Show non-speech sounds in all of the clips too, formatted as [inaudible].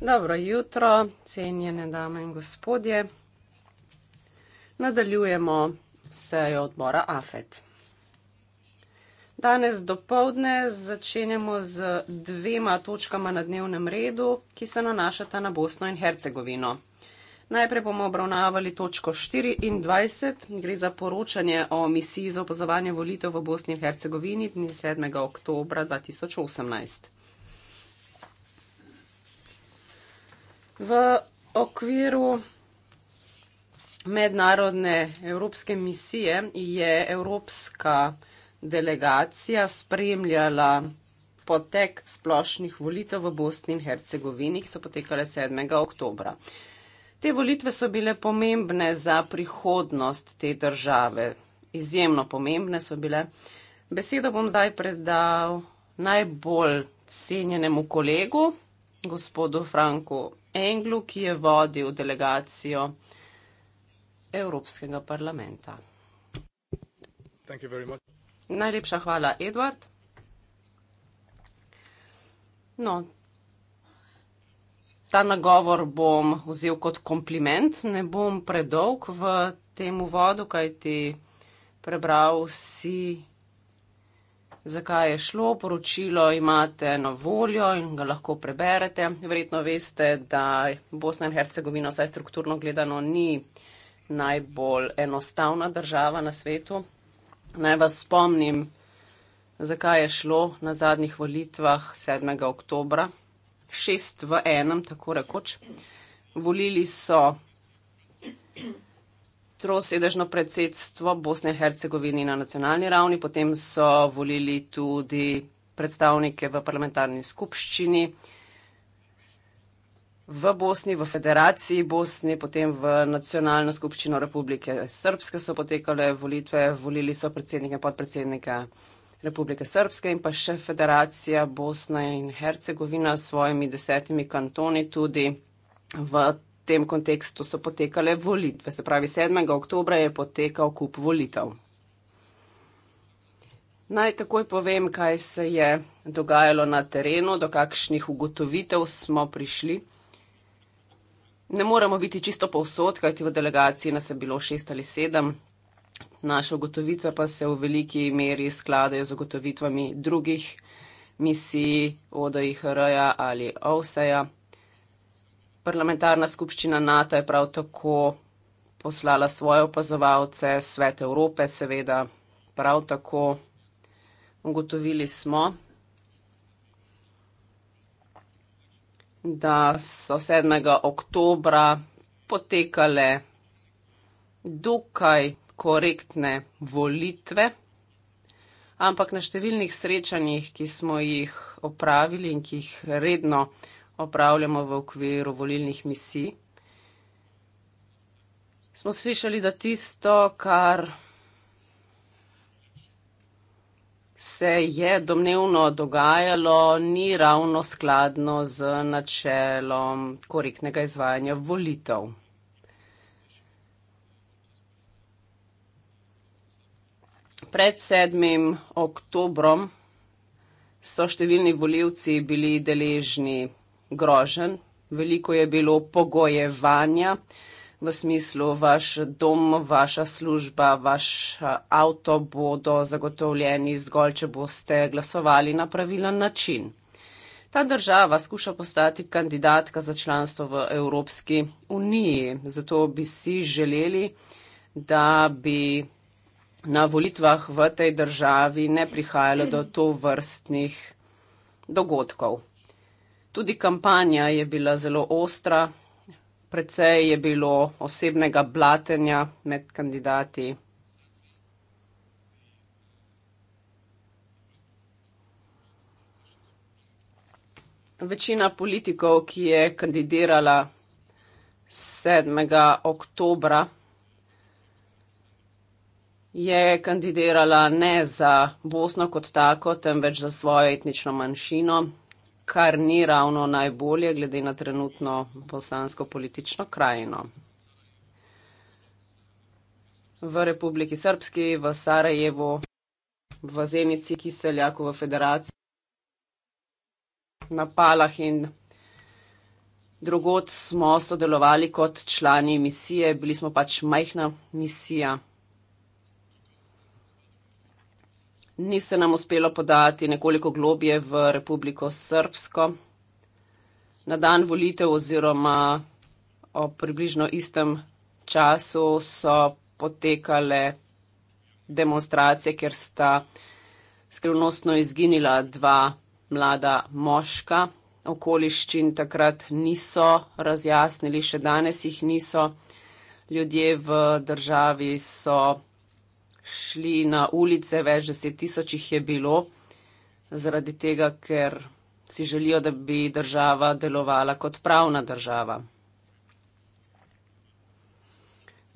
Dobro jutro, cenjene dame in gospodje. Nadaljujemo sejo odbora AFET. Danes dopoledne začenjamo z dvema točkama na dnevnem redu, ki se nanašata na Bosno in Hercegovino. Najprej bomo obravnavali točko 24, gre za poročanje o misiji za opozovanje volitev v Bosni in Hercegovini dne 7. oktobra 2018. V okviru mednarodne evropske misije je evropska delegacija spremljala potek splošnih volitev v Bosni in Hercegovini, ki so potekale 7. oktobra. Te volitve so bile pomembne za prihodnost te države, izjemno pomembne so bile. Besedo bom zdaj predal najbolj cenjenemu kolegu, gospodu Franku Englu, ki je vodil delegacijo Evropskega parlamenta. Najlepša hvala, Edward. No, ta nagovor bom vzel kot kompliment, ne bom predolg v tem uvodu, kaj ti prebral si, zakaj je šlo, poročilo imate na voljo in ga lahko preberete. Verjetno veste, da Bosna in Hercegovina vsaj strukturno gledano ni najbolj enostavna država na svetu. Naj vas spomnim, zakaj je šlo na zadnjih volitvah 7. oktobra šest v enem, tako rekoč. Volili so trosedežno predsedstvo Bosne in Hercegovine na nacionalni ravni, potem so volili tudi predstavnike v parlamentarni skupščini v Bosni, v federaciji Bosni, potem v nacionalno skupščino Republike Srpske so potekale volitve, volili so predsednika in podpredsednika. Republike Srpske in pa še Federacija Bosna in Hercegovina s svojimi desetimi kantoni tudi v tem kontekstu so potekale volitve. Se pravi, 7. oktober je potekal kup volitev. Naj takoj povem, kaj se je dogajalo na terenu, do kakšnih ugotovitev smo prišli. Ne moremo biti čisto povsod, kajti v delegaciji nas je bilo šest ali sedem, Naše ugotovitve pa se v veliki meri skladajo z ugotovitvami drugih misij ODIHR-ja ali OVSE-ja. Parlamentarna skupščina NATO je prav tako poslala svoje opazovalce, Svet Evrope seveda prav tako. Ugotovili smo, da so 7. oktobra potekale dokaj korektne volitve, ampak na številnih srečanjih, ki smo jih opravili in ki jih redno opravljamo v okviru volilnih misij, smo slišali, da tisto, kar se je domnevno dogajalo, ni ravno skladno z načelom korektnega izvajanja volitev. Pred 7. oktobrom so številni voljivci bili deležni grožen, veliko je bilo pogojevanja v smislu vaš dom, vaša služba, vaš avto bodo zagotovljeni zgolj, če boste glasovali na pravilen način. Ta država skuša postati kandidatka za članstvo v Evropski uniji, zato bi si želeli, da bi na volitvah v tej državi ne prihajalo do to vrstnih dogodkov. Tudi kampanja je bila zelo ostra, precej je bilo osebnega blatenja med kandidati. Večina politikov, ki je kandidirala 7. oktobra je kandidirala ne za Bosno kot tako, temveč za svojo etnično manjšino, kar ni ravno najbolje glede na trenutno bosansko politično krajino. V Republiki Srpski, v Sarajevu, v Zenici, ki se ljako v federaciji, na Palah in drugot smo sodelovali kot člani misije, bili smo pač majhna misija. ni se nam uspelo podati nekoliko globje v Republiko Srpsko. Na dan volitev oziroma o približno istem času so potekale demonstracije, kjer sta skrivnostno izginila dva mlada moška. Okoliščin takrat niso razjasnili, še danes jih niso. Ljudje v državi so šli na ulice, več deset tisoč jih je bilo, zaradi tega, ker si želijo, da bi država delovala kot pravna država.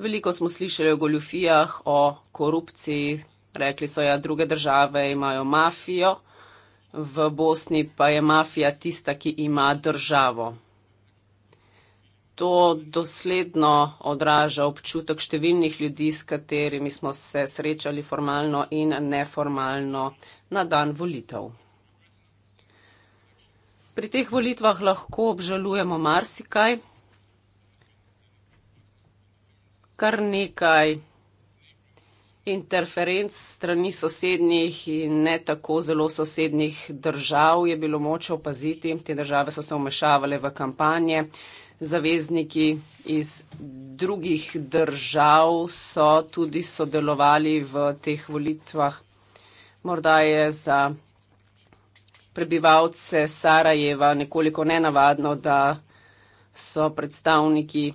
Veliko smo slišali o goljufijah, o korupciji, rekli so, da ja, druge države imajo mafijo, v Bosni pa je mafija tista, ki ima državo to dosledno odraža občutek številnih ljudi, s katerimi smo se srečali formalno in neformalno na dan volitev. Pri teh volitvah lahko obžalujemo marsikaj, kar nekaj interferenc strani sosednjih in ne tako zelo sosednjih držav je bilo moče opaziti. Te države so se umešavale v kampanje, zavezniki iz drugih držav so tudi sodelovali v teh volitvah. Morda je za prebivalce Sarajeva nekoliko nenavadno, da so predstavniki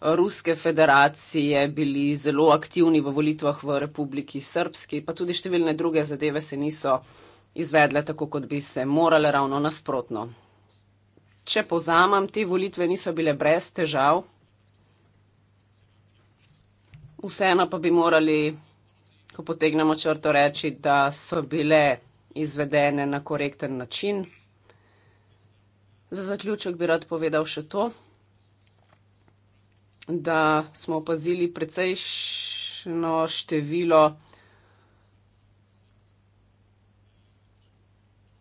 Ruske federacije bili zelo aktivni v volitvah v Republiki Srpski, pa tudi številne druge zadeve se niso izvedle tako, kot bi se morale ravno nasprotno če povzamem, te volitve niso bile brez težav. Vseeno pa bi morali, ko potegnemo črto, reči, da so bile izvedene na korekten način. Za zaključek bi rad povedal še to, da smo opazili precejšno število.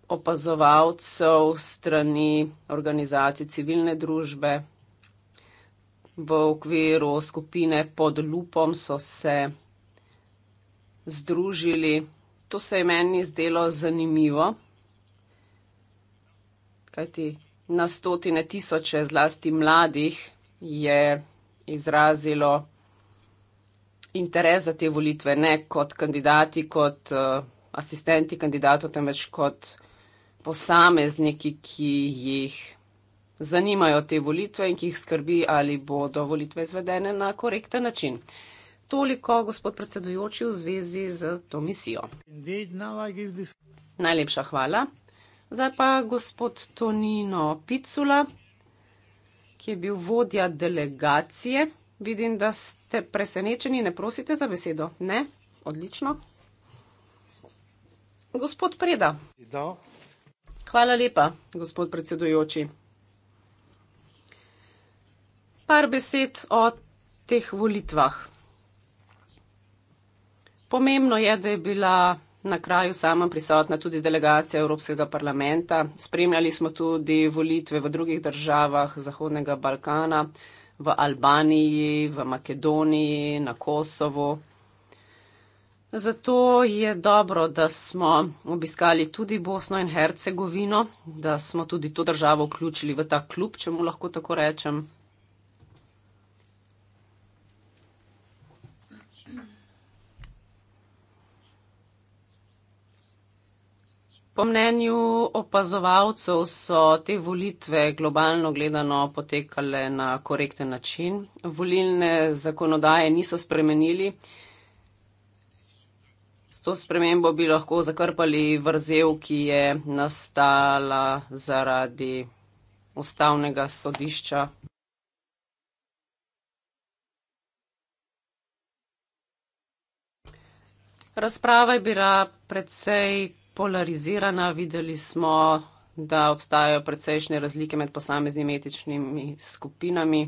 opazovalcev strani organizacij civilne družbe. V okviru skupine pod lupom so se združili. To se je meni zdelo zanimivo, kajti na stotine tisoče zlasti mladih je izrazilo interes za te volitve, ne kot kandidati, kot uh, asistenti kandidatov, temveč kot uh, posamezniki, ki jih zanimajo te volitve in ki jih skrbi, ali bodo volitve izvedene na korekten način. Toliko, gospod predsedujoči, v zvezi z to misijo. Najlepša hvala. Zdaj pa gospod Tonino Picula, ki je bil vodja delegacije. Vidim, da ste presenečeni, ne prosite za besedo. Ne? Odlično. Gospod Preda. Hvala lepa, gospod predsedujoči. Par besed o teh volitvah. Pomembno je, da je bila na kraju sama prisotna tudi delegacija Evropskega parlamenta. Spremljali smo tudi volitve v drugih državah Zahodnega Balkana, v Albaniji, v Makedoniji, na Kosovo. Zato je dobro, da smo obiskali tudi Bosno in Hercegovino, da smo tudi to državo vključili v ta klub, če mu lahko tako rečem. Po mnenju opazovalcev so te volitve globalno gledano potekale na korekten način. Volilne zakonodaje niso spremenili to spremembo bi lahko zakrpali vrzel, ki je nastala zaradi ustavnega sodišča. Razprava je bila precej polarizirana. Videli smo, da obstajajo precejšnje razlike med posameznimi etičnimi skupinami.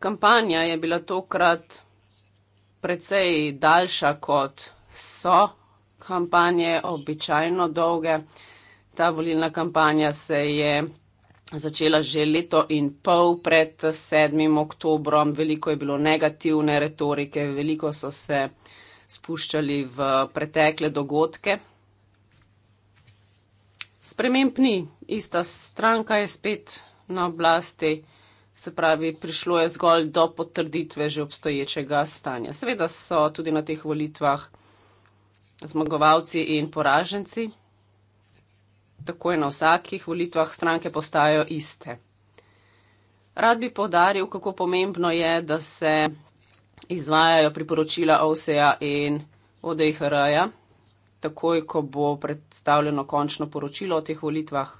kampanja je bila tokrat precej daljša, kot so kampanje običajno dolge. Ta volilna kampanja se je začela že leto in pol pred 7. oktobrom. Veliko je bilo negativne retorike, veliko so se spuščali v pretekle dogodke. Sprememb ni, ista stranka je spet na oblasti. Se pravi, prišlo je zgolj do potrditve že obstoječega stanja. Seveda so tudi na teh volitvah zmagovalci in poraženci. Tako je na vsakih volitvah, stranke postajajo iste. Rad bi povdaril, kako pomembno je, da se izvajajo priporočila OSEA in ODHR-ja, takoj, ko bo predstavljeno končno poročilo o teh volitvah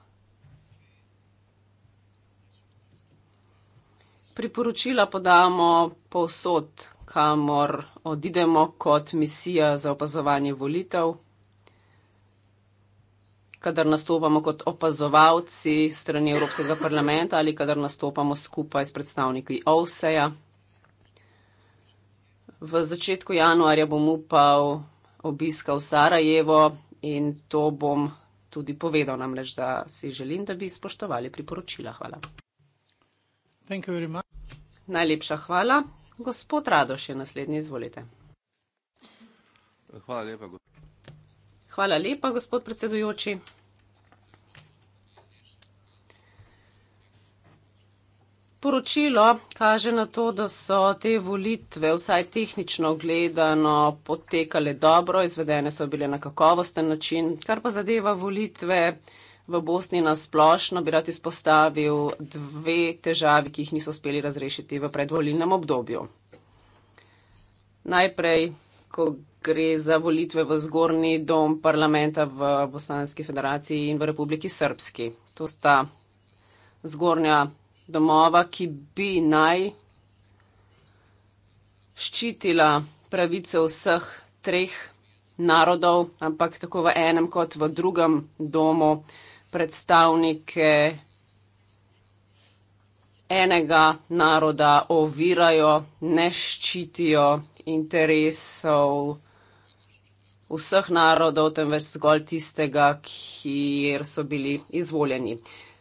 Priporočila podamo povsod, kamor odidemo kot misija za opazovanje volitev. Kadar nastopamo kot opazovalci strani Evropskega parlamenta ali kadar nastopamo skupaj s predstavniki OVSE-ja. V začetku januarja bom upal obiskal Sarajevo in to bom tudi povedal namreč, da si želim, da bi spoštovali priporočila. Hvala. Najlepša hvala. Gospod Radoš je naslednji, izvolite. Hvala lepa, hvala lepa gospod predsedujoči. Poročilo kaže na to, da so te volitve vsaj tehnično gledano potekale dobro, izvedene so bile na kakovosten način, kar pa zadeva volitve. V Bosni na splošno bi rad izpostavil dve težavi, ki jih niso uspeli razrešiti v predvolilnem obdobju. Najprej, ko gre za volitve v zgornji dom parlamenta v Bosanski federaciji in v Republiki Srpski. To sta zgornja domova, ki bi naj ščitila pravice vseh treh narodov, ampak tako v enem kot v drugem domu predstavnike enega naroda ovirajo, ne ščitijo interesov vseh narodov, temveč zgolj tistega, kjer so bili izvoljeni.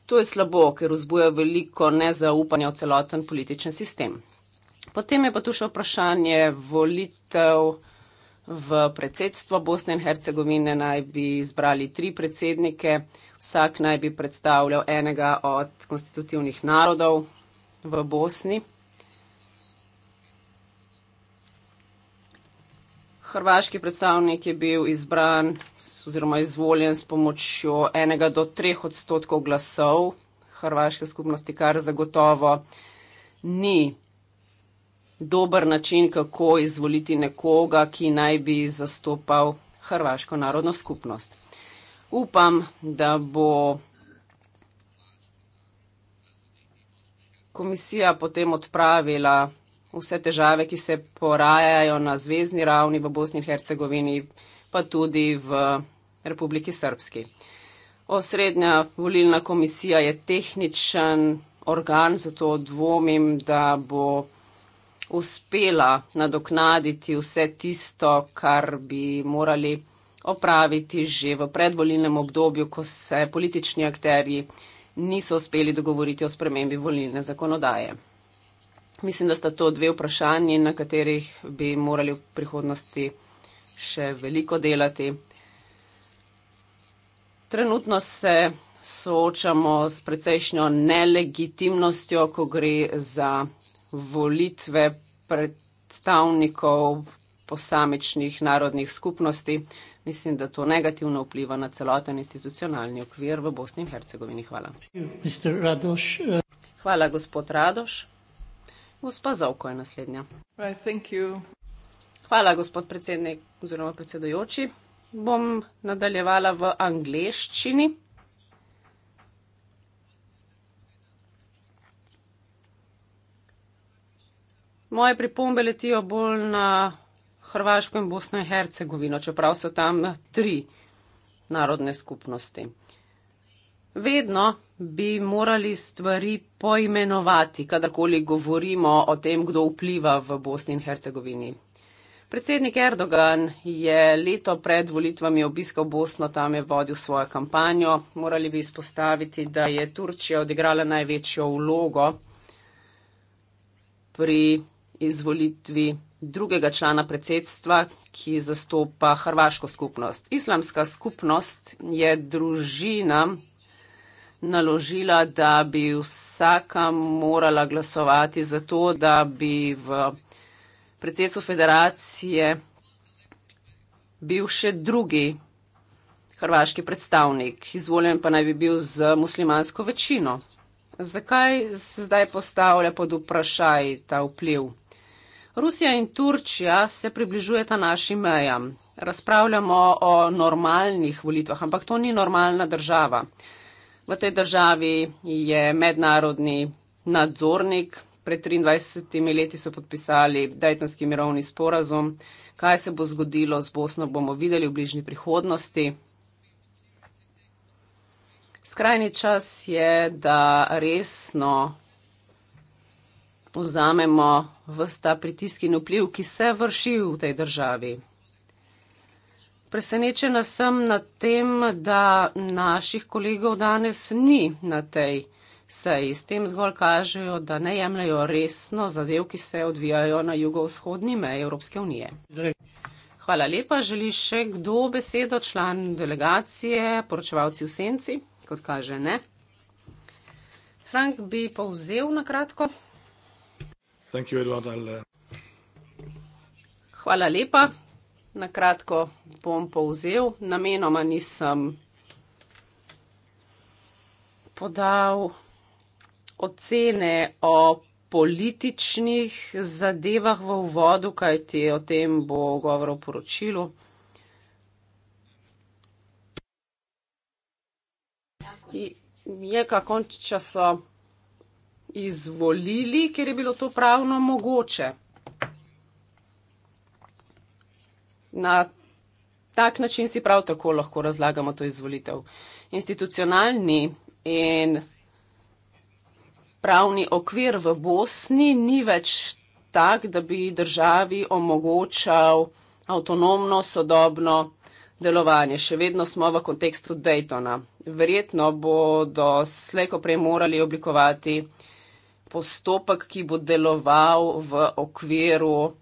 To je slabo, ker vzbuja veliko nezaupanja v celoten političen sistem. Potem je pa tu še vprašanje volitev v predsedstvo Bosne in Hercegovine. Naj bi izbrali tri predsednike. Vsak naj bi predstavljal enega od konstitutivnih narodov v Bosni. Hrvaški predstavnik je bil izbran oziroma izvoljen s pomočjo enega do treh odstotkov glasov hrvaške skupnosti, kar zagotovo ni dober način, kako izvoliti nekoga, ki naj bi zastopal hrvaško narodno skupnost upam, da bo komisija potem odpravila vse težave, ki se porajajo na zvezdni ravni v Bosni in Hercegovini, pa tudi v Republiki Srpski. Osrednja volilna komisija je tehničen organ, zato dvomim, da bo uspela nadoknaditi vse tisto, kar bi morali opraviti že v predvolilnem obdobju, ko se politični akterji niso uspeli dogovoriti o spremembi volilne zakonodaje. Mislim, da sta to dve vprašanji, na katerih bi morali v prihodnosti še veliko delati. Trenutno se soočamo s precejšnjo nelegitimnostjo, ko gre za volitve predstavnikov posamičnih narodnih skupnosti mislim, da to negativno vpliva na celoten institucionalni okvir v Bosni in Hercegovini. Hvala. Eh. Hvala, gospod Radoš. Gospa Zovko je naslednja. Hvala, gospod predsednik oziroma predsedujoči. Bom nadaljevala v angleščini. Moje pripombe letijo bolj na Hrvaško in Bosno in Hercegovino, čeprav so tam tri narodne skupnosti. Vedno bi morali stvari poimenovati, kadarkoli govorimo o tem, kdo vpliva v Bosni in Hercegovini. Predsednik Erdogan je leto pred volitvami obiskal Bosno, tam je vodil svojo kampanjo. Morali bi izpostaviti, da je Turčija odigrala največjo vlogo pri izvolitvi drugega člana predsedstva, ki zastopa hrvaško skupnost. Islamska skupnost je družina naložila, da bi vsaka morala glasovati za to, da bi v predsedstvu federacije bil še drugi hrvaški predstavnik, izvoljen pa naj bi bil z muslimansko večino. Zakaj se zdaj postavlja pod vprašaj ta vpliv? Rusija in Turčija se približujeta našim mejam. Razpravljamo o normalnih volitvah, ampak to ni normalna država. V tej državi je mednarodni nadzornik, pred 23 leti so podpisali Dajtonski mirovni sporazum. Kaj se bo zgodilo z Bosno, bomo videli v bližnji prihodnosti. Skrajni čas je, da resno vzamemo vsta pritisk in vpliv, ki se vrši v tej državi. Presenečena sem nad tem, da naših kolegov danes ni na tej seji. S tem zgolj kažejo, da ne jemljajo resno zadev, ki se odvijajo na jugovzhodni meji Evropske unije. Hvala lepa. Želi še kdo besedo, član delegacije, poročevalci v senci? Kot kaže ne. Frank bi povzel na kratko. Thank you, Edward, uh, Hvala lepa. Na kratko bom povzel. Namenoma nisem podal ocene o političnih zadevah v uvodu, kajti o tem bo govor v poročilu. Je kakon časo izvolili, ker je bilo to pravno mogoče. Na tak način si prav tako lahko razlagamo to izvolitev. Institucionalni in pravni okvir v Bosni ni več tak, da bi državi omogočal avtonomno, sodobno delovanje. Še vedno smo v kontekstu Daytona. Verjetno bodo slejko prej morali oblikovati postopek, ki bo deloval v okviru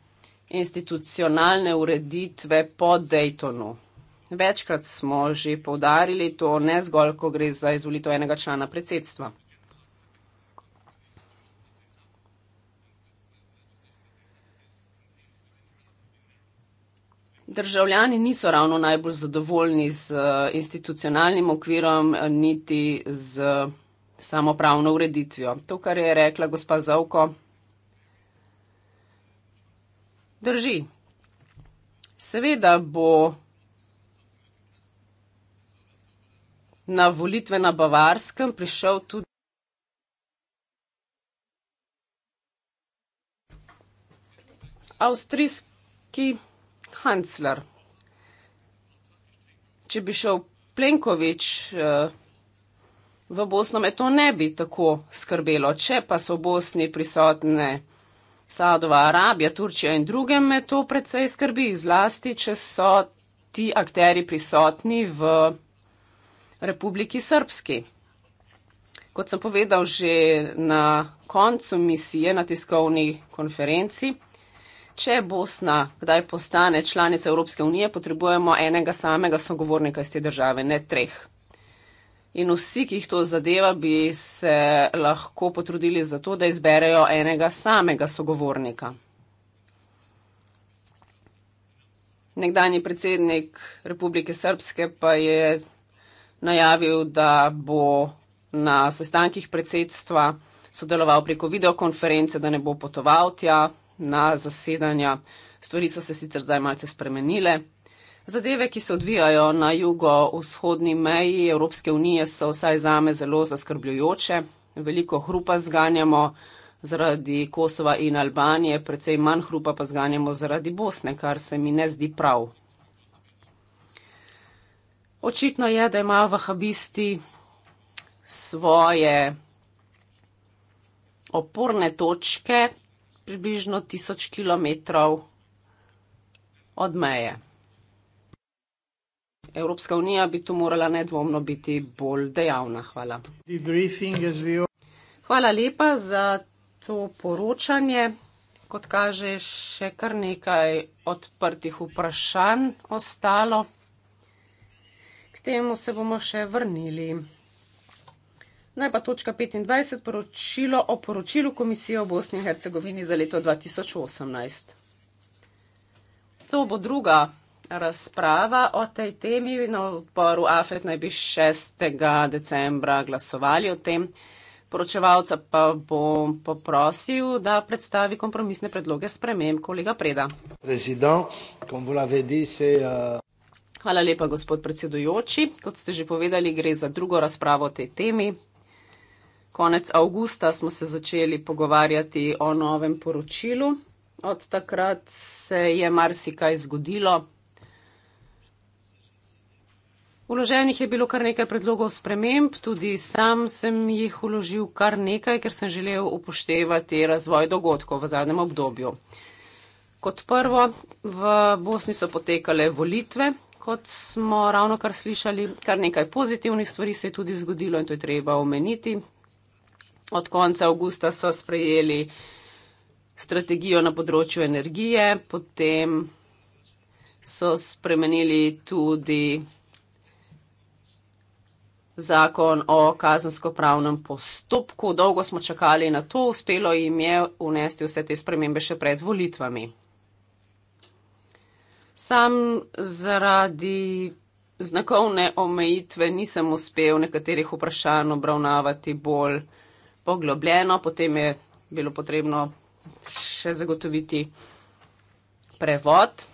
institucionalne ureditve po Daytonu. Večkrat smo že povdarili to, ne zgolj, ko gre za izvolitev enega člana predsedstva. Državljani niso ravno najbolj zadovoljni z eh, institucionalnim okvirom, niti z samopravno ureditvijo. To, kar je rekla gospa Zovko, drži. Seveda bo na volitve na Bavarskem prišel tudi. Avstrijski kancler. Če bi šel Plenković. Uh, v Bosno me to ne bi tako skrbelo. Če pa so v Bosni prisotne Saudova Arabija, Turčija in druge, me to predvsej skrbi, zlasti, če so ti akteri prisotni v Republiki Srpski. Kot sem povedal že na koncu misije na tiskovni konferenci, če Bosna kdaj postane članica Evropske unije, potrebujemo enega samega sogovornika iz te države, ne treh. In vsi, ki jih to zadeva, bi se lahko potrudili za to, da izberejo enega samega sogovornika. Nekdani predsednik Republike Srpske pa je najavil, da bo na sestankih predsedstva sodeloval preko videokonference, da ne bo potoval tja na zasedanja. Stvari so se sicer zdaj malce spremenile. Zadeve, ki se odvijajo na jugo-vzhodni meji Evropske unije, so vsaj zame zelo zaskrbljujoče. Veliko hrupa zganjamo zaradi Kosova in Albanije, precej manj hrupa pa zganjamo zaradi Bosne, kar se mi ne zdi prav. Očitno je, da imajo vahabisti svoje oporne točke približno tisoč kilometrov od meje. Evropska unija bi tu morala nedvomno biti bolj dejavna. Hvala. Hvala lepa za to poročanje. Kot kaže, še kar nekaj odprtih vprašanj ostalo. K temu se bomo še vrnili. Naj pa točka 25, poročilo o poročilu Komisije o Bosni in Hercegovini za leto 2018. To bo druga razprava o tej temi. Na odboru AFET naj bi 6. decembra glasovali o tem. Poročevalca pa bom poprosil, da predstavi kompromisne predloge sprememb, kolega Preda. Euh, Hvala lepa, gospod predsedujoči. Kot ste že povedali, gre za drugo razpravo o tej temi. Konec avgusta smo se začeli pogovarjati o novem poročilu. Od takrat se je marsikaj zgodilo. Vloženih je bilo kar nekaj predlogov sprememb, tudi sam sem jih vložil kar nekaj, ker sem želel upoštevati razvoj dogodkov v zadnjem obdobju. Kot prvo, v Bosni so potekale volitve, kot smo ravno kar slišali, kar nekaj pozitivnih stvari se je tudi zgodilo in to je treba omeniti. Od konca avgusta so sprejeli strategijo na področju energije, potem so spremenili tudi zakon o kazensko-pravnem postopku. Dolgo smo čakali na to, uspelo jim je unesti vse te spremembe še pred volitvami. Sam zaradi znakovne omejitve nisem uspel nekaterih vprašanj obravnavati bolj poglobljeno, potem je bilo potrebno še zagotoviti prevod.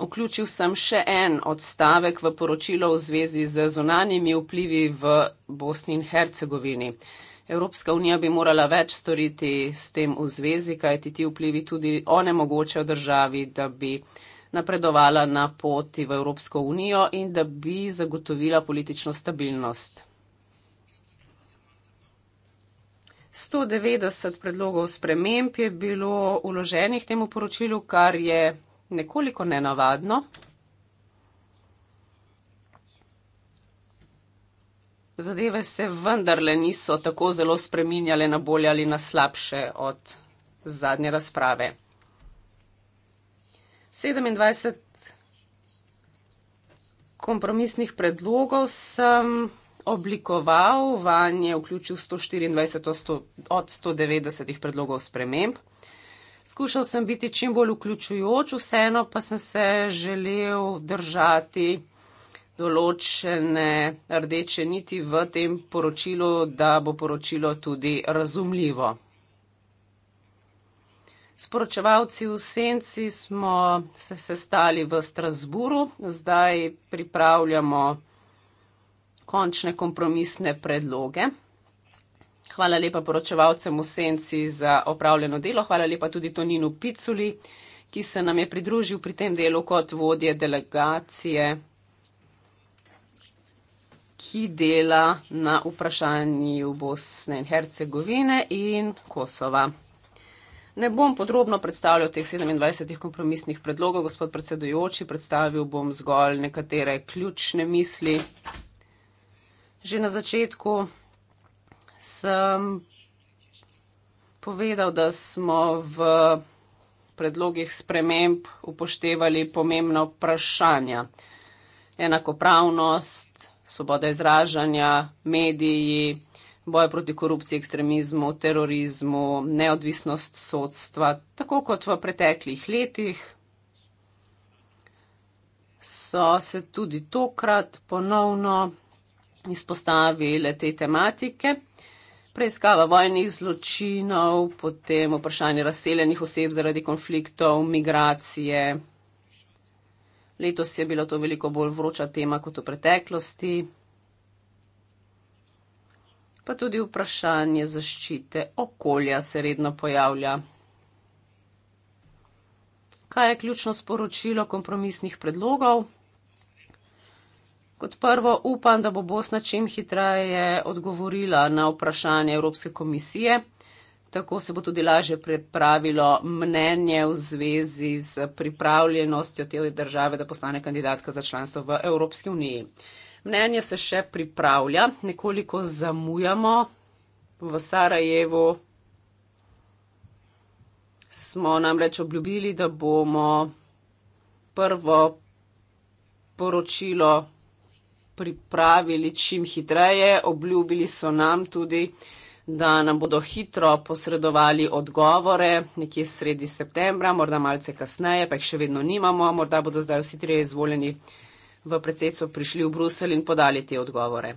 Vključil sem še en odstavek v poročilo v zvezi z zunanjimi vplivi v Bosni in Hercegovini. Evropska unija bi morala več storiti s tem v zvezi, kajti ti vplivi tudi onemogočajo državi, da bi napredovala na poti v Evropsko unijo in da bi zagotovila politično stabilnost. 190 predlogov sprememb je bilo uloženih temu poročilu, kar je nekoliko nenavadno. Zadeve se vendarle niso tako zelo spreminjale na bolje ali na slabše od zadnje razprave. 27 kompromisnih predlogov sem oblikoval, vanje vključil 124 od 190 predlogov sprememb. Skušal sem biti čim bolj vključujoč, vseeno pa sem se želel držati določene rdeče niti v tem poročilu, da bo poročilo tudi razumljivo. Sporočevalci v senci smo se sestali v Strasburu, zdaj pripravljamo končne kompromisne predloge. Hvala lepa poročevalcem v Senci za opravljeno delo, hvala lepa tudi Toninu Piculi, ki se nam je pridružil pri tem delu kot vodje delegacije, ki dela na vprašanju Bosne in Hercegovine in Kosova. Ne bom podrobno predstavljal teh 27 kompromisnih predlogov, gospod predsedujoči, predstavil bom zgolj nekatere ključne misli. Že na začetku sem povedal, da smo v predlogih sprememb upoštevali pomembna vprašanja. Enakopravnost, svoboda izražanja, mediji, boje proti korupciji, ekstremizmu, terorizmu, neodvisnost sodstva, tako kot v preteklih letih, so se tudi tokrat ponovno izpostavile te tematike preiskava vojnih zločinov, potem vprašanje razseljenih oseb zaradi konfliktov, migracije. Letos je bila to veliko bolj vroča tema kot v preteklosti. Pa tudi vprašanje zaščite okolja se redno pojavlja. Kaj je ključno sporočilo kompromisnih predlogov? Kot prvo, upam, da bo Bosna čim hitreje odgovorila na vprašanje Evropske komisije. Tako se bo tudi lažje pripravilo mnenje v zvezi z pripravljenostjo te države, da postane kandidatka za članstvo v Evropski uniji. Mnenje se še pripravlja, nekoliko zamujamo. V Sarajevu smo namreč obljubili, da bomo prvo poročilo pripravili čim hitreje. Obljubili so nam tudi, da nam bodo hitro posredovali odgovore, nekje sredi septembra, morda malce kasneje, pa jih še vedno nimamo. Morda bodo zdaj vsi trije izvoljeni v predsedstvo prišli v Bruselj in podali te odgovore.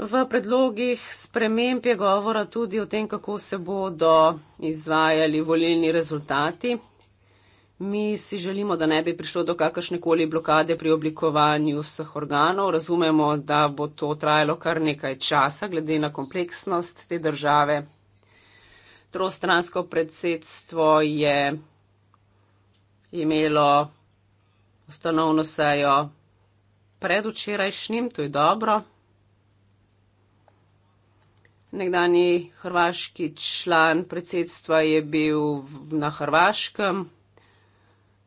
V predlogih sprememb je govora tudi o tem, kako se bodo izvajali volilni rezultati, Mi si želimo, da ne bi prišlo do kakršne koli blokade pri oblikovanju vseh organov. Razumemo, da bo to trajalo kar nekaj časa, glede na kompleksnost te države. Trostransko predsedstvo je imelo ustanovno sejo predvčerajšnjim, to je dobro. Nekdani hrvaški član predsedstva je bil na Hrvaškem.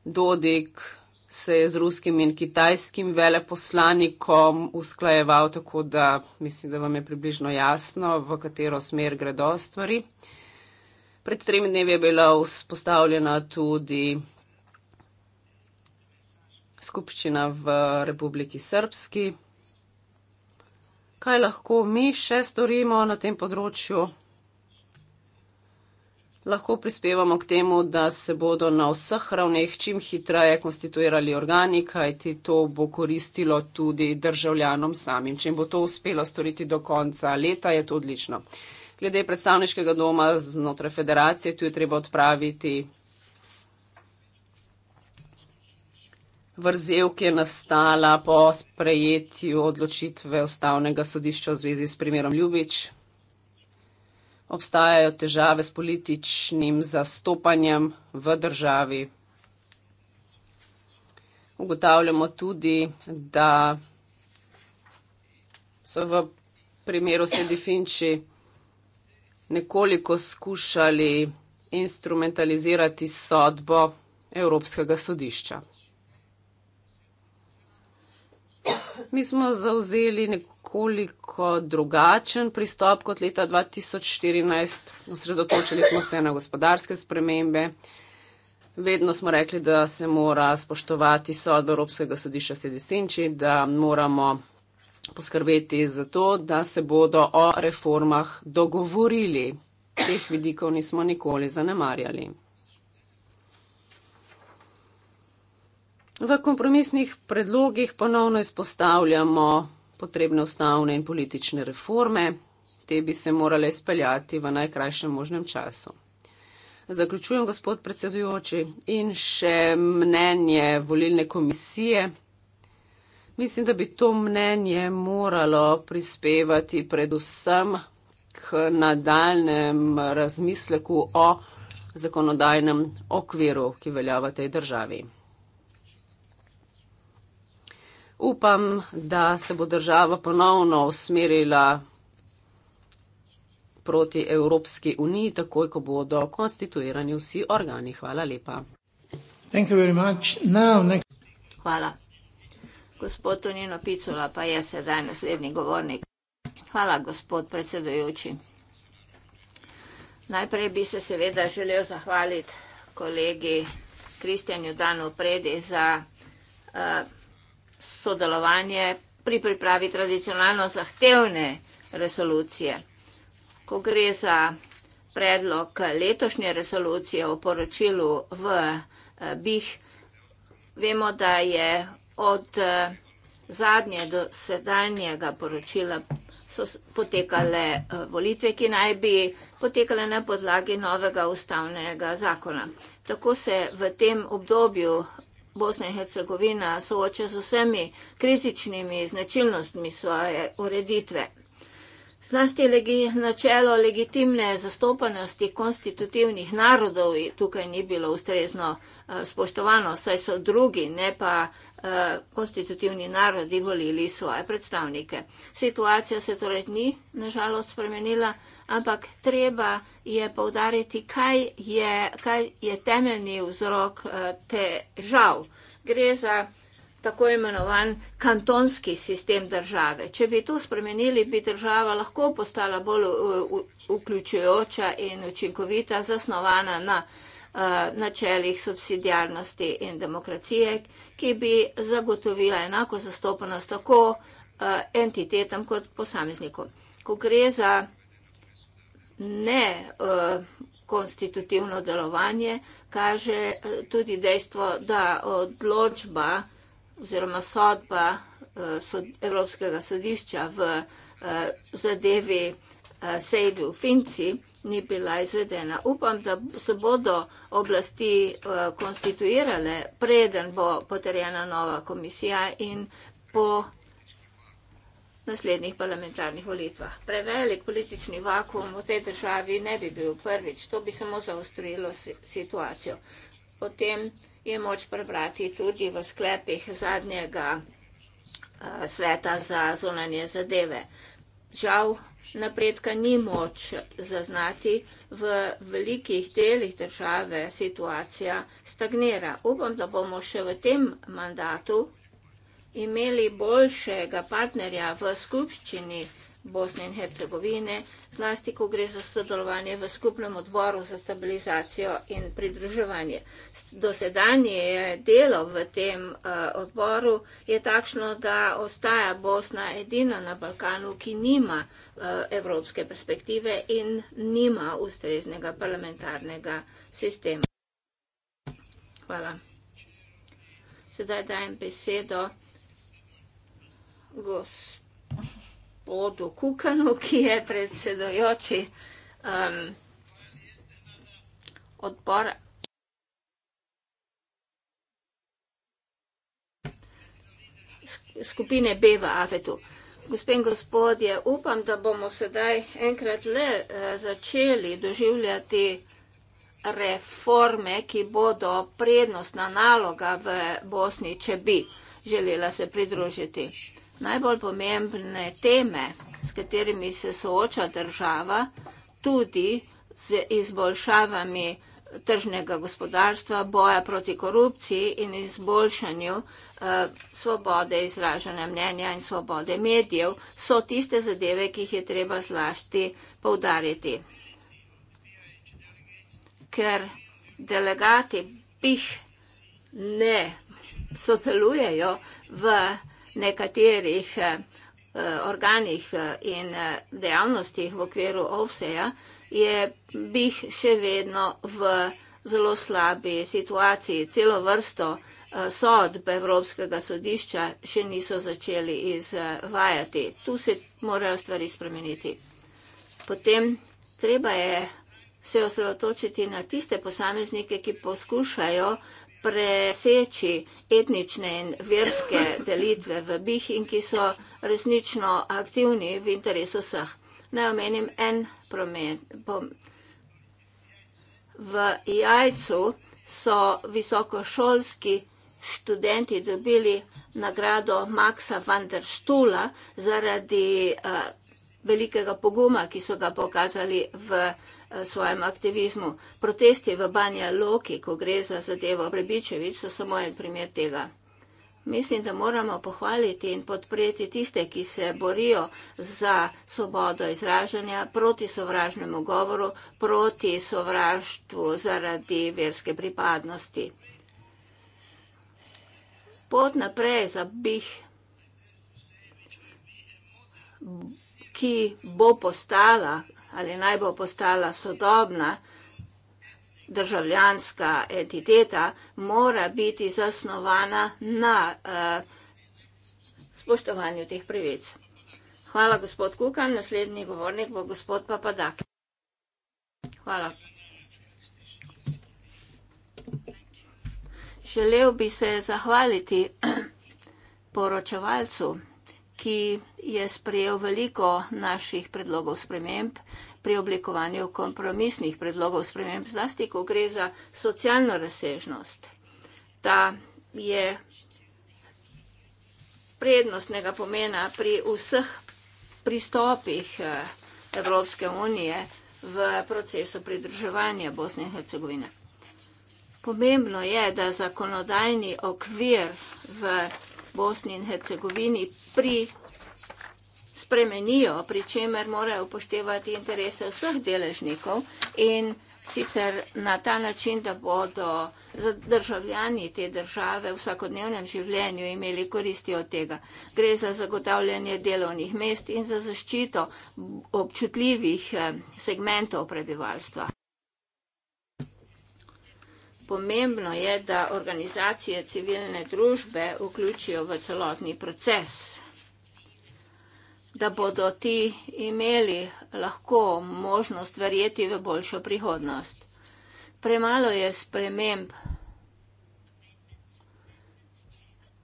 Dodik se je z ruskim in kitajskim veleposlanikom usklajeval, tako da mislim, da vam je približno jasno, v katero smer gredo stvari. Pred tremi dnevi je bila vzpostavljena tudi skupščina v Republiki Srpski. Kaj lahko mi še storimo na tem področju? lahko prispevamo k temu, da se bodo na vseh ravneh čim hitreje konstituirali organi, kajti to bo koristilo tudi državljanom samim. Če jim bo to uspelo storiti do konca leta, je to odlično. Glede predstavniškega doma znotraj federacije, tu je treba odpraviti vrzel, ki je nastala po sprejetju odločitve ustavnega sodišča v zvezi s primerom Ljubič obstajajo težave s političnim zastopanjem v državi. Ugotavljamo tudi, da so v primeru Sedi Finči nekoliko skušali instrumentalizirati sodbo Evropskega sodišča. Mi smo zauzeli nekoliko drugačen pristop kot leta 2014. Osredotočili smo se na gospodarske spremembe. Vedno smo rekli, da se mora spoštovati sodbo Evropskega sodišča Sedesenči, da moramo poskrbeti za to, da se bodo o reformah dogovorili. Teh vidikov nismo nikoli zanemarjali. v kompromisnih predlogih ponovno izpostavljamo potrebne ustavne in politične reforme, te bi se morale speljati v najkrajšem možnem času. Zaključujem, gospod predsedujoči, in še mnenje volilne komisije. Mislim, da bi to mnenje moralo prispevati predvsem k nadaljnem razmisleku o zakonodajnem okviru, ki velja v tej državi upam, da se bo država ponovno usmerila proti Evropski uniji, takoj, ko bodo konstituirani vsi organi. Hvala lepa. Hvala. Gospod Tonino Picula pa je sedaj naslednji govornik. Hvala, gospod predsedujoči. Najprej bi se seveda želel zahvaliti kolegi Kristjanju Danu Predi za uh, sodelovanje pri pripravi tradicionalno zahtevne resolucije. Ko gre za predlog letošnje resolucije o poročilu v eh, BIH, vemo, da je od eh, zadnje do sedanjega poročila so potekale eh, volitve, ki naj bi potekale na podlagi novega ustavnega zakona. Tako se v tem obdobju Bosna in Hercegovina sooča z vsemi kritičnimi značilnostmi svoje ureditve. Zlasti legi, načelo legitimne zastopanosti konstitutivnih narodov tukaj ni bilo ustrezno uh, spoštovano, saj so drugi, ne pa uh, konstitutivni narodi, volili svoje predstavnike. Situacija se torej ni, nažalost, spremenila ampak treba je povdariti, kaj je, kaj je temeljni vzrok eh, težav. Gre za tako imenovan kantonski sistem države. Če bi to spremenili, bi država lahko postala bolj eh, vključujoča in učinkovita, zasnovana na eh, načelih subsidijarnosti in demokracije, ki bi zagotovila enako zastopanost tako entitetam kot posameznikom. Ko gre za ne uh, konstitutivno delovanje kaže eh, tudi dejstvo, da odločba oziroma sodba uh, sod, Evropskega sodišča v uh, zadevi uh, Sejdu Finci ni bila izvedena. Upam, da se bodo oblasti uh, konstituirale, preden bo potrjena nova komisija in po naslednjih parlamentarnih volitvah. Prevelik politični vakum v tej državi ne bi bil prvič, to bi samo zaostrilo situacijo. Potem je moč prebrati tudi v sklepih zadnjega sveta za zunanje zadeve. Žal napredka ni moč zaznati, v velikih delih države situacija stagnira. Upam, da bomo še v tem mandatu, imeli boljšega partnerja v skupščini Bosne in Hercegovine, zlasti ko gre za sodelovanje v skupnem odboru za stabilizacijo in pridruževanje. Dosedanje delo v tem eh, odboru je takšno, da ostaja Bosna edina na Balkanu, ki nima eh, evropske perspektive in nima ustreznega parlamentarnega sistema. Hvala. Sedaj dajem besedo gospodu Kukanu, ki je predsedojoči um, odbora. skupine B v Avetu. Gospen gospodje, upam, da bomo sedaj enkrat le eh, začeli doživljati reforme, ki bodo prednostna naloga v Bosni, če bi želela se pridružiti najbolj pomembne teme, s katerimi se sooča država, tudi z izboljšavami tržnega gospodarstva, boja proti korupciji in izboljšanju eh, svobode izražanja mnenja in svobode medijev, so tiste zadeve, ki jih je treba zlasti poudariti. Ker delegati pih ne sodelujejo v nekaterih eh, eh, organih eh, in dejavnostih v okviru OVSE-ja, je bih še vedno v zelo slabi situaciji. Celo vrsto sodb Evropskega sodišča še niso začeli izvajati. Tu se morajo stvari spremeniti. Potem treba je se osredotočiti na tiste posameznike, ki poskušajo preseči etnične in verske delitve v BIH in ki so resnično aktivni v interesu vseh. Naj omenim en promen. V jajcu so visokošolski študenti dobili nagrado Maxa van der Stula zaradi uh, velikega poguma, ki so ga pokazali v uh, Eh, svojem aktivizmu. Protesti v Banja Loki, ko gre za zadevo Brebičevič, so samo en primer tega. Mislim, da moramo pohvaliti in podpreti tiste, ki se borijo za svobodo izražanja, proti sovražnemu govoru, proti sovraštvu zaradi verske pripadnosti. Pot naprej za bih, ki bo postala ali naj bo postala sodobna državljanska entiteta, mora biti zasnovana na uh, spoštovanju teh pravic. Hvala, gospod Kukan. Naslednji govornik bo gospod Papadak. Hvala. Želel bi se zahvaliti [clears throat] poročevalcu ki je sprejel veliko naših predlogov sprememb pri oblikovanju kompromisnih predlogov sprememb, zlasti ko gre za socialno razsežnost. Ta je prednostnega pomena pri vseh pristopih eh, Evropske unije v procesu pridruževanja Bosne in Hercegovine. Pomembno je, da zakonodajni okvir v Evropi, Bosni in Hercegovini pri spremenijo, pri čemer morajo upoštevati interese vseh deležnikov in sicer na ta način, da bodo državljani te države v vsakodnevnem življenju imeli koristi od tega. Gre za zagotavljanje delovnih mest in za zaščito občutljivih eh, segmentov prebivalstva pomembno je, da organizacije civilne družbe vključijo v celotni proces, da bodo ti imeli lahko možnost verjeti v boljšo prihodnost. Premalo je sprememb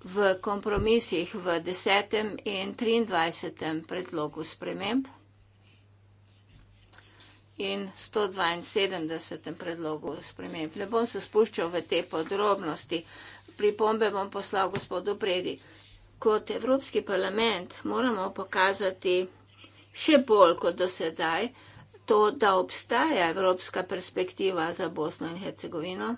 v kompromisih v 10. in 23. predlogu sprememb in 172. predlogu sprememb. Ne bom se spuščal v te podrobnosti. Pripombe bom poslal gospodu Predi. Kot Evropski parlament moramo pokazati še bolj kot do sedaj to, da obstaja evropska perspektiva za Bosno in Hercegovino.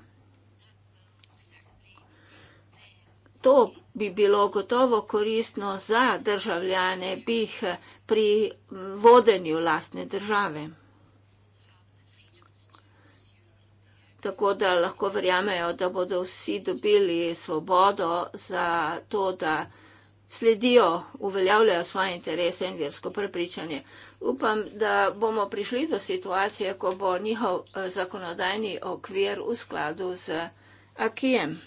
To bi bilo gotovo koristno za državljane, bi jih pri vodenju lastne države. tako da lahko verjamejo, da bodo vsi dobili svobodo za to, da sledijo, uveljavljajo svoje interese in versko prepričanje. Upam, da bomo prišli do situacije, ko bo njihov eh, zakonodajni okvir v skladu z akijem.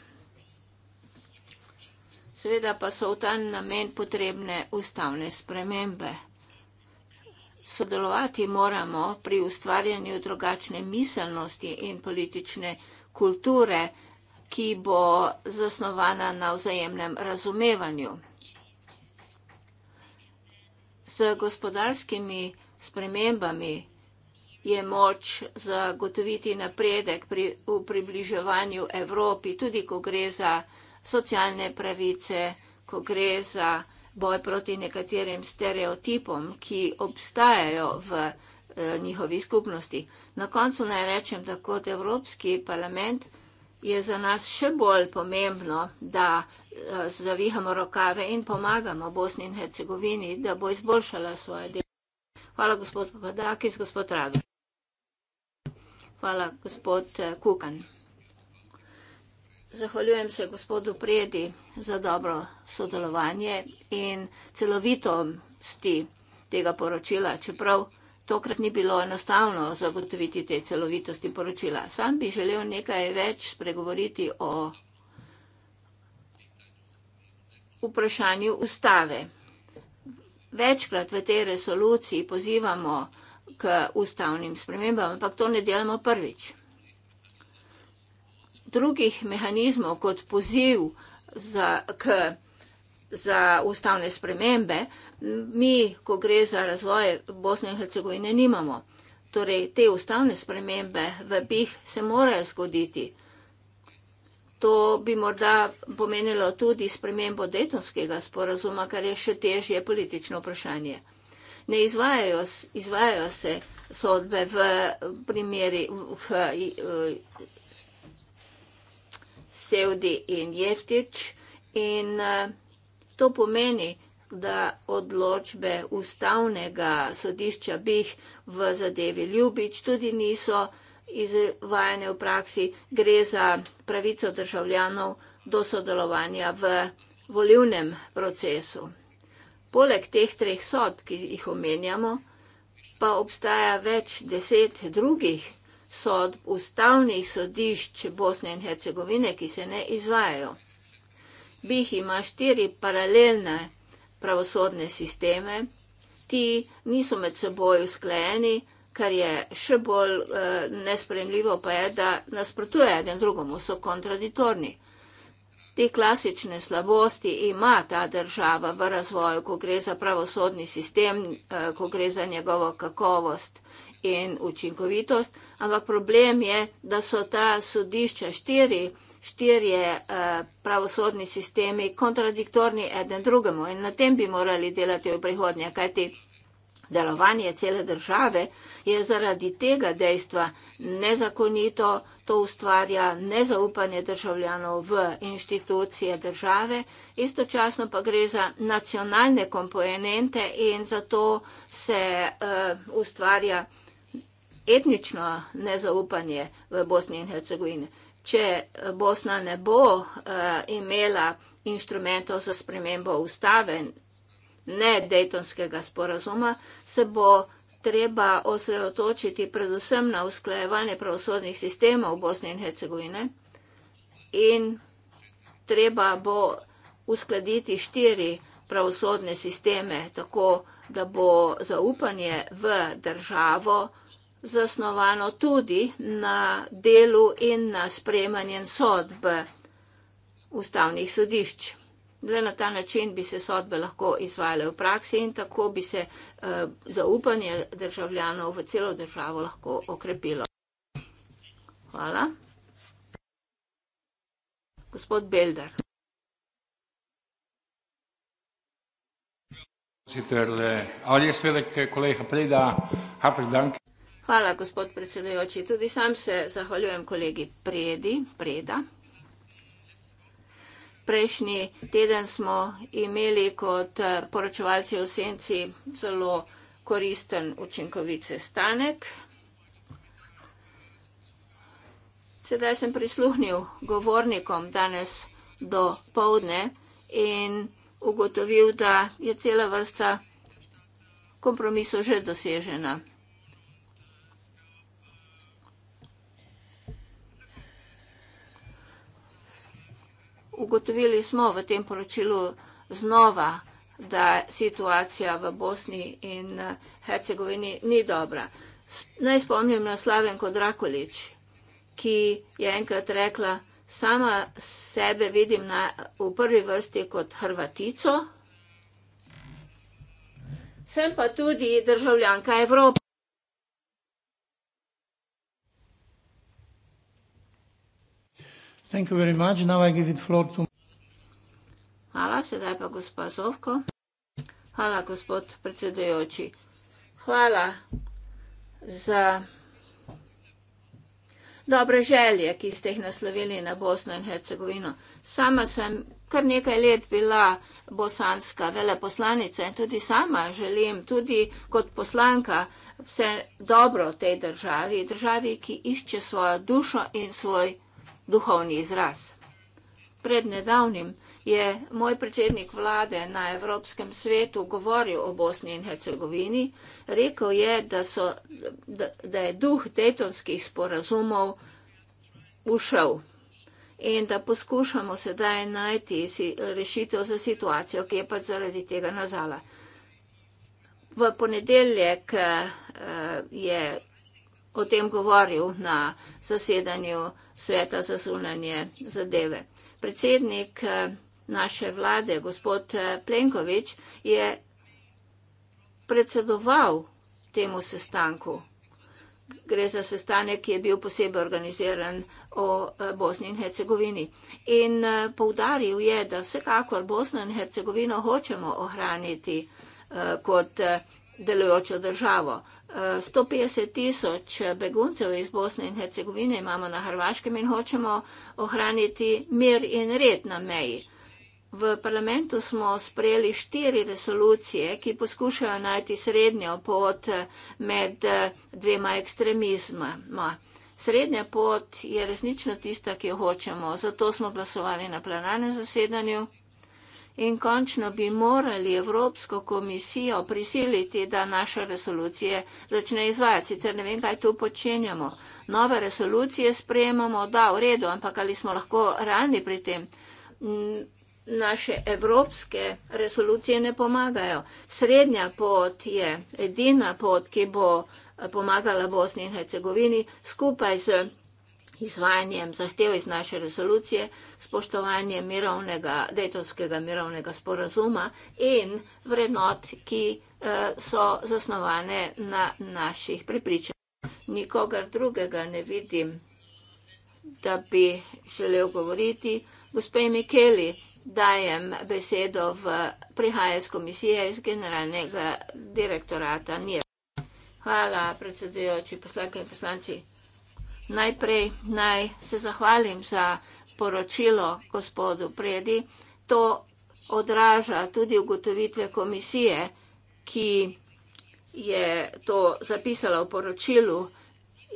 Seveda pa so v ta namen potrebne ustavne spremembe sodelovati moramo pri ustvarjanju drugačne miselnosti in politične kulture, ki bo zasnovana na vzajemnem razumevanju. Z gospodarskimi spremembami je moč zagotoviti napredek pri, v približevanju Evropi, tudi ko gre za socialne pravice, ko gre za boj proti nekaterim stereotipom, ki obstajajo v eh, njihovi skupnosti. Na koncu naj rečem, da kot Evropski parlament je za nas še bolj pomembno, da eh, zavihamo rokave in pomagamo Bosni in Hercegovini, da bo izboljšala svoje delo. Hvala, gospod Popadakis, gospod Rado. Hvala, gospod eh, Kukan. Zahvaljujem se gospodu Predi za dobro sodelovanje in celovitosti tega poročila, čeprav tokrat ni bilo enostavno zagotoviti te celovitosti poročila. Sam bi želel nekaj več spregovoriti o vprašanju ustave. Večkrat v tej resoluciji pozivamo k ustavnim spremembam, ampak to ne delamo prvič drugih mehanizmov kot poziv za, k, za ustavne spremembe, mi, ko gre za razvoj Bosne in Hercegovine, nimamo. Torej, te ustavne spremembe v BIH se morajo zgoditi. To bi morda pomenilo tudi spremembo detonskega sporazuma, kar je še težje politično vprašanje. Ne izvajajo, izvajajo se sodbe v primeri v, v, v, Sevdi in Jeftič. In eh, to pomeni, da odločbe ustavnega sodišča bih v zadevi Ljubič tudi niso izvajane v praksi, gre za pravico državljanov do sodelovanja v volivnem procesu. Poleg teh treh sod, ki jih omenjamo, pa obstaja več deset drugih sodb ustavnih sodišč Bosne in Hercegovine, ki se ne izvajajo. BIH ima štiri paralelne pravosodne sisteme, ti niso med seboj usklajeni, kar je še bolj eh, nespremljivo, pa je, da nasprotuje eden drugomu, so kontradiktorni. Te klasične slabosti ima ta država v razvoju, ko gre za pravosodni sistem, eh, ko gre za njegovo kakovost in učinkovitost, ampak problem je, da so ta sodišča štiri, štiri eh, pravosodni sistemi kontradiktorni eden drugemu in na tem bi morali delati v prihodnje, kajti delovanje cele države je zaradi tega dejstva nezakonito, to ustvarja nezaupanje državljanov v inštitucije države, istočasno pa gre za nacionalne komponente in zato se uh, ustvarja etnično nezaupanje v Bosni in Hercegovini. Če Bosna ne bo uh, imela inštrumentov za spremembo ustave, ne dejtonskega sporazuma, se bo treba osredotočiti predvsem na usklajevanje pravosodnih sistemov Bosne in Hercegovine in treba bo uskladiti štiri pravosodne sisteme, tako da bo zaupanje v državo, zasnovano tudi na delu in na spremanju sodb ustavnih sodišč. Le na ta način bi se sodbe lahko izvajale v praksi in tako bi se eh, zaupanje državljanov v celo državo lahko okrepilo. Hvala. Gospod Belder. Eh, ali je svedek kolega Preda, hapri danke. Hvala, gospod predsedujoči. Tudi sam se zahvaljujem kolegi Predi, Preda. Prejšnji teden smo imeli kot eh, poročevalci v senci zelo koristen učinkovice stanek. Sedaj sem prisluhnil govornikom danes do povdne in ugotovil, da je cela vrsta kompromisov že dosežena. ugotovili smo v tem poročilu znova, da situacija v Bosni in eh, Hercegovini ni dobra. Naj spomnim na Slavenko Drakolič, ki je enkrat rekla, sama sebe vidim na, v prvi vrsti kot Hrvatico, sem pa tudi državljanka Evrope. Thank you very much. Now I give it floor to... Hvala, sedaj pa gospa Zovko. Hvala, gospod predsedujoči. Hvala za dobre želje, ki ste jih naslovili na Bosno in Hercegovino. Sama sem kar nekaj let bila bosanska veleposlanica in tudi sama želim, tudi kot poslanka, vse dobro tej državi, državi, ki išče svojo dušo in svoj duhovni izraz. Pred nedavnim je moj predsednik vlade na Evropskem svetu govoril o Bosni in Hercegovini. Rekl je, da, so, da, da je duh detonskih sporazumov ušel in da poskušamo sedaj najti si, rešitev za situacijo, ki je pač zaradi tega nazala. V ponedeljek uh, je o tem govoril na zasedanju sveta za zunanje zadeve. Predsednik eh, naše vlade, gospod eh, Plenkovič, je predsedoval temu sestanku. Gre za sestanek, ki je bil posebej organiziran o eh, Bosni in Hercegovini. In poudaril je, da vsekakor Bosno in Hercegovino hočemo ohraniti kot delujočo državo. 150 tisoč beguncev iz Bosne in Hercegovine imamo na Hrvaškem in hočemo ohraniti mir in red na meji. V parlamentu smo sprejeli štiri resolucije, ki poskušajo najti srednjo pot med dvema ekstremizma. Srednja pot je resnično tista, ki jo hočemo, zato smo glasovali na plenarnem zasedanju in končno bi morali Evropsko komisijo prisiliti, da naše resolucije začne izvajati. Sicer ne vem, kaj tu počenjamo. Nove resolucije sprejemamo, da v redu, ampak ali smo lahko realni pri tem? Naše evropske resolucije ne pomagajo. Srednja pot je edina pot, ki bo pomagala Bosni in Hercegovini skupaj z izvajanjem zahtev iz naše rezolucije, spoštovanje mirovnega, dejtonskega mirovnega sporazuma in vrednot, ki eh, so zasnovane na naših prepričanjih. Nikogar drugega ne vidim, da bi želel govoriti. Gospe Mikeli, dajem besedo v prihaje z komisije iz generalnega direktorata NIR. Hvala, predsedujoči poslanke in poslanci. Najprej naj se zahvalim za poročilo gospodu Predi. To odraža tudi ugotovitve komisije, ki je to zapisala v poročilu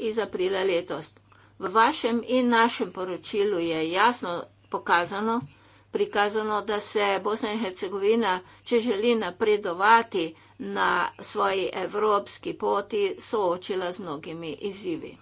iz aprila letos. V vašem in našem poročilu je jasno pokazano, prikazano, da se Bosna in Hercegovina, če želi napredovati na svoji evropski poti, soočila z mnogimi izzivi.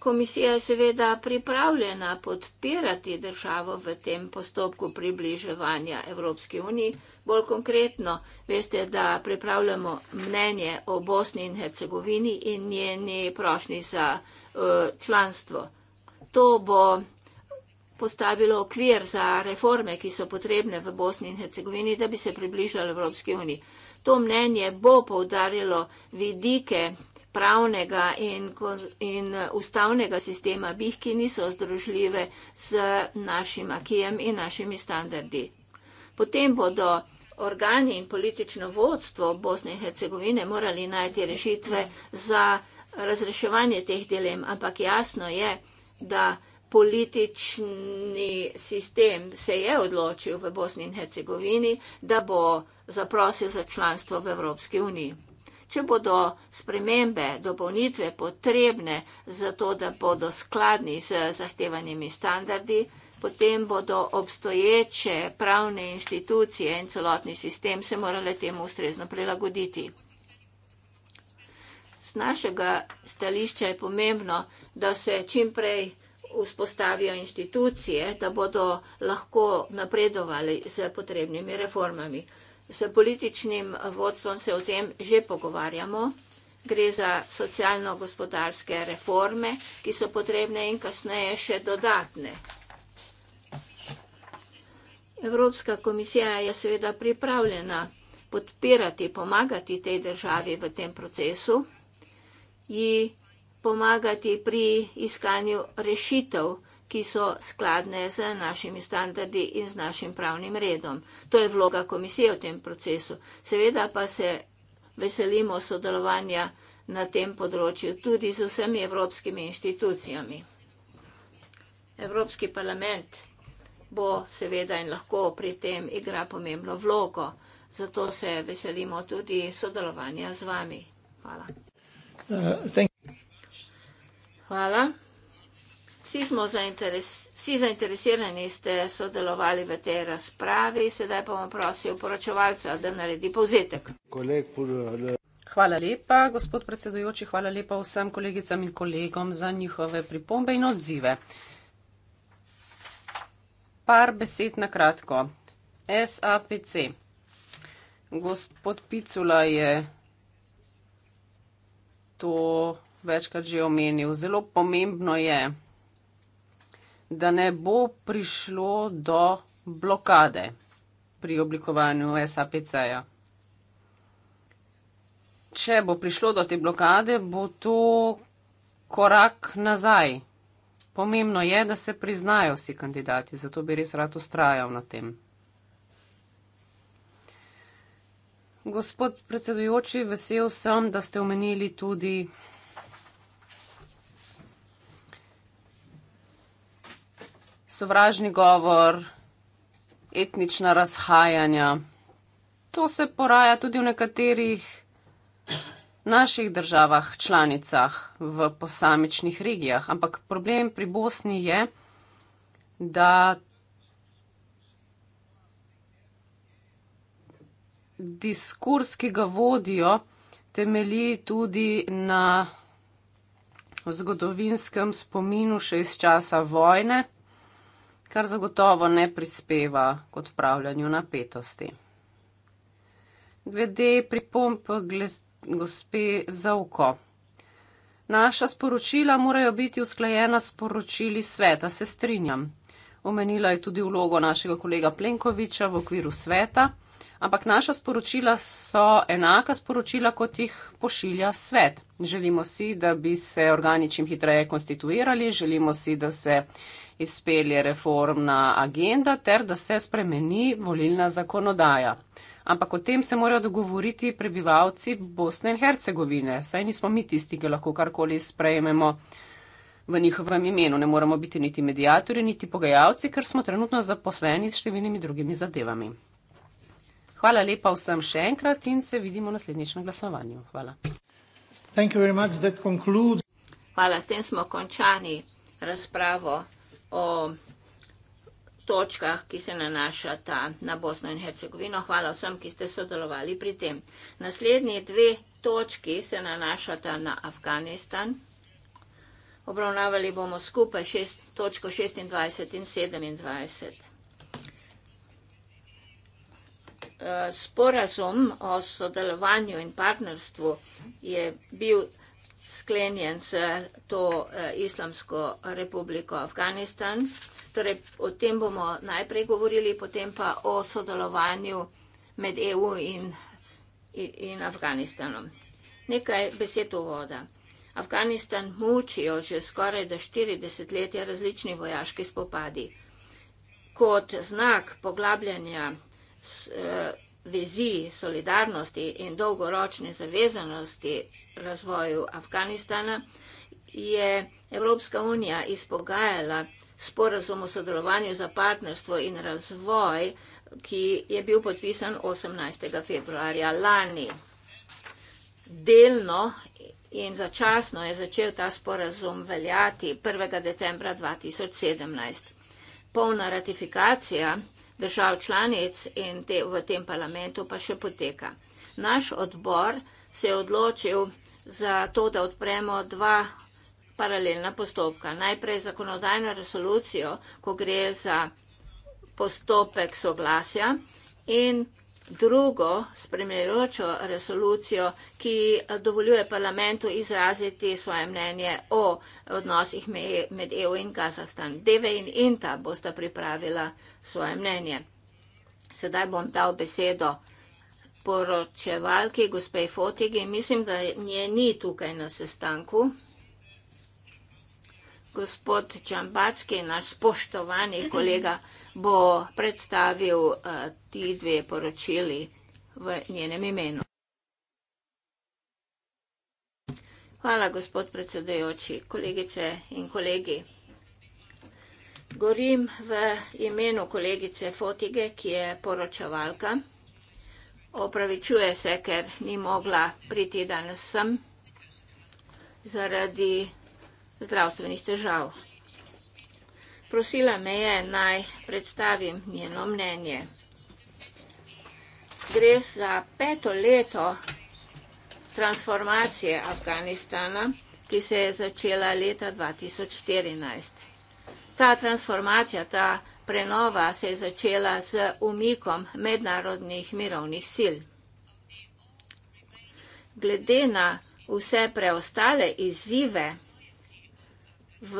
Komisija je seveda pripravljena podpirati državo v tem postopku približevanja Evropski uniji. Bolj konkretno, veste, da pripravljamo mnenje o Bosni in Hercegovini in njeni prošnji za eh, članstvo. To bo postavilo okvir za reforme, ki so potrebne v Bosni in Hercegovini, da bi se približali Evropski uniji. To mnenje bo poudarjalo vidike pravnega in, in eh, ustavnega sistema bih, ki niso združljive z našim akijem in našimi standardi. Potem bodo organi in politično vodstvo Bosne in Hercegovine morali najti rešitve za razreševanje teh dilem, ampak jasno je, da politični sistem se je odločil v Bosni in Hercegovini, da bo zaprosil za članstvo v Evropski uniji. Če bodo spremembe, dopolnitve potrebne za to, da bodo skladni z zahtevanimi standardi, potem bodo obstoječe pravne inštitucije in celotni sistem se morali temu ustrezno prilagoditi. Z našega stališča je pomembno, da se čim prej vzpostavijo inštitucije, da bodo lahko napredovali z potrebnimi reformami s političnim vodstvom se o tem že pogovarjamo. Gre za socialno-gospodarske reforme, ki so potrebne in kasneje še dodatne. Evropska komisija je seveda pripravljena podpirati, pomagati tej državi v tem procesu in pomagati pri iskanju rešitev, ki so skladne z našimi standardi in z našim pravnim redom. To je vloga komisije v tem procesu. Seveda pa se veselimo sodelovanja na tem področju tudi z vsemi evropskimi inštitucijami. Evropski parlament bo seveda in lahko pri tem igra pomembno vlogo. Zato se veselimo tudi sodelovanja z vami. Hvala. Uh, Hvala. Vsi, vsi zainteresirani ste sodelovali v tej razpravi, sedaj pa vam prosim poročevalca, da naredi povzetek. Eh, hvala lepa, gospod predsedujoči, hvala lepa vsem kolegicam in kolegom za njihove pripombe in odzive. Par besed na kratko. SAPC. Gospod Picula je to večkrat že omenil. Zelo pomembno je, da ne bo prišlo do blokade pri oblikovanju SAPC-ja. Če bo prišlo do te blokade, bo to korak nazaj. Pomembno je, da se priznajo vsi kandidati, zato bi res rad ustrajal na tem. Gospod predsedujoči, vesel sem, da ste omenili tudi sovražni govor, etnična razhajanja. To se poraja tudi v nekaterih naših državah, članicah, v posamičnih regijah. Ampak problem pri Bosni je, da, Diskurs, ki ga vodijo, temelji tudi na zgodovinskem spominu še iz časa vojne, kar zagotovo ne prispeva k odpravljanju napetosti. Glede pripomp gospe Zavko. Naša sporočila morajo biti usklajena s poročili sveta, se strinjam. Omenila je tudi vlogo našega kolega Plenkoviča v okviru sveta, ampak naša sporočila so enaka sporočila, kot jih pošilja svet. Želimo si, da bi se organi čim hitreje konstituirali, želimo si, da se izpelje reformna agenda ter da se spremeni volilna zakonodaja. Ampak o tem se morajo dogovoriti prebivalci Bosne in Hercegovine, saj nismo mi tisti, ki lahko karkoli sprejmemo v njihovem imenu. Ne moramo biti niti medijatori, niti pogajalci, ker smo trenutno zaposleni s številnimi drugimi zadevami. Hvala lepa vsem še enkrat in se vidimo v naslednjem glasovanju. Hvala. Hvala, s tem smo končani razpravo o točkah, ki se nanašata na Bosno in Hercegovino. Hvala vsem, ki ste sodelovali pri tem. Naslednji dve točki se nanašata na Afganistan. Obravnavali bomo skupaj točko 26 in 27. Eh, sporazum o sodelovanju in partnerstvu je bil sklenjen s to eh, Islamsko republiko Afganistan. Torej, o tem bomo najprej govorili, potem pa o sodelovanju med EU in, in, in Afganistanom. Nekaj besed o voda. Afganistan mučijo že skoraj da 40 let različni vojaški spopadi. Kot znak poglabljanja s, eh, vezi, solidarnosti in dolgoročne zavezanosti razvoju Afganistana je Evropska unija izpogajala sporazum o sodelovanju za partnerstvo in razvoj, ki je bil podpisan 18. februarja lani. Delno in začasno je začel ta sporazum veljati 1. decembra 2017. Polna ratifikacija držav članic in te, v tem parlamentu pa še poteka. Naš odbor se je odločil za to, da odpremo dva paralelna postopka. Najprej zakonodajno resolucijo, ko gre za postopek soglasja in drugo spremljajočo resolucijo, ki dovoljuje parlamentu izraziti svoje mnenje o odnosih med EU in Kazahstan. DV in INTA bosta pripravila svoje mnenje. Sedaj bom dal besedo poročevalki gospej Fotigi. Mislim, da nje ni tukaj na sestanku gospod Čambacki, naš spoštovani kolega, bo predstavil eh, ti dve poročili v njenem imenu. Hvala, gospod predsedojoči, kolegice in kolegi. Gorim v imenu kolegice Fotige, ki je poročevalka. Opravičuje se, ker ni mogla priti danes sem zaradi zdravstvenih težav. Prosila me je, naj predstavim njeno mnenje. Gre za peto leto transformacije Afganistana, ki se je začela leta 2014. Ta transformacija, ta prenova se je začela z umikom mednarodnih mirovnih sil. Glede na vse preostale izzive, v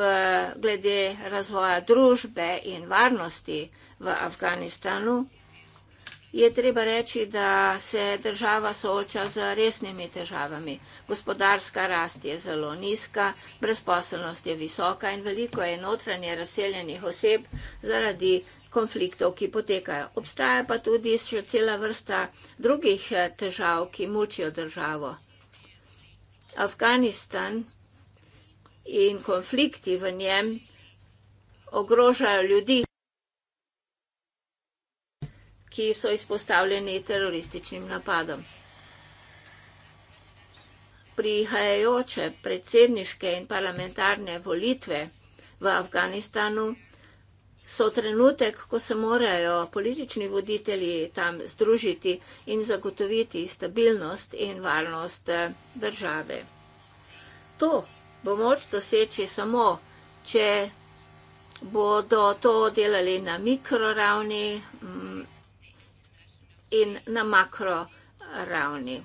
glede razvoja družbe in varnosti v Afganistanu, je treba reči, da se država sooča z resnimi težavami. Gospodarska rast je zelo nizka, brezposelnost je visoka in veliko je notranje razseljenih oseb zaradi konfliktov, ki potekajo. Obstaja pa tudi še cela vrsta drugih eh, težav, ki mučijo državo. Afganistan in konflikti v njem ogrožajo ljudi, ki so izpostavljeni terorističnim napadom. Prihajajoče predsedniške in parlamentarne volitve v Afganistanu so trenutek, ko se morajo politični voditelji tam združiti in zagotoviti stabilnost in varnost eh, države. To, bo moč doseči samo, če bodo to delali na mikroravni mm, in na makroravni.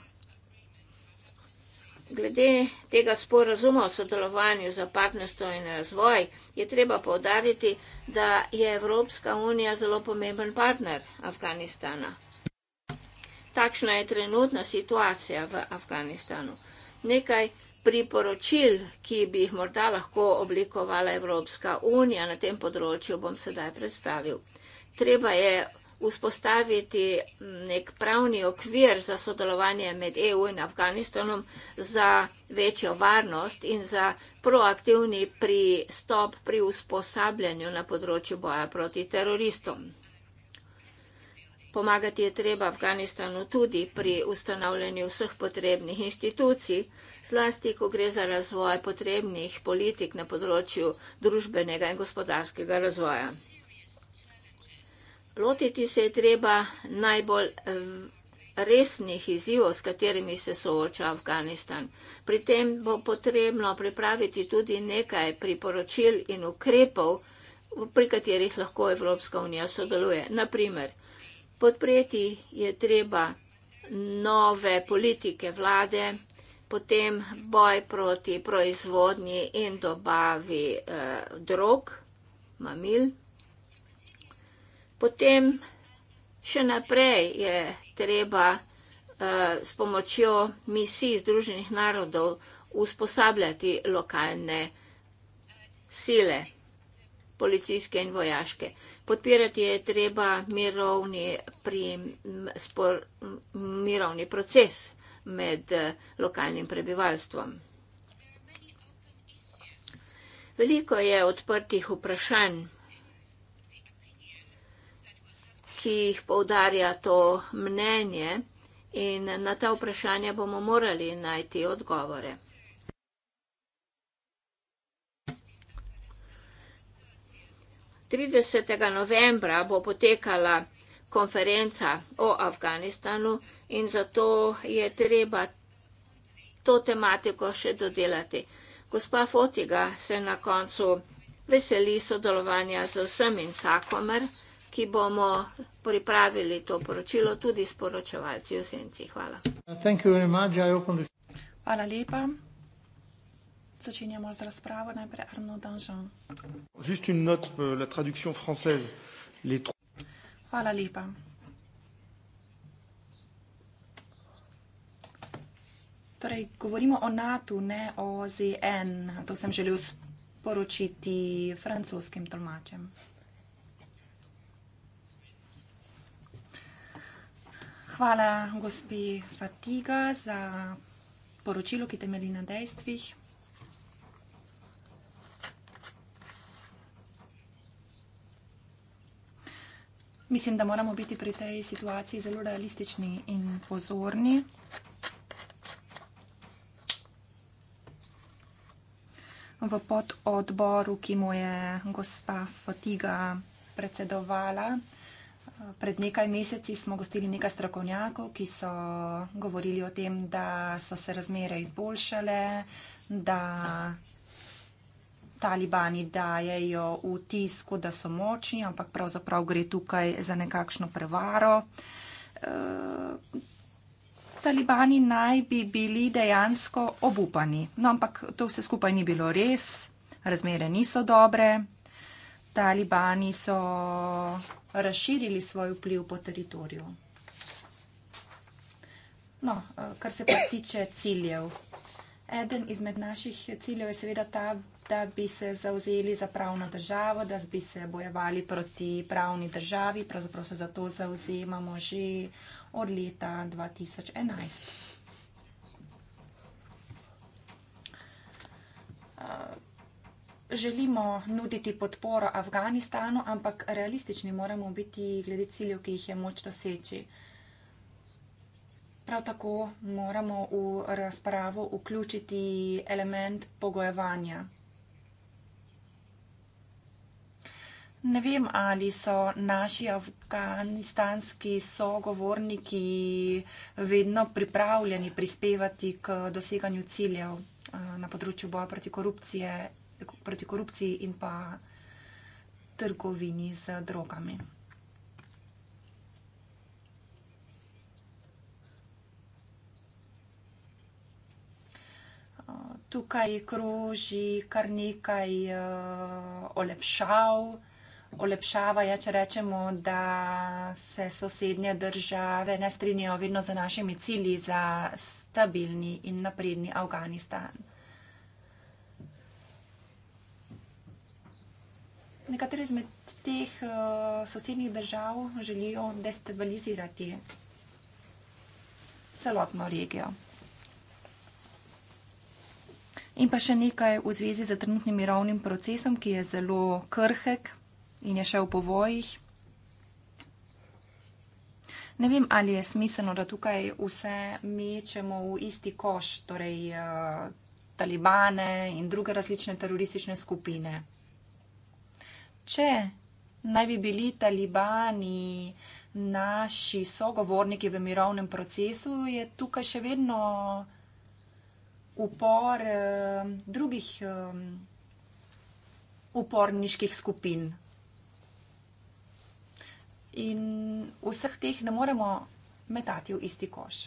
Glede tega sporazuma o sodelovanju za partnerstvo in razvoj je treba povdariti, da je Evropska unija zelo pomemben partner Afganistana. Takšna je trenutna situacija v Afganistanu. Nekaj priporočil, ki bi jih morda lahko oblikovala Evropska unija na tem področju, bom sedaj predstavil. Treba je vzpostaviti nek pravni okvir za sodelovanje med EU in Afganistanom za večjo varnost in za proaktivni pristop pri usposabljanju na področju boja proti teroristom. Pomagati je treba Afganistanu tudi pri ustanavljanju vseh potrebnih inštitucij, zlasti, ko gre za razvoj potrebnih politik na področju družbenega in gospodarskega razvoja. Lotiti se je treba najbolj resnih izzivov, s katerimi se sooča Afganistan. Pri tem bo potrebno pripraviti tudi nekaj priporočil in ukrepov, pri katerih lahko Evropska unija sodeluje. Naprimer, podpreti je treba nove politike vlade, potem boj proti proizvodnji in dobavi eh, drog, mamil. Potem še naprej je treba eh, s pomočjo misij Združenih narodov usposabljati lokalne sile, policijske in vojaške. Podpirati je treba mirovni, prim, spor, mirovni proces med eh, lokalnim prebivalstvom. Veliko je odprtih vprašanj, ki jih povdarja to mnenje in na ta vprašanja bomo morali najti odgovore. 30. novembra bo potekala konferenca o Afganistanu in zato je treba to tematiko še dodelati. Gospa Fotiga se na koncu veseli sodelovanja z vsem in vsakomer, ki bomo pripravili to poročilo tudi s poročevalci v Senci. Hvala. Hvala lepa. Začenjamo z razpravo. Najprej Arno Danžan. Just une note, euh, la traduction française. Les trois... Hvala lepa. Torej, govorimo o NATO, ne o ZN. To sem želel sporočiti francoskim tolmačem. Hvala gospi Fatiga za poročilo, ki temelji na dejstvih. Mislim, da moramo biti pri tej situaciji zelo realistični in pozorni. V pododboru, ki mu je gospa Fatiga predsedovala, pred nekaj meseci smo gostili nekaj strokovnjakov, ki so govorili o tem, da so se razmere izboljšale, da talibani dajejo v tisku, da so močni, ampak pravzaprav gre tukaj za nekakšno prevaro. Eh, talibani naj bi bili dejansko obupani, no ampak to vse skupaj ni bilo res, razmere niso dobre. Talibani so razširili svoj vpliv po teritoriju. No, eh, kar se pa tiče ciljev, Eden izmed naših ciljev je seveda ta, da bi se zauzeli za pravno državo, da bi se bojevali proti pravni državi. Pravzaprav se za to zauzemamo že od leta 2011. Želimo nuditi podporo Afganistanu, ampak realistični moramo biti glede ciljev, ki jih je moč doseči. Uh, Prav tako moramo v razpravo vključiti element pogojevanja. Ne vem, ali so naši afganistanski sogovorniki vedno pripravljeni prispevati k doseganju ciljev na področju boja proti, proti korupciji in pa trgovini z drogami. tukaj kroži kar nekaj uh, olepšav. Olepšava je, če rečemo, da se sosednje države ne strinjajo vedno za našimi cilji za stabilni in napredni Afganistan. Nekatere izmed teh uh, sosednjih držav želijo destabilizirati celotno regijo. In pa še nekaj v zvezi z trenutnim mirovnim procesom, ki je zelo krhek in je še v povojih. Ne vem, ali je smiselno, da tukaj vse mečemo v isti koš, torej eh, talibane in druge različne teroristične skupine. Če naj bi bili talibani naši sogovorniki v mirovnem procesu, je tukaj še vedno upor uh, drugih um, uporniških skupin. In vseh teh ne moremo metati v isti koš.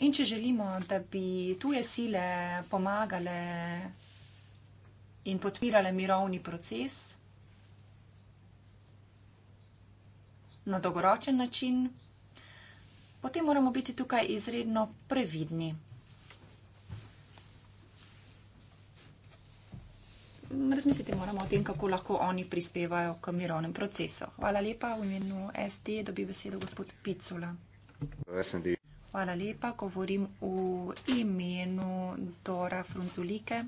In če želimo, da bi tuje sile pomagale in podpirale mirovni proces, na dolgoročen način, potem moramo biti tukaj izredno previdni. Razmisliti moramo o tem, kako lahko oni prispevajo k mirovnem procesu. Hvala lepa. V imenu SD dobi besedo gospod Picula. Hvala lepa. Govorim v imenu Dora Frunzulike.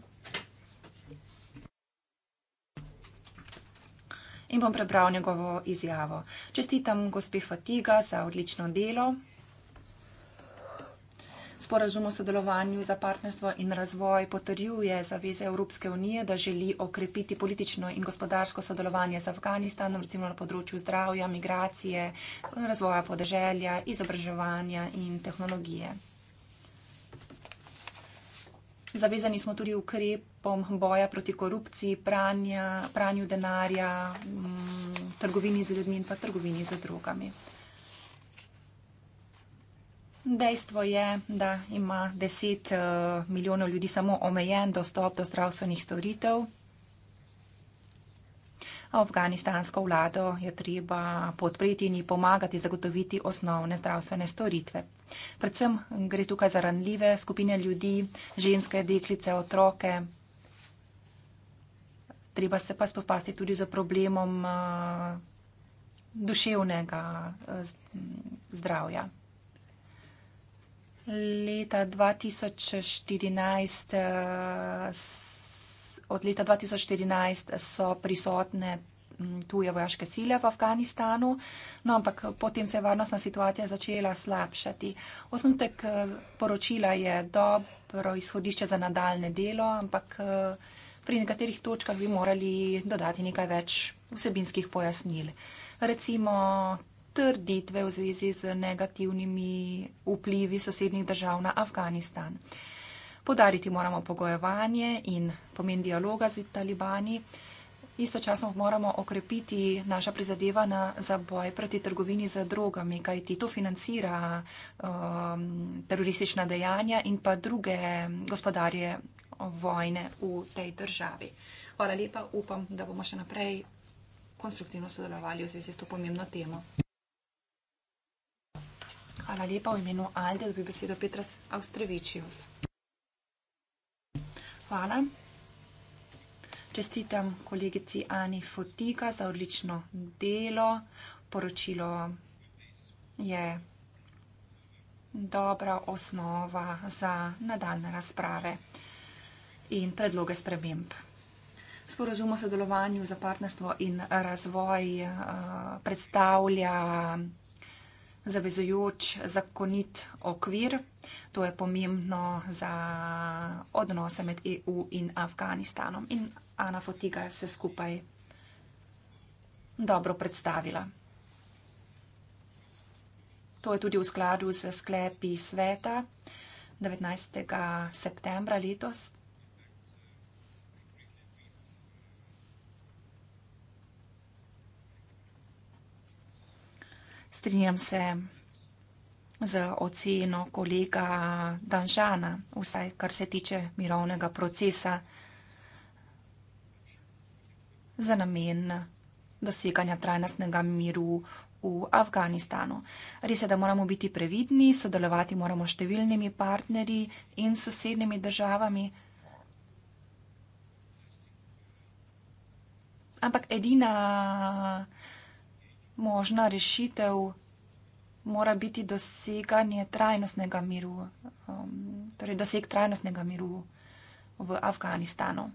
in bom prebral njegovo izjavo. Čestitam gospe Fatiga za odlično delo. Sporazum o sodelovanju za partnerstvo in razvoj potrjuje zaveze Evropske unije, da želi okrepiti politično in gospodarsko sodelovanje z Afganistanom, recimo na področju zdravja, migracije, razvoja podeželja, izobraževanja in tehnologije. Zavezani smo tudi ukrepom boja proti korupciji, pranja, pranju denarja, mm, trgovini z ljudmi in pa trgovini z drogami. Dejstvo je, da ima 10 eh, milijonov ljudi samo omejen dostop do zdravstvenih storitev afganistansko vlado je treba podpreti in ji pomagati zagotoviti osnovne zdravstvene storitve. Predvsem gre tukaj za ranljive skupine ljudi, ženske, deklice, otroke. Treba se pa spopasti tudi z problemom eh, duševnega eh, zdravja. Leta 2014 od leta 2014 so prisotne mm, tuje vojaške sile v Afganistanu, no ampak potem se je varnostna situacija začela slabšati. Osnutek eh, poročila je dobro izhodišče za nadaljne delo, ampak eh, pri nekaterih točkah bi morali dodati nekaj več vsebinskih pojasnil. Recimo trditve v zvezi z negativnimi vplivi sosednjih držav na Afganistan. Podariti moramo pogojevanje in pomen dialoga z talibani. Istočasno moramo okrepiti naša prizadevanja za boj proti trgovini z drogami, kajti to financira um, teroristična dejanja in pa druge gospodarje vojne v tej državi. Hvala lepa, upam, da bomo še naprej konstruktivno sodelovali v zvezi s to pomembno temo. Hvala lepa v imenu Alde, da bi besedo Petra Austrevičius. Hvala. Čestitam kolegici Ani Fotika za odlično delo. Poročilo je dobra osnova za nadaljne razprave in predloge sprememb. Sporozum o sodelovanju za partnerstvo in razvoj eh, predstavlja zavezujoč zakonit okvir. To je pomembno za odnose med EU in Afganistanom. In Ana Fotiga je se skupaj dobro predstavila. To je tudi v skladu z sklepi sveta 19. septembra letos. strinjam se z oceno kolega Danžana, vsaj kar se tiče mirovnega procesa za namen doseganja trajnostnega miru v Afganistanu. Res je, da moramo biti previdni, sodelovati moramo s številnimi partnerji in sosednjimi državami. Ampak edina možna rešitev mora biti doseganje trajnostnega miru, um, torej doseg trajnostnega miru v Afganistanu.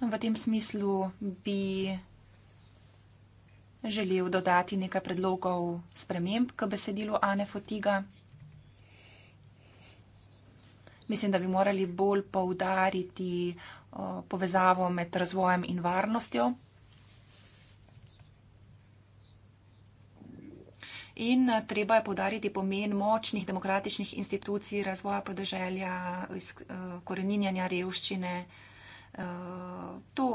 V tem smislu bi želel dodati nekaj predlogov sprememb k besedilu Ane Fotiga mislim, da bi morali bolj poudariti povezavo med razvojem in varnostjo. In eh, treba je podariti pomen močnih demokratičnih institucij, razvoja podeželja, eh, korenjenja revščine. Eh, to,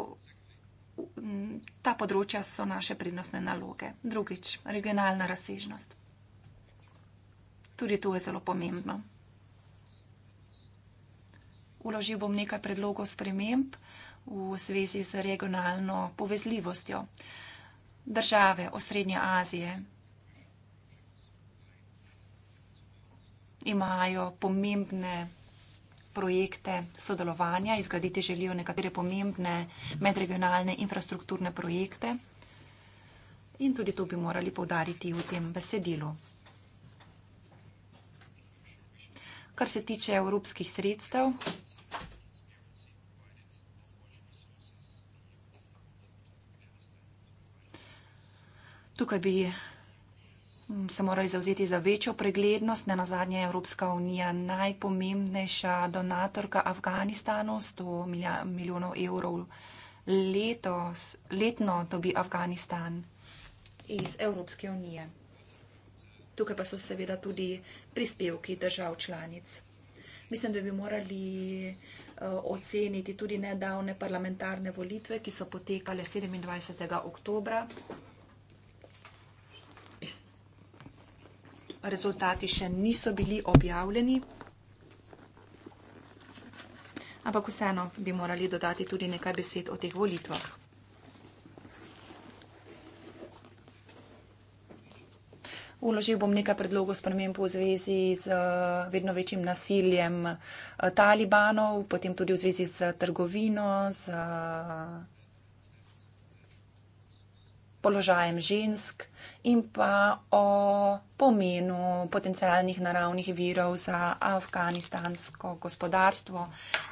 ta področja so naše prednostne naloge. Drugič, regionalna razsežnost. Tudi to je zelo pomembno. Uložil bom nekaj predlogov sprememb v zvezi z regionalno povezljivostjo države Osrednje Azije. Imajo pomembne projekte sodelovanja, izgraditi želijo nekatere pomembne medregionalne infrastrukturne projekte in tudi to bi morali povdariti v tem besedilu. Kar se tiče evropskih sredstev, Tukaj bi mm, se morali zavzeti za večjo preglednost. Ne na zadnje je Evropska unija najpomembnejša donatorka Afganistanu, 100 milijonov evrov letos, letno dobi Afganistan iz Evropske unije. Tukaj pa so seveda tudi prispevki držav članic. Mislim, da bi morali eh, oceniti tudi nedavne parlamentarne volitve, ki so potekale 27. oktobra. rezultati še niso bili objavljeni. Ampak vseeno bi morali dodati tudi nekaj besed o teh volitvah. Uložil bom nekaj predlogov sprememb v zvezi z eh, vedno večjim nasiljem eh, talibanov, potem tudi v zvezi z trgovino, z položajem žensk in pa o pomenu potencijalnih naravnih virov za afganistansko gospodarstvo.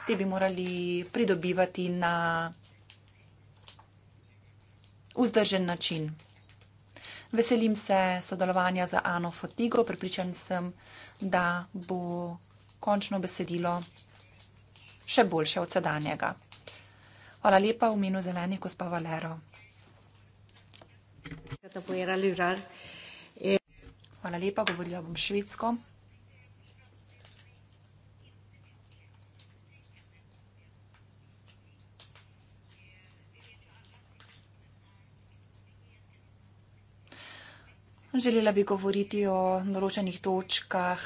Te bi morali pridobivati na vzdržen način. Veselim se sodelovanja za Ano Fotigo, pripričan sem, da bo končno besedilo še boljše od sedanjega. Hvala lepa v imenu zelenih, gospa Valero. Hvala lepa, govorila bom švedsko. Želela bi govoriti o določenih točkah,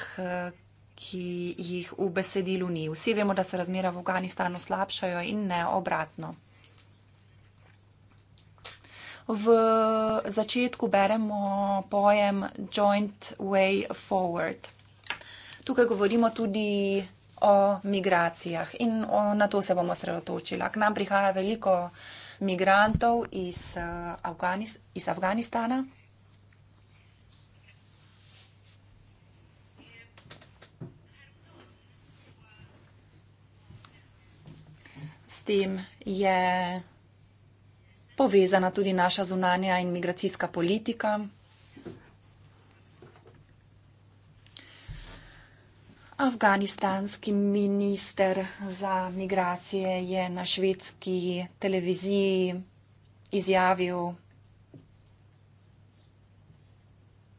ki jih v besedilu ni. Vsi vemo, da se razmere v Afganistanu slabšajo in ne obratno v začetku beremo pojem Joint Way Forward. Tukaj govorimo tudi o migracijah in o, na to se bomo sredotočila. K nam prihaja veliko migrantov iz, uh, Afganis, iz Afganistana. S tem je povezana tudi naša zunanja in migracijska politika. Afganistanski minister za migracije je na švedski televiziji izjavil,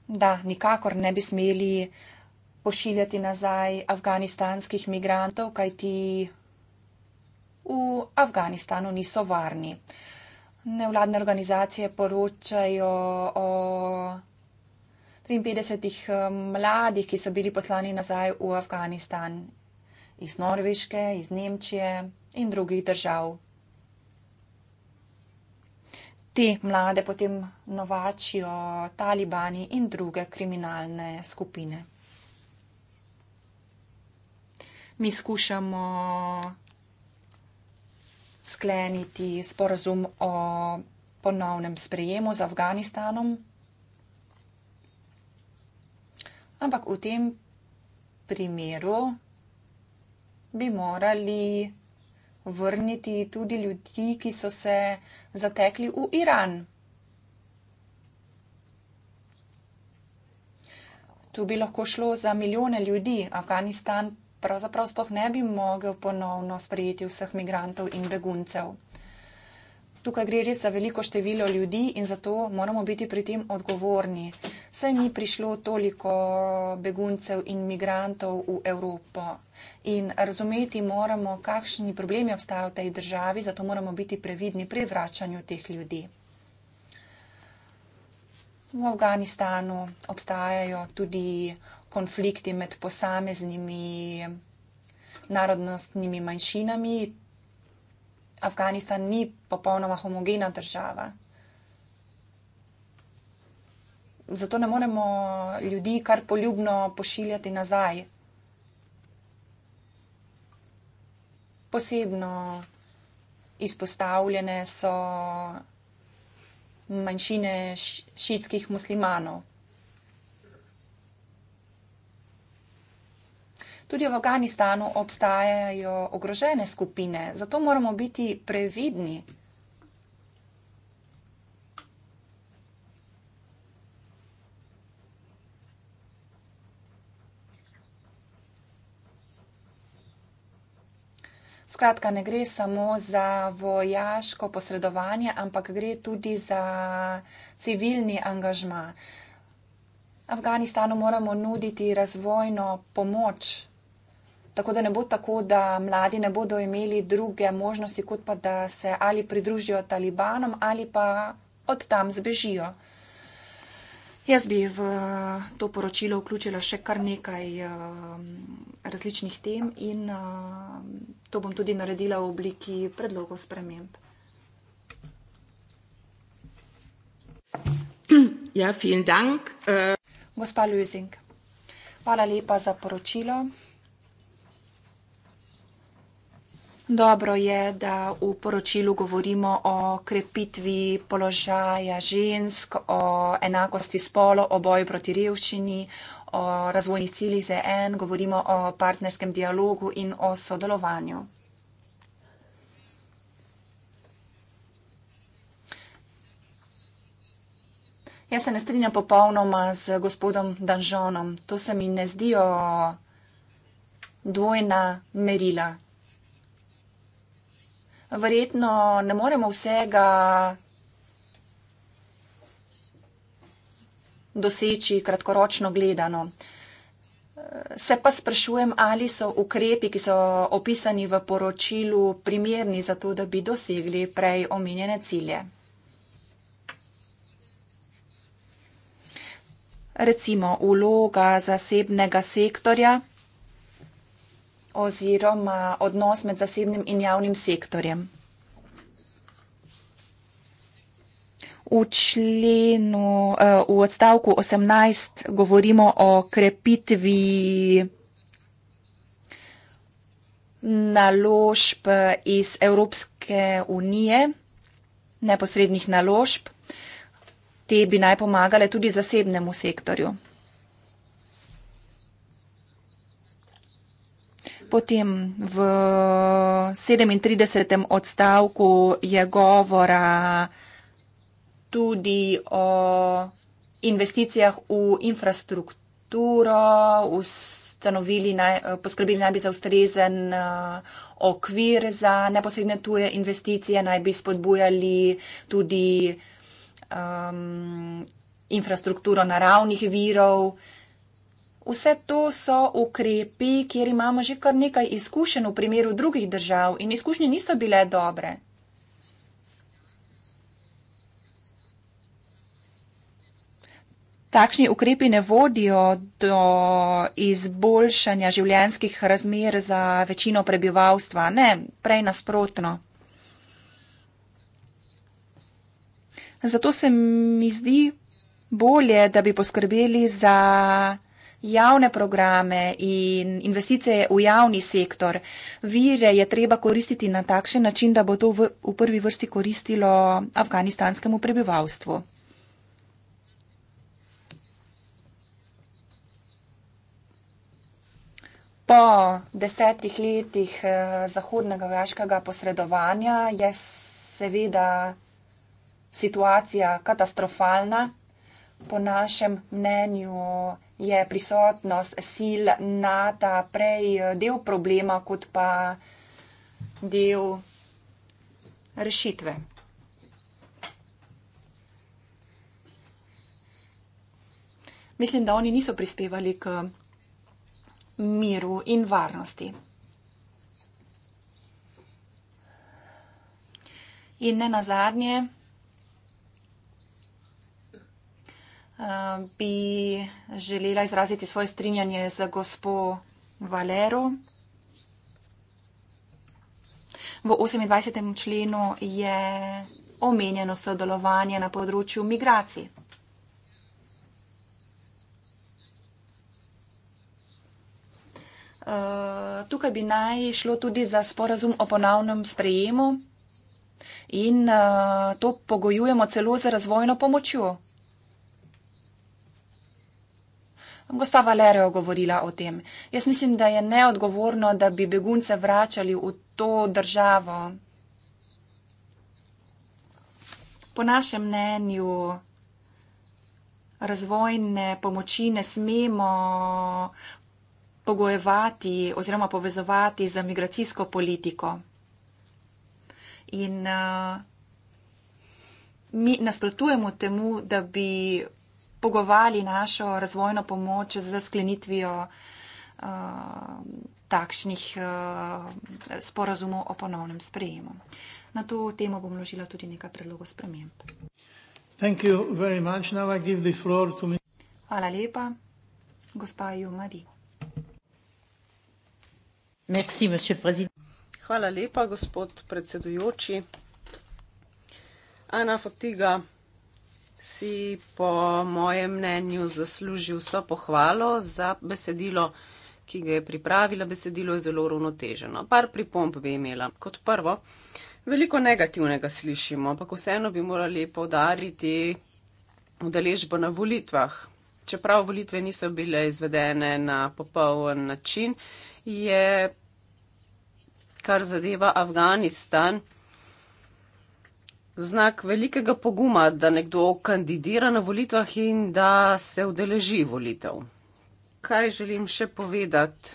da nikakor ne bi smeli pošiljati nazaj afganistanskih migrantov, kajti v Afganistanu niso varni nevladne organizacije poročajo o 53 eh, mladih, ki so bili poslani nazaj v Afganistan iz Norveške, iz Nemčije in drugih držav. Ti mlade potem novačijo talibani in druge kriminalne skupine. Mi skušamo skleniti sporazum o ponovnem sprejemu z Afganistanom. Ampak v tem primeru bi morali vrniti tudi ljudi, ki so se zatekli v Iran. Tu bi lahko šlo za milijone ljudi. Afganistan pravzaprav spoh ne bi mogel ponovno sprejeti vseh migrantov in beguncev. Tukaj gre res za veliko število ljudi in zato moramo biti pri tem odgovorni. Saj ni prišlo toliko beguncev in migrantov v Evropo. In razumeti moramo, kakšni problemi obstajajo v tej državi, zato moramo biti previdni pri vračanju teh ljudi. V Afganistanu obstajajo tudi konflikti med posameznimi narodnostnimi manjšinami. Afganistan ni popolnoma homogena država. Zato ne moremo ljudi kar poljubno pošiljati nazaj. Posebno izpostavljene so manjšine šitskih muslimanov. Tudi v Afganistanu obstajajo ogrožene skupine, zato moramo biti previdni. Skratka, ne gre samo za vojaško posredovanje, ampak gre tudi za civilni angažma. Afganistanu moramo nuditi razvojno pomoč tako da ne bo tako, da mladi ne bodo imeli druge možnosti, kot pa da se ali pridružijo talibanom ali pa od tam zbežijo. Jaz bi v to poročilo vključila še kar nekaj um, različnih tem in um, to bom tudi naredila v obliki predlogov sprememb. Ja, vielen Dank. Äh, Gospa Lüzing, hvala lepa za poročilo. Dobro je, da v poročilu govorimo o krepitvi položaja žensk, o enakosti spolo, o boju proti revščini, o razvojnih ciljih ZN, govorimo o partnerskem dialogu in o sodelovanju. Jaz se ne strinjam popolnoma z gospodom Danžonom. To se mi ne zdijo dvojna merila verjetno ne moremo vsega doseči kratkoročno gledano. Se pa sprašujem, ali so ukrepi, ki so opisani v poročilu, primerni za to, da bi dosegli prej omenjene cilje. Recimo, uloga zasebnega sektorja oziroma odnos med zasebnim in javnim sektorjem. V členu, eh, v odstavku 18 govorimo o krepitvi naložb iz Evropske unije, neposrednih naložb. Te bi naj pomagale tudi zasebnemu sektorju. Potem v 37. odstavku je govora tudi o investicijah v infrastrukturo, ustanovili, naj, poskrbili naj bi za ustrezen eh, okvir za neposredne tuje investicije, naj bi spodbujali tudi um, infrastrukturo naravnih virov. Vse to so ukrepi, kjer imamo že kar nekaj izkušenj v primeru drugih držav in izkušnje niso bile dobre. Takšni ukrepi ne vodijo do izboljšanja življenskih razmer za večino prebivalstva, ne, prej nasprotno. Zato se mi zdi bolje, da bi poskrbeli za javne programe in investicije v javni sektor. Vire je treba koristiti na takšen način, da bo to v, v prvi vrsti koristilo afganistanskemu prebivalstvu. Po desetih letih eh, zahodnega vojaškega posredovanja je seveda situacija katastrofalna po našem mnenju je prisotnost sil NATO prej eh, del problema, kot pa del rešitve. Mislim, da oni niso prispevali k miru in varnosti. In ne nazadnje. Eh, bi želela izraziti svoje strinjanje z gospo Valero. V 28. členu je omenjeno sodelovanje na področju migracij. Eh, tukaj bi naj šlo tudi za sporazum o ponavnem sprejemu in eh, to pogojujemo celo za razvojno pomočjo. gospa Valerio govorila o tem. Jaz mislim, da je neodgovorno, da bi begunce vračali v to državo. Po našem mnenju razvojne pomoči ne smemo pogojevati oziroma povezovati za migracijsko politiko. In uh, mi nasprotujemo temu, da bi pogovali našo razvojno pomoč z sklenitvijo uh, takšnih uh, sporazumov o ponovnem sprejemu. Na to temo bom vložila tudi nekaj predlogov sprememb. Hvala lepa, gospa Jumadi. Merci, Hvala lepa, gospod predsedujoči. Ana Fatiga si po mojem mnenju zaslužil vso pohvalo za besedilo, ki ga je pripravila. Besedilo je zelo ravnoteženo. Par pripomp bi imela. Kot prvo, veliko negativnega slišimo, ampak vseeno bi morali povdariti udeležbo na volitvah. Čeprav volitve niso bile izvedene na popoln način, je kar zadeva Afganistan znak velikega poguma, da nekdo kandidira na volitvah in da se udeleži volitev. Kaj želim še povedati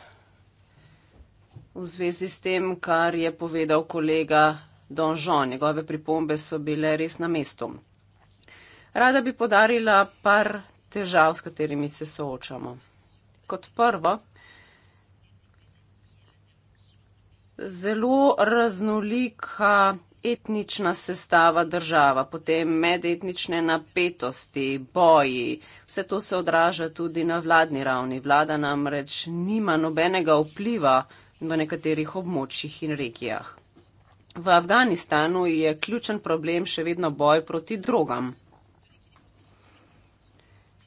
v zvezi s tem, kar je povedal kolega Donžon? Njegove pripombe so bile res na mestu. Rada bi podarila par težav, s katerimi se soočamo. Kot prvo, zelo raznolika etnična sestava država, potem medetnične napetosti, boji, vse to se odraža tudi na vladni ravni. Vlada namreč nima nobenega vpliva v nekaterih območjih in regijah. V Afganistanu je ključen problem še vedno boj proti drogam.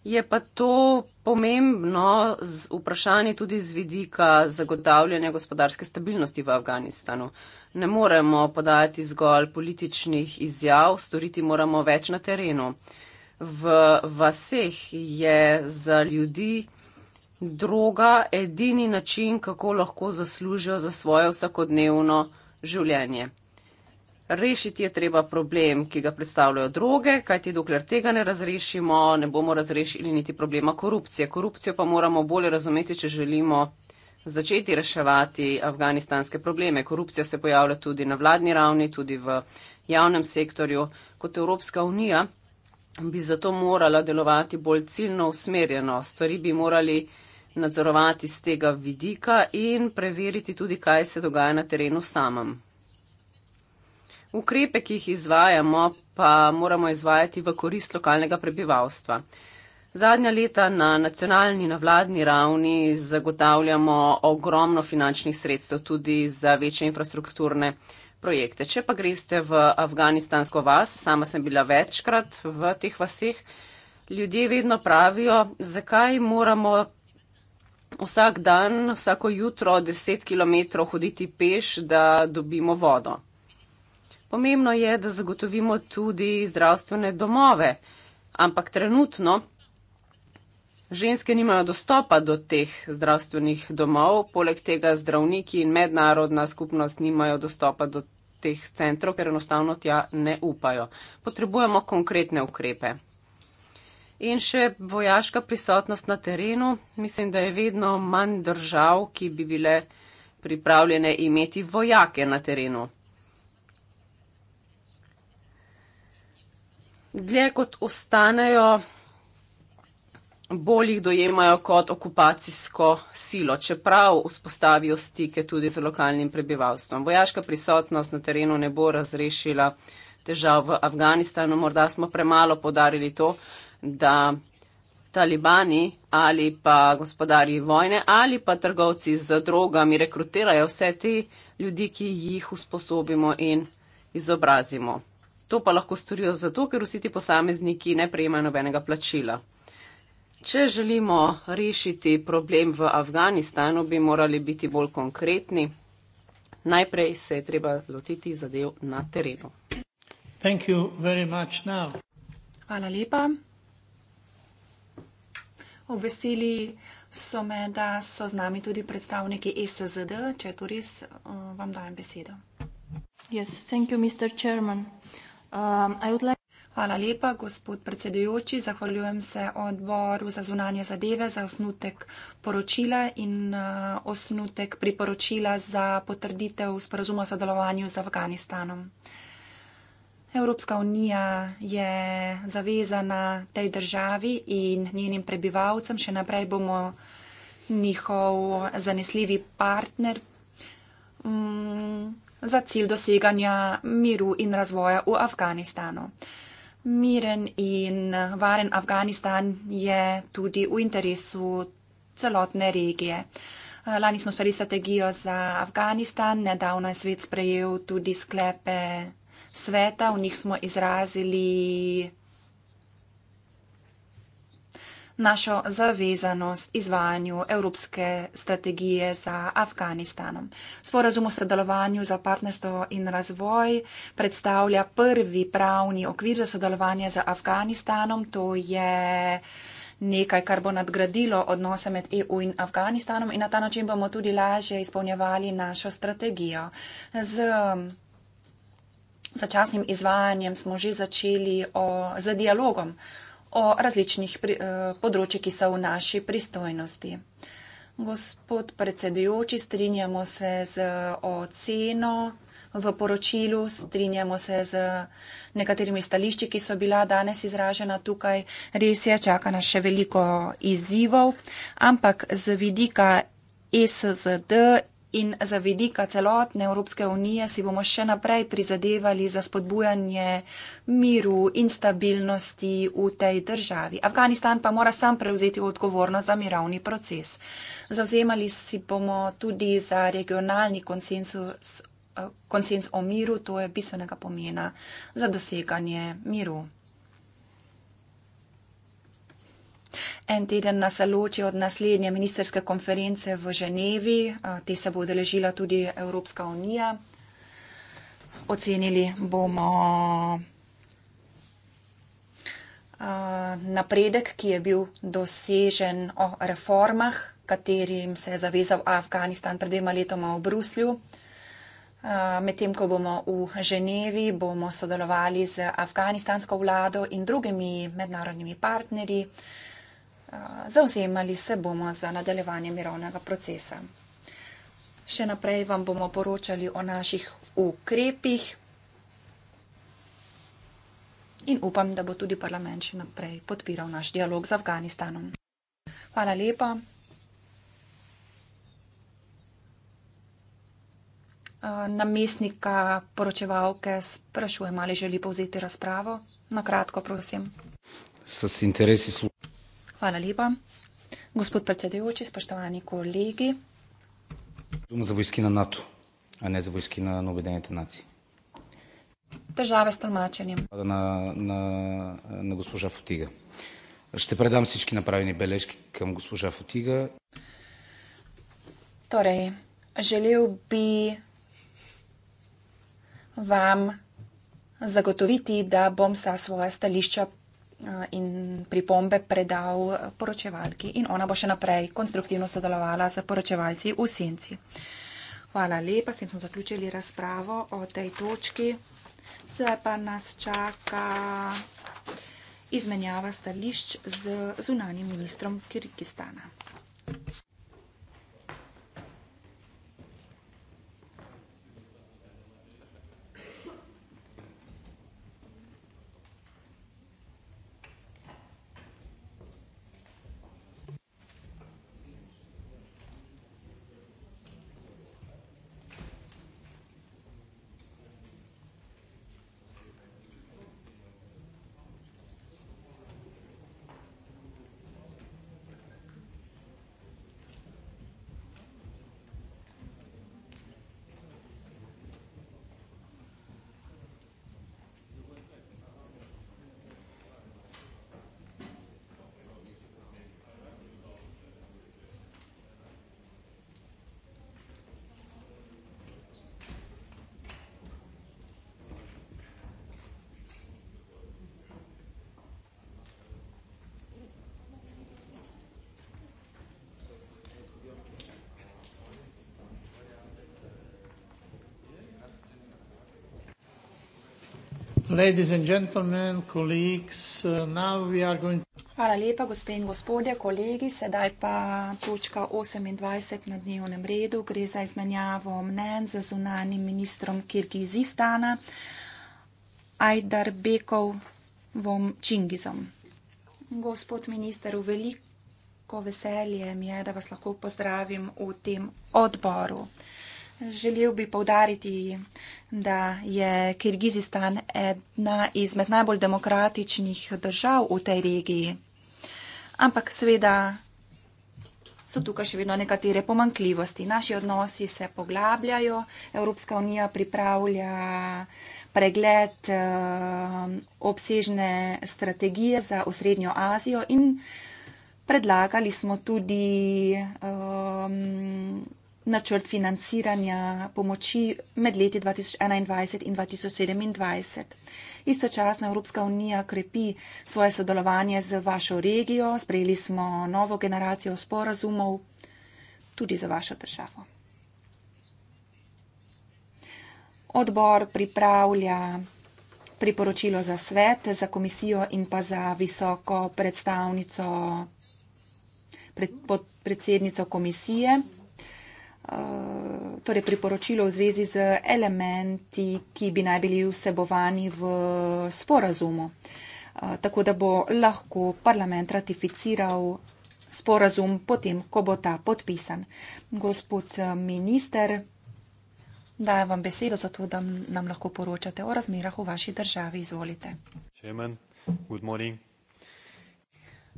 Je pa to pomembno z vprašanje tudi z vidika zagotavljanja gospodarske stabilnosti v Afganistanu. Ne moremo podajati zgolj političnih izjav, storiti moramo več na terenu. V vaseh je za ljudi droga edini način, kako lahko zaslužijo za svoje vsakodnevno življenje. Rešiti je treba problem, ki ga predstavljajo droge, kajti dokler tega ne razrešimo, ne bomo razrešili niti problema korupcije. Korupcijo pa moramo bolje razumeti, če želimo začeti reševati afganistanske probleme. Korupcija se pojavlja tudi na vladni ravni, tudi v javnem sektorju. Kot Evropska unija bi zato morala delovati bolj ciljno usmerjeno. Stvari bi morali nadzorovati z tega vidika in preveriti tudi, kaj se dogaja na terenu samem. Ukrepe, ki jih izvajamo, pa moramo izvajati v korist lokalnega prebivalstva. Zadnja leta na nacionalni, na vladni ravni zagotavljamo ogromno finančnih sredstev tudi za večje infrastrukturne projekte. Če pa greste v afganistansko vas, sama sem bila večkrat v teh vaseh, ljudje vedno pravijo, zakaj moramo vsak dan, vsako jutro 10 km hoditi peš, da dobimo vodo pomembno je, da zagotovimo tudi zdravstvene domove. Ampak trenutno ženske nimajo dostopa do teh zdravstvenih domov, poleg tega zdravniki in mednarodna skupnost nimajo dostopa do teh centrov, ker enostavno tja ne upajo. Potrebujemo konkretne ukrepe. In še vojaška prisotnost na terenu. Mislim, da je vedno manj držav, ki bi bile pripravljene imeti vojake na terenu. dlje kot ostanejo, bolj jih dojemajo kot okupacijsko silo, čeprav vzpostavijo stike tudi z lokalnim prebivalstvom. Vojaška prisotnost na terenu ne bo razrešila težav v Afganistanu. Morda smo premalo podarili to, da talibani ali pa gospodari vojne ali pa trgovci z drogami rekrutirajo vse te ljudi, ki jih usposobimo in izobrazimo. To pa lahko storijo zato, ker vsi ti posamezniki ne prejemajo nobenega plačila. Če želimo rešiti problem v Afganistanu, bi morali biti bolj konkretni. Najprej se je treba lotiti zadev na terenu. Hvala lepa. Obvestili so me, da so z nami tudi predstavniki SZD. Če je to res, eh, vam dajem besedo. Yes, thank you, Mr. Chairman. Um, Hvala lepa, gospod predsedujoči. Zahvaljujem se odboru za zunanje zadeve za osnutek poročila in uh, osnutek priporočila za potrditev sporazuma o sodelovanju z Afganistanom. Evropska unija je zavezana tej državi in njenim prebivalcem. Še naprej bomo njihov zanesljivi partner. Mm, za cilj doseganja miru in razvoja v Afganistanu. Miren in varen Afganistan je tudi v interesu celotne regije. Lani smo sprejeli strategijo za Afganistan, nedavno je svet sprejel tudi sklepe sveta, v njih smo izrazili našo zavezanost izvajanju Evropske strategije za Afganistanom. Sporazum o sodelovanju za partnerstvo in razvoj predstavlja prvi pravni okvir za sodelovanje za Afganistanom. To je nekaj, kar bo nadgradilo odnose med EU in Afganistanom in na ta način bomo tudi lažje izpolnjevali našo strategijo. Z začasnim izvajanjem smo že začeli o, z dialogom o različnih eh, področjih, ki so v naši pristojnosti. Gospod predsedujoči, strinjamo se z oceno v poročilu, strinjamo se z nekaterimi stališči, ki so bila danes izražena tukaj. Res je, čaka nas še veliko izzivov, ampak z vidika SZD in za vedika celotne Evropske unije si bomo še naprej prizadevali za spodbujanje miru in stabilnosti v tej državi. Afganistan pa mora sam prevzeti odgovornost za mirovni proces. Zavzemali si bomo tudi za regionalni konsensus, eh, konsens o miru, to je bistvenega pomena za doseganje miru. En teden nas loči od naslednje ministerske konference v Ženevi, te se bo odeležila tudi Evropska unija. Ocenili bomo napredek, ki je bil dosežen o reformah, katerim se je zavezal Afganistan pred dvema letoma v Bruslju. Medtem, ko bomo v Ženevi, bomo sodelovali z afganistansko vlado in drugimi mednarodnimi partnerji zauzemali se bomo za nadaljevanje mirovnega procesa. Še naprej vam bomo poročali o naših ukrepih in upam, da bo tudi parlament še naprej podpiral naš dialog z Afganistanom. Hvala lepa. Namestnika poročevalke sprašujem, ali želi povzeti razpravo. Na kratko, prosim. S interesi služb. Hvala lepa. Gospod predsedujoči, spoštovani kolegi. Bom za vojski na NATO, a ne za vojski na Obedenete nacije. Težave s tolmačenjem. Na, na, na gospoža Fotiga. Ste predam vsi napravljeni beležki kam gospoža Fotiga. Torej, želel bi vam zagotoviti, da bom sa svoje stališča Eh, in pripombe predal poročevalki in ona bo še naprej konstruktivno sodelovala z poročevalci v senci. Hvala lepa, s tem smo zaključili razpravo o tej točki. Zdaj pa nas čaka izmenjava stališč z zunanim ministrom Kirgistana. Ladies and gentlemen, colleagues, uh, now we are going to... Hvala lepa, gospe in gospodje, kolegi. Sedaj pa točka 28 na dnevnem redu. Gre za izmenjavo mnen za zunanim ministrom Kirgizistana, Ajdar Bekovom Čingizom. Gospod minister, v veliko veselje mi je, da vas lahko pozdravim v tem odboru. Želel bi povdariti, da je Kirgizistan ena izmed najbolj demokratičnih držav v tej regiji. Ampak seveda so tukaj še vedno nekatere pomankljivosti. Naši odnosi se poglabljajo, Evropska unija pripravlja pregled eh, obsežne strategije za osrednjo Azijo in predlagali smo tudi. Um, načrt financiranja pomoči med leti 2021 in 2027. Istočasno Evropska unija krepi svoje sodelovanje z vašo regijo, sprejeli smo novo generacijo sporazumov tudi za vašo državo. Odbor pripravlja priporočilo za svet, za komisijo in pa za visoko predstavnico, pred, podpredsednico komisije. Eh, torej priporočilo v zvezi z elementi, ki bi naj bili vsebovani v sporazumu. Eh, tako da bo lahko parlament ratificiral sporazum potem, ko bo ta podpisan. Gospod eh, minister, dajem vam besedo za to, da nam lahko poročate o razmerah v vaši državi. Izvolite.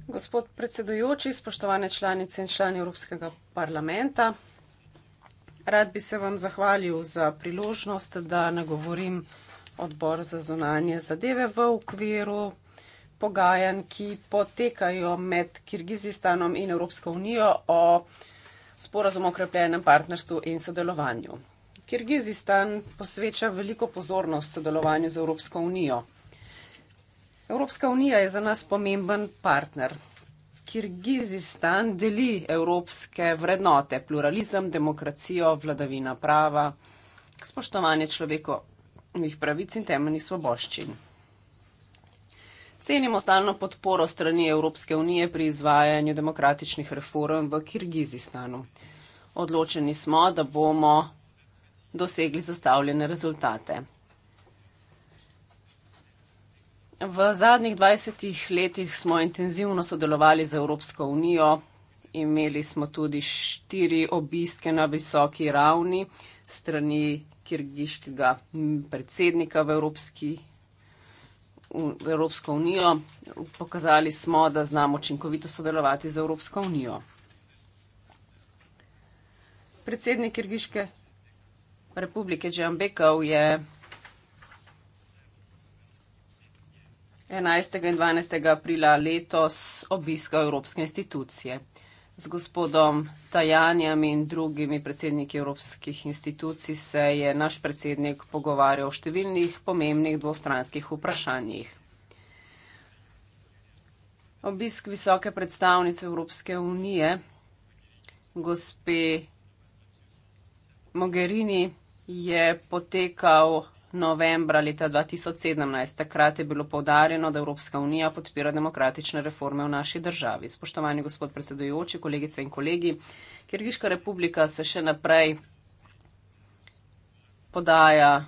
Gospod predsedujoči, spoštovane članice in člani Evropskega parlamenta. Rad bi se vam zahvalil za priložnost, da nagovorim odbor za zonanje zadeve v okviru pogajanj, ki potekajo med Kirgizistanom in Evropsko unijo o sporazumu o okrepljenem partnerstvu in sodelovanju. Kirgizistan posveča veliko pozornost sodelovanju z Evropsko unijo. Evropska unija je za nas pomemben partner. Kirgizistan deli evropske vrednote, pluralizem, demokracijo, vladavina prava, spoštovanje človekovih pravic in temeljnih svoboščin. Cenimo stalno podporo strani Evropske unije pri izvajanju demokratičnih reform v Kirgizistanu. Odločeni smo, da bomo dosegli zastavljene rezultate. V zadnjih 20 letih smo intenzivno sodelovali z Evropsko unijo, imeli smo tudi štiri obiske na visoki ravni strani kirgiškega predsednika v, Evropski, v Evropsko unijo. Pokazali smo, da znamo učinkovito sodelovati z Evropsko unijo. Predsednik Kirgiške republike Džambekov je 11. in 12. aprila letos obiska Evropske institucije. Z gospodom Tajanjem in drugimi predsedniki evropskih institucij se je naš predsednik pogovarjal o številnih pomembnih dvostranskih vprašanjih. Obisk visoke predstavnice Evropske unije, gospe Mogherini, je potekal novembra leta 2017. Takrat je bilo povdarjeno, da Evropska unija podpira demokratične reforme v naši državi. Spoštovani gospod predsedujoči, kolegice in kolegi, Kirgiška republika se še naprej podaja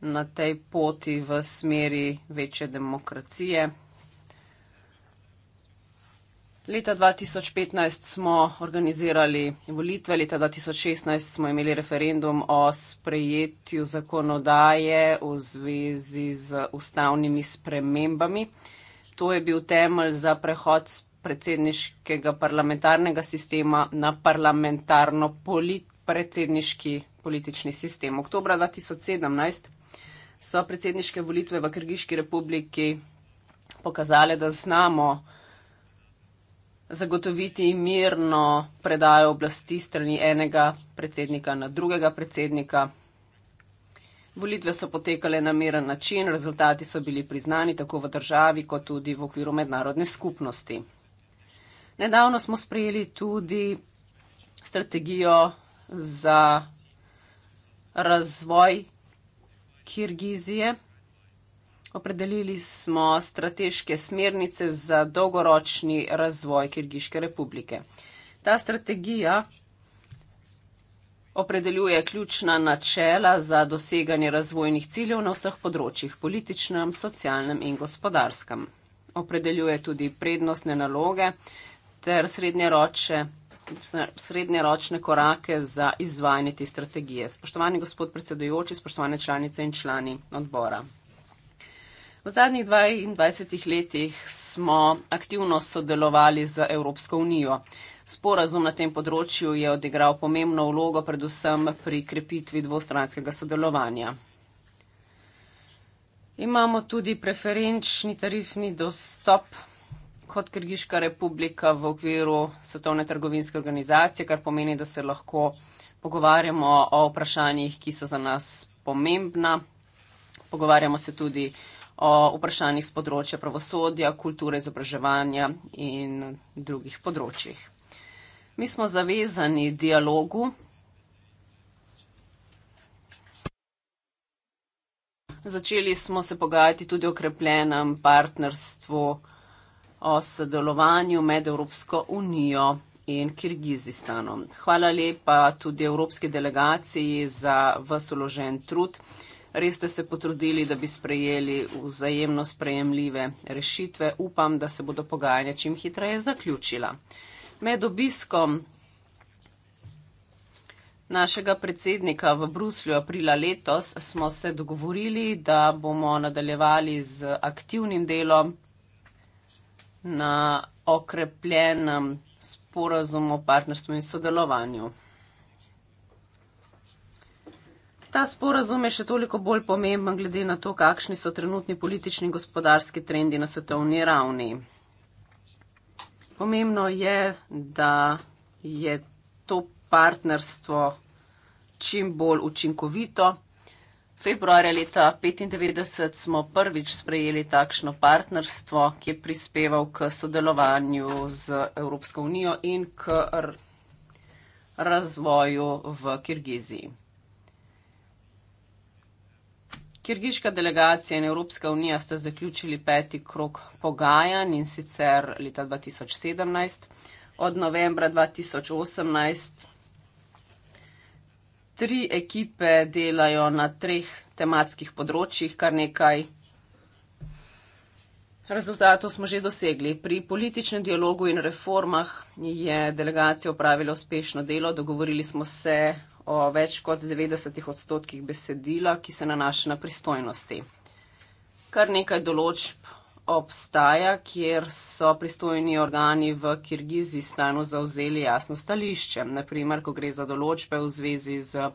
na tej poti v smeri večje demokracije. Leta 2015 smo organizirali volitve, leta 2016 smo imeli referendum o sprejetju zakonodaje v zvezi z ustavnimi spremembami. To je bil temelj za prehod predsedniškega parlamentarnega sistema na parlamentarno polit predsedniški politični sistem. Oktober 2017 so predsedniške volitve v Krgiški republiki pokazale, da znamo, zagotoviti mirno predajo oblasti strani enega predsednika na drugega predsednika. Volitve so potekale na miren način, rezultati so bili priznani tako v državi, kot tudi v okviru mednarodne skupnosti. Nedavno smo sprejeli tudi strategijo za razvoj Kirgizije. Opredelili smo strateške smernice za dolgoročni razvoj Kirgiške republike. Ta strategija opredeljuje ključna načela za doseganje razvojnih ciljev na vseh področjih, političnem, socialnem in gospodarskem. Opredeljuje tudi prednostne naloge ter srednjeroče srednjeročne korake za izvajanje te strategije. Spoštovani gospod predsedujoči, spoštovane članice in člani odbora. V zadnjih 22 letih smo aktivno sodelovali z Evropsko unijo. Sporazum na tem področju je odigral pomembno vlogo predvsem pri krepitvi dvostranskega sodelovanja. Imamo tudi preferenčni tarifni dostop kot Krgiška republika v okviru Svetovne trgovinske organizacije, kar pomeni, da se lahko pogovarjamo o vprašanjih, ki so za nas pomembna. Pogovarjamo se tudi o o vprašanjih z področja pravosodja, kulture, izobraževanja in drugih področjih. Mi smo zavezani dialogu. Začeli smo se pogajati tudi o okrepljenem partnerstvu, o sodelovanju med Evropsko unijo in Kirgizistanom. Hvala lepa tudi Evropski delegaciji za vsoložen trud res ste se potrudili, da bi sprejeli vzajemno sprejemljive rešitve. Upam, da se bodo pogajanja čim hitreje zaključila. Med obiskom našega predsednika v Bruslju aprila letos smo se dogovorili, da bomo nadaljevali z aktivnim delom na okrepljenem sporazumu o partnerstvu in sodelovanju. Ta sporazum je še toliko bolj pomemben, glede na to, kakšni so trenutni politični in gospodarski trendi na svetovni ravni. Pomembno je, da je to partnerstvo čim bolj učinkovito. Februarja leta 1995 smo prvič sprejeli takšno partnerstvo, ki je prispeval k sodelovanju z Evropsko unijo in k razvoju v Kirgiziji. Kirgiška delegacija in Evropska unija sta zaključili peti krok pogajanj in sicer leta 2017. Od novembra 2018 tri ekipe delajo na treh tematskih področjih, kar nekaj rezultatov smo že dosegli. Pri političnem dialogu in reformah je delegacija opravila uspešno delo. Dogovorili smo se o več kot 90 odstotkih besedila, ki se nanaša na pristojnosti. Kar nekaj določb obstaja, kjer so pristojni organi v Kirgizistanu zauzeli jasno stališče. Naprimer, ko gre za določbe v zvezi z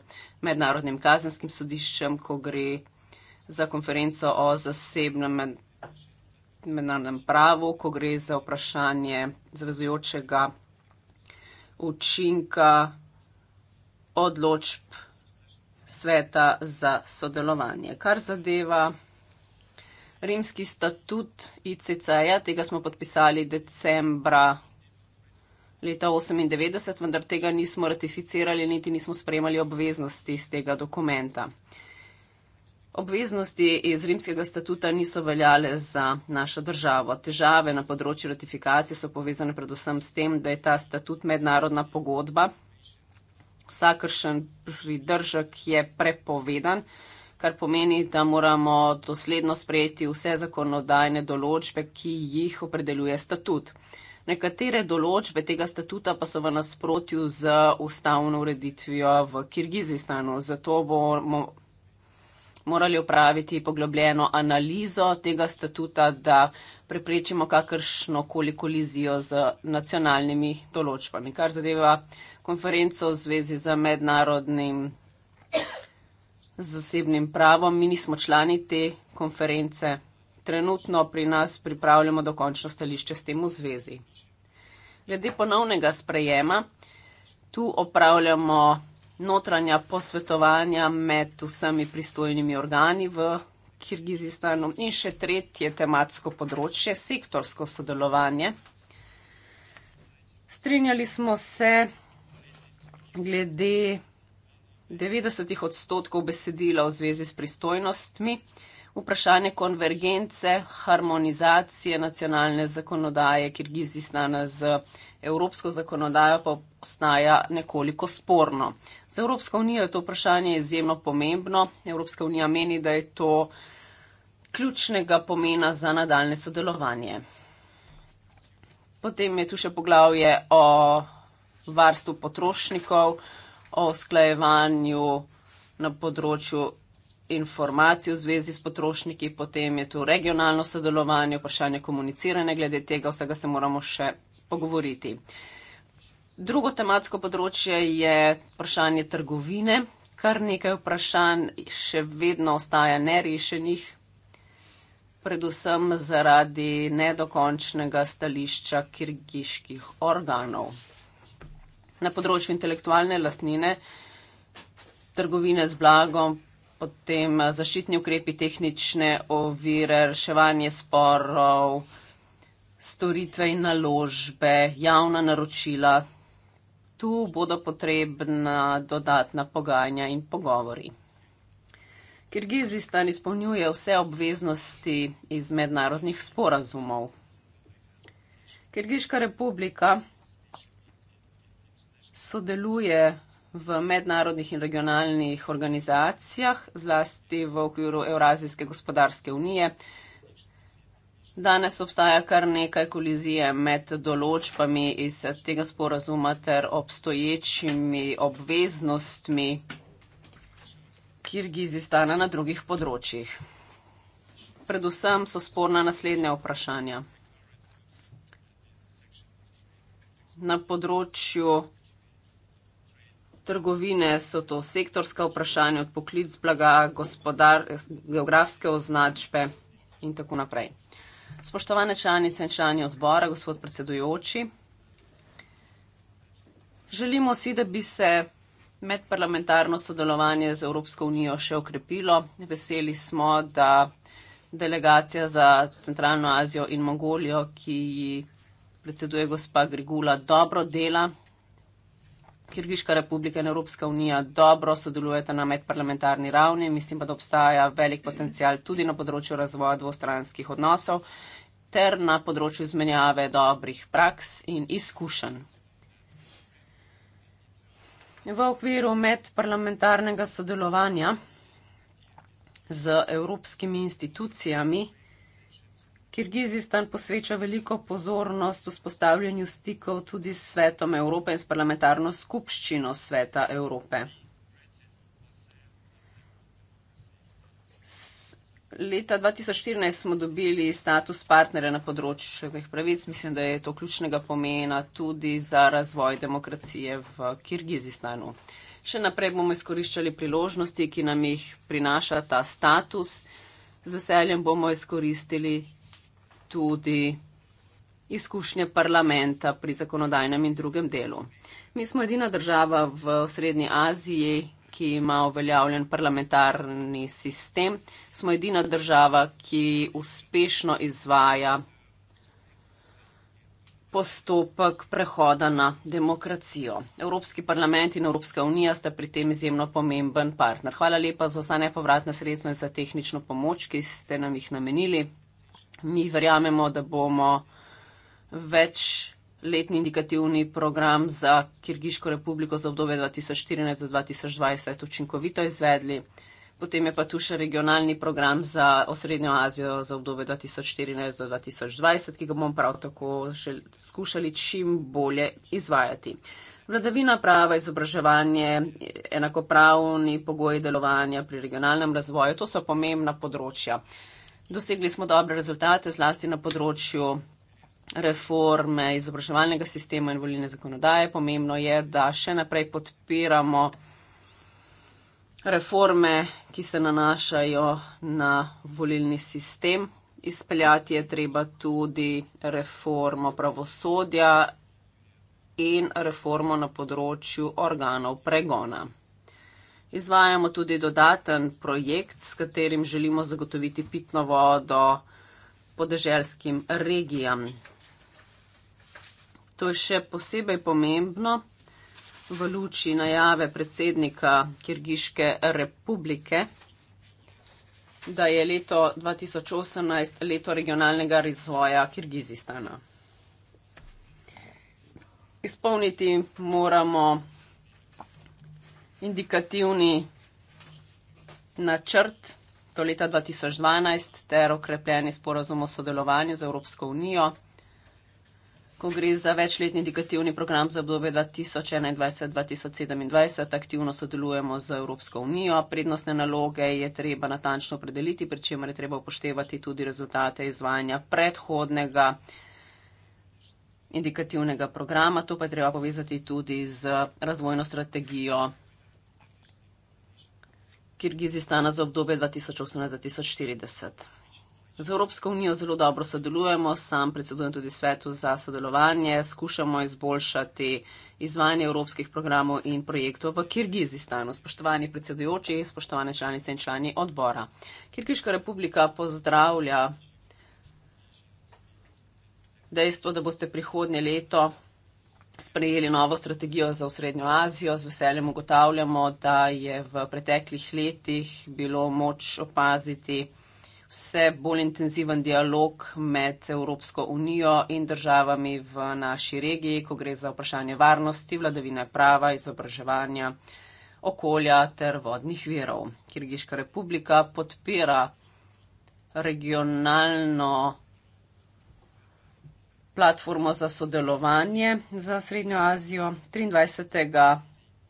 mednarodnim kazenskim sodiščem, ko gre za konferenco o zasebnem med, mednarodnem pravu, ko gre za vprašanje zavezujočega učinka odločb sveta za sodelovanje. Kar zadeva rimski statut ICC-ja, tega smo podpisali decembra leta 98, vendar tega nismo ratificirali, niti nismo sprejemali obveznosti iz tega dokumenta. Obveznosti iz rimskega statuta niso veljale za našo državo. Težave na področju ratifikacije so povezane predvsem s tem, da je ta statut mednarodna pogodba, vsakršen pridržek je prepovedan, kar pomeni, da moramo dosledno sprejeti vse zakonodajne določbe, ki jih opredeljuje statut. Nekatere določbe tega statuta pa so v nasprotju z ustavno ureditvijo v Kirgizistanu. Zato bomo morali opraviti poglobljeno analizo tega statuta, da preprečimo kakršno koli kolizijo z nacionalnimi določbami. Kar zadeva konferenco v zvezi z mednarodnim zasebnim pravom. Mi nismo člani te konference. Trenutno pri nas pripravljamo dokončno stališče s tem v zvezi. Glede ponovnega sprejema, tu opravljamo notranja posvetovanja med vsemi pristojnimi organi v Kirgizistanu in še tretje tematsko področje, sektorsko sodelovanje. Strinjali smo se, glede 90 odstotkov besedila v zvezi s pristojnostmi, vprašanje konvergence, harmonizacije nacionalne zakonodaje, kjer gizi znana z evropsko zakonodajo, pa ostaja nekoliko sporno. Za Evropsko unijo je to vprašanje izjemno pomembno. Evropska unija meni, da je to ključnega pomena za nadaljne sodelovanje. Potem je tu še poglavje o varstvu potrošnikov, o usklajevanju na področju informacij v zvezi s potrošniki, potem je tu regionalno sodelovanje, vprašanje komuniciranja, glede tega vsega se moramo še pogovoriti. Drugo tematsko področje je vprašanje trgovine, kar nekaj vprašanj še vedno ostaja nerešenih, predvsem zaradi nedokončnega stališča kirgiških organov na področju intelektualne lastnine, trgovine z blagom, potem eh, zaščitni ukrepi, tehnične ovire, reševanje sporov, storitve in naložbe, javna naročila. Tu bodo potrebna dodatna pogajanja in pogovori. Kirgizistan izpolnjuje vse obveznosti iz mednarodnih sporazumov. Kirgiška republika sodeluje v mednarodnih in regionalnih organizacijah, zlasti v okviru Eurazijske gospodarske unije. Danes obstaja kar nekaj kolizije med določbami iz tega sporazuma ter obstoječimi obveznostmi Kirgizistana na drugih področjih. Predvsem so sporna naslednja vprašanja. Na področju trgovine, so to sektorska vprašanja, odpoklic blaga, gospodar, geografske označbe in tako naprej. Spoštovane članice in člani odbora, gospod predsedujoči, želimo si, da bi se medparlamentarno sodelovanje z Evropsko unijo še okrepilo. Veseli smo, da delegacija za Centralno Azijo in Mongolijo, ki predseduje gospa Grigula, dobro dela Kirgiška republika in Evropska unija dobro sodelujeta na medparlamentarni ravni, mislim pa, da obstaja velik potencial tudi na področju razvoja dvostranskih odnosov ter na področju izmenjave dobrih praks in izkušenj. V okviru medparlamentarnega sodelovanja z evropskimi institucijami Kirgizistan posveča veliko pozornost vzpostavljanju stikov tudi s svetom Evrope in s parlamentarno skupščino sveta Evrope. Leta 2014 smo dobili status partnerja na področju človekovih pravic. Mislim, da je to ključnega pomena tudi za razvoj demokracije v Kirgizistanu. Še naprej bomo izkoriščali priložnosti, ki nam jih prinaša ta status. Z veseljem bomo izkoristili tudi izkušnje parlamenta pri zakonodajnem in drugem delu. Mi smo edina država v Srednji Aziji, ki ima uveljavljen parlamentarni sistem. Smo edina država, ki uspešno izvaja postopek prehoda na demokracijo. Evropski parlament in Evropska unija sta pri tem izjemno pomemben partner. Hvala lepa za vsa nepovratna sredstva in za tehnično pomoč, ki ste nam jih namenili mi verjamemo, da bomo več letni indikativni program za Kirgiško republiko za obdobje 2014-2020 učinkovito izvedli. Potem je pa tu še regionalni program za osrednjo Azijo za obdobje 2014-2020, ki ga bomo prav tako že skušali čim bolje izvajati. Vladavina prava, izobraževanje, enakopravni pogoji delovanja pri regionalnem razvoju, to so pomembna področja. Uh, Dosegli smo dobre rezultate, zlasti na področju reforme izobraževalnega sistema in volilne zakonodaje. Pomembno je, da še naprej podpiramo reforme, ki se nanašajo na volilni sistem. Izpeljati je treba tudi reformo pravosodja in reformo na področju organov pregona. Izvajamo tudi dodaten projekt, s katerim želimo zagotoviti pitno vodo podeželskim regijam. To je še posebej pomembno v luči najave predsednika Kirgiške republike, da je leto 2018 leto regionalnega razvoja Kirgizistana. Izpolniti moramo indikativni načrt do leta 2012 ter okrepljeni sporozum o sodelovanju z Evropsko unijo, ko gre za večletni indikativni program za obdobje 2021-2027, aktivno sodelujemo z Evropsko unijo. Prednostne naloge je treba natančno opredeliti, pri čemer je treba upoštevati tudi rezultate izvajanja predhodnega indikativnega programa. To pa je treba povezati tudi z razvojno strategijo Kirgizistana za obdobje 2018-2040. Z Evropsko unijo zelo dobro sodelujemo, sam predsedujem tudi svetu za sodelovanje, skušamo izboljšati izvajanje evropskih programov in projektov v Kirgizistanu. Spoštovani predsedujoči, spoštovane članice in člani odbora. Kirgiška republika pozdravlja dejstvo, da boste prihodnje leto sprejeli novo strategijo za Srednjo Azijo. Z veseljem ugotavljamo, da je v preteklih letih bilo moč opaziti vse bolj intenziven dialog med Evropsko unijo in državami v naši regiji, ko gre za vprašanje varnosti, vladavine prava, izobraževanja, okolja ter vodnih virov. Kirgiška republika podpira regionalno platformo za sodelovanje za Srednjo Azijo. 23.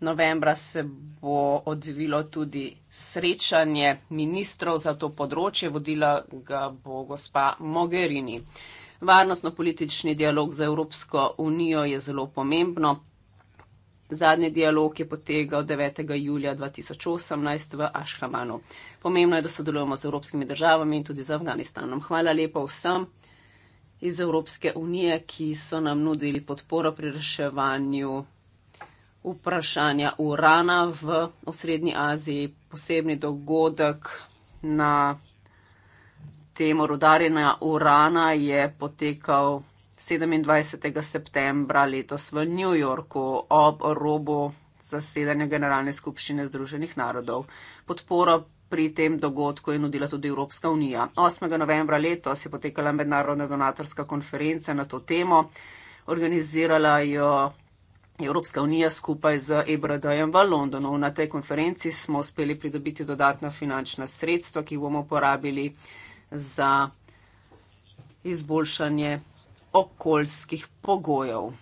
novembra se bo odzvilo tudi srečanje ministrov za to področje, vodila ga bo gospa Mogherini. Varnostno-politični dialog za Evropsko unijo je zelo pomembno. Zadnji dialog je potekal 9. julija 2018 v Ašhamanu. Pomembno je, da sodelujemo z evropskimi državami in tudi z Afganistanom. Hvala lepa vsem iz Evropske unije, ki so nam nudili podporo pri reševanju vprašanja urana v osrednji Aziji, posebni dogodek na temo rodarjenja urana je potekal 27. septembra letos v New Yorku ob robu zasedanja Generalne skupščine Združenih narodov. Podporo pri tem dogodku je nudila tudi Evropska unija. 8. novembra letos je potekala mednarodna donatorska konferenca na to temo. Organizirala jo Evropska unija skupaj z EBRD-jem v Londonu. Na tej konferenci smo uspeli pridobiti dodatna finančna sredstva, ki bomo uporabili za izboljšanje okoljskih pogojev.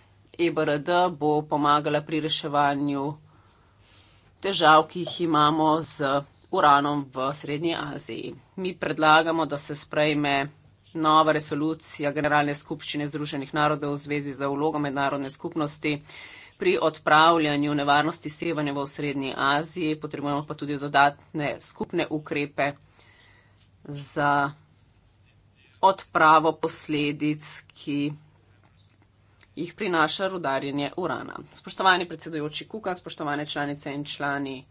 EBRD bo pomagala pri reševanju težav, ki jih imamo z uranom v Srednji Aziji. Mi predlagamo, da se sprejme nova resolucija Generalne skupščine Združenih narodov v zvezi za vlogo mednarodne skupnosti pri odpravljanju nevarnosti sevanja v Srednji Aziji. Potrebujemo pa tudi dodatne skupne ukrepe za odpravo posledic, ki jih prinaša rudarjenje urana. Spoštovani predsedujoči Kuka, spoštovane članice in člani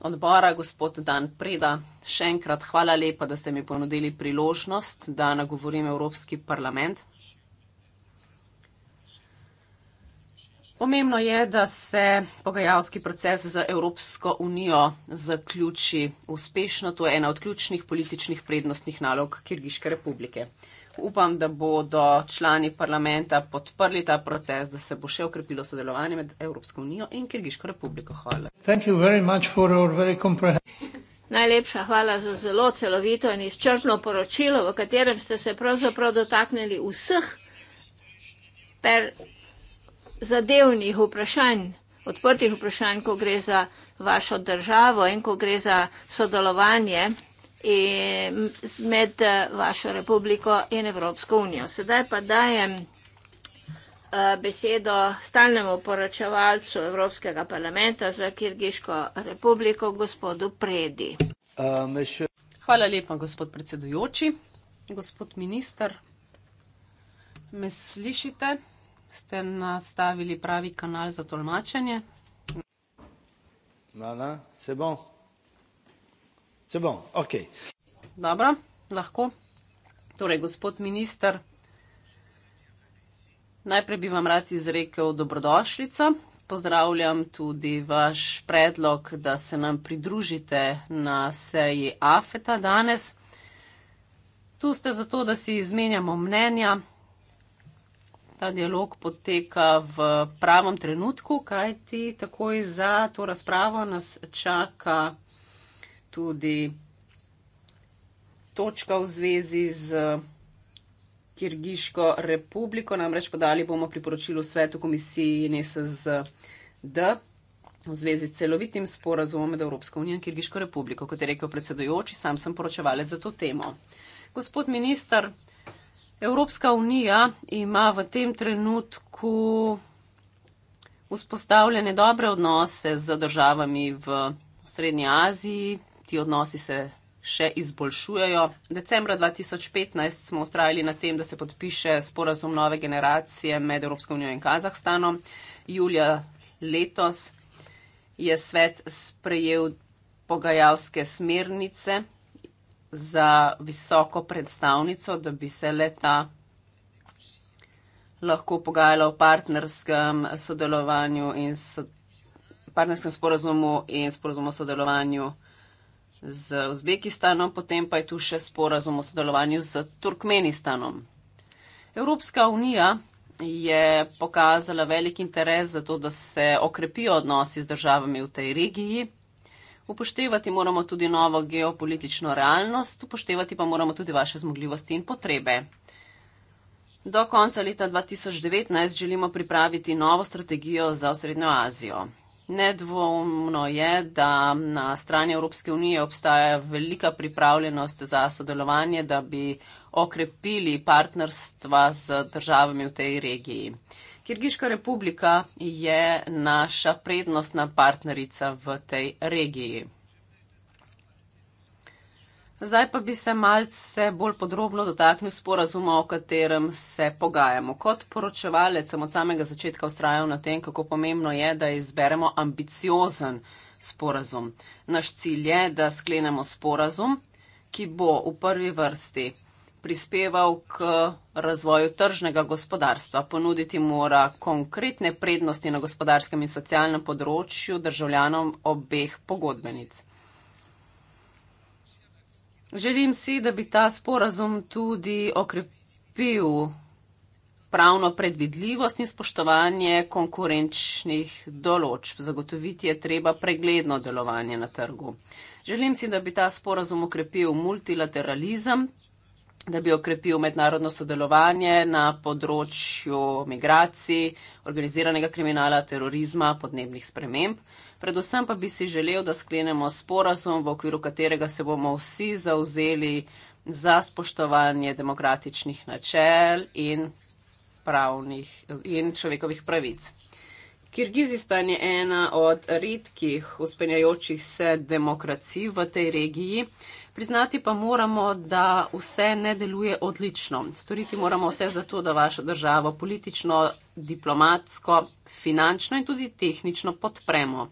odbora, gospod Dan Preda, še enkrat hvala lepa, da ste mi ponudili priložnost, da nagovorim Evropski parlament. Pomembno je, da se pogajalski proces za Evropsko unijo zaključi uspešno. To je ena od ključnih političnih prednostnih nalog Kirgiške republike. Upam, da bodo člani parlamenta podprli ta proces, da se bo še ukrepilo sodelovanje med Evropsko unijo in Kirgiško republiko. Hvala. Najlepša hvala za zelo celovito in izčrpno poročilo, v katerem ste se pravzaprav dotaknili vseh per zadevnih vprašanj, odprtih vprašanj, ko gre za vašo državo in ko gre za sodelovanje in med eh, vašo republiko in Evropsko unijo. Sedaj pa dajem eh, besedo stalnemu poročevalcu Evropskega parlamenta za Kirgiško republiko, gospodu Predi. Hvala lepa, gospod predsedujoči, gospod minister. Me slišite? Ste nastavili pravi kanal za tolmačenje? Hvala, se bom. Se bom, ok. Dobro, lahko. Torej, gospod minister, najprej bi vam rad izrekel dobrodošljico. Pozdravljam tudi vaš predlog, da se nam pridružite na seji AFETA danes. Tu ste zato, da si izmenjamo mnenja. Ta dialog poteka v pravem trenutku, kajti takoj za to razpravo nas čaka tudi točka v zvezi z Kirgiško republiko, namreč podali bomo priporočilo svetu komisiji NSSD v zvezi s celovitim sporazumom med Evropsko unijo in Kirgiško republiko, kot je rekel predsedujoči, sam sem poročevalec za to temo. Gospod minister, Evropska unija ima v tem trenutku vzpostavljene dobre odnose z državami v Srednji Aziji, ti odnosi se še izboljšujejo. Decembra 2015 smo ustrajali na tem, da se podpiše sporazum nove generacije med Evropsko unijo in Kazahstanom. Julija letos je svet sprejel pogajalske smernice za visoko predstavnico, da bi se leta lahko pogajala o partnerskem sodelovanju in so, partnerskem sporazumu in sporazumu o sodelovanju z Uzbekistanom, potem pa je tu še sporazum o sodelovanju z Turkmenistanom. Evropska unija je pokazala velik interes za to, da se okrepijo odnosi z državami v tej regiji. Upoštevati moramo tudi novo geopolitično realnost, upoštevati pa moramo tudi vaše zmogljivosti in potrebe. Do konca leta 2019 želimo pripraviti novo strategijo za Srednjo Azijo. Nedvomno je, da na strani Evropske unije obstaja velika pripravljenost za sodelovanje, da bi okrepili partnerstva z državami v tej regiji. Kirgiška republika je naša prednostna partnerica v tej regiji. Zdaj pa bi se malce bolj podrobno dotaknil sporazuma, o katerem se pogajamo. Kot poročevalec sem od samega začetka ustrajal na tem, kako pomembno je, da izberemo ambiciozen sporazum. Naš cilj je, da sklenemo sporazum, ki bo v prvi vrsti prispeval k razvoju tržnega gospodarstva. Ponuditi mora konkretne prednosti na gospodarskem in socialnem področju državljanom obeh pogodbenic. Želim si, da bi ta sporazum tudi okrepil pravno predvidljivost in spoštovanje konkurenčnih določb. Zagotoviti je treba pregledno delovanje na trgu. Želim si, da bi ta sporazum okrepil multilateralizem, da bi okrepil mednarodno sodelovanje na področju migracij, organiziranega kriminala, terorizma, podnebnih sprememb predvsem pa bi si želel, da sklenemo sporazum, v okviru katerega se bomo vsi zauzeli za spoštovanje demokratičnih načel in, pravnih, in človekovih pravic. Kirgizistan je ena od redkih uspenjajočih se demokracij v tej regiji. Priznati pa moramo, da vse ne deluje odlično. Storiti moramo vse za to, da vašo državo politično, diplomatsko, finančno in tudi tehnično podpremo.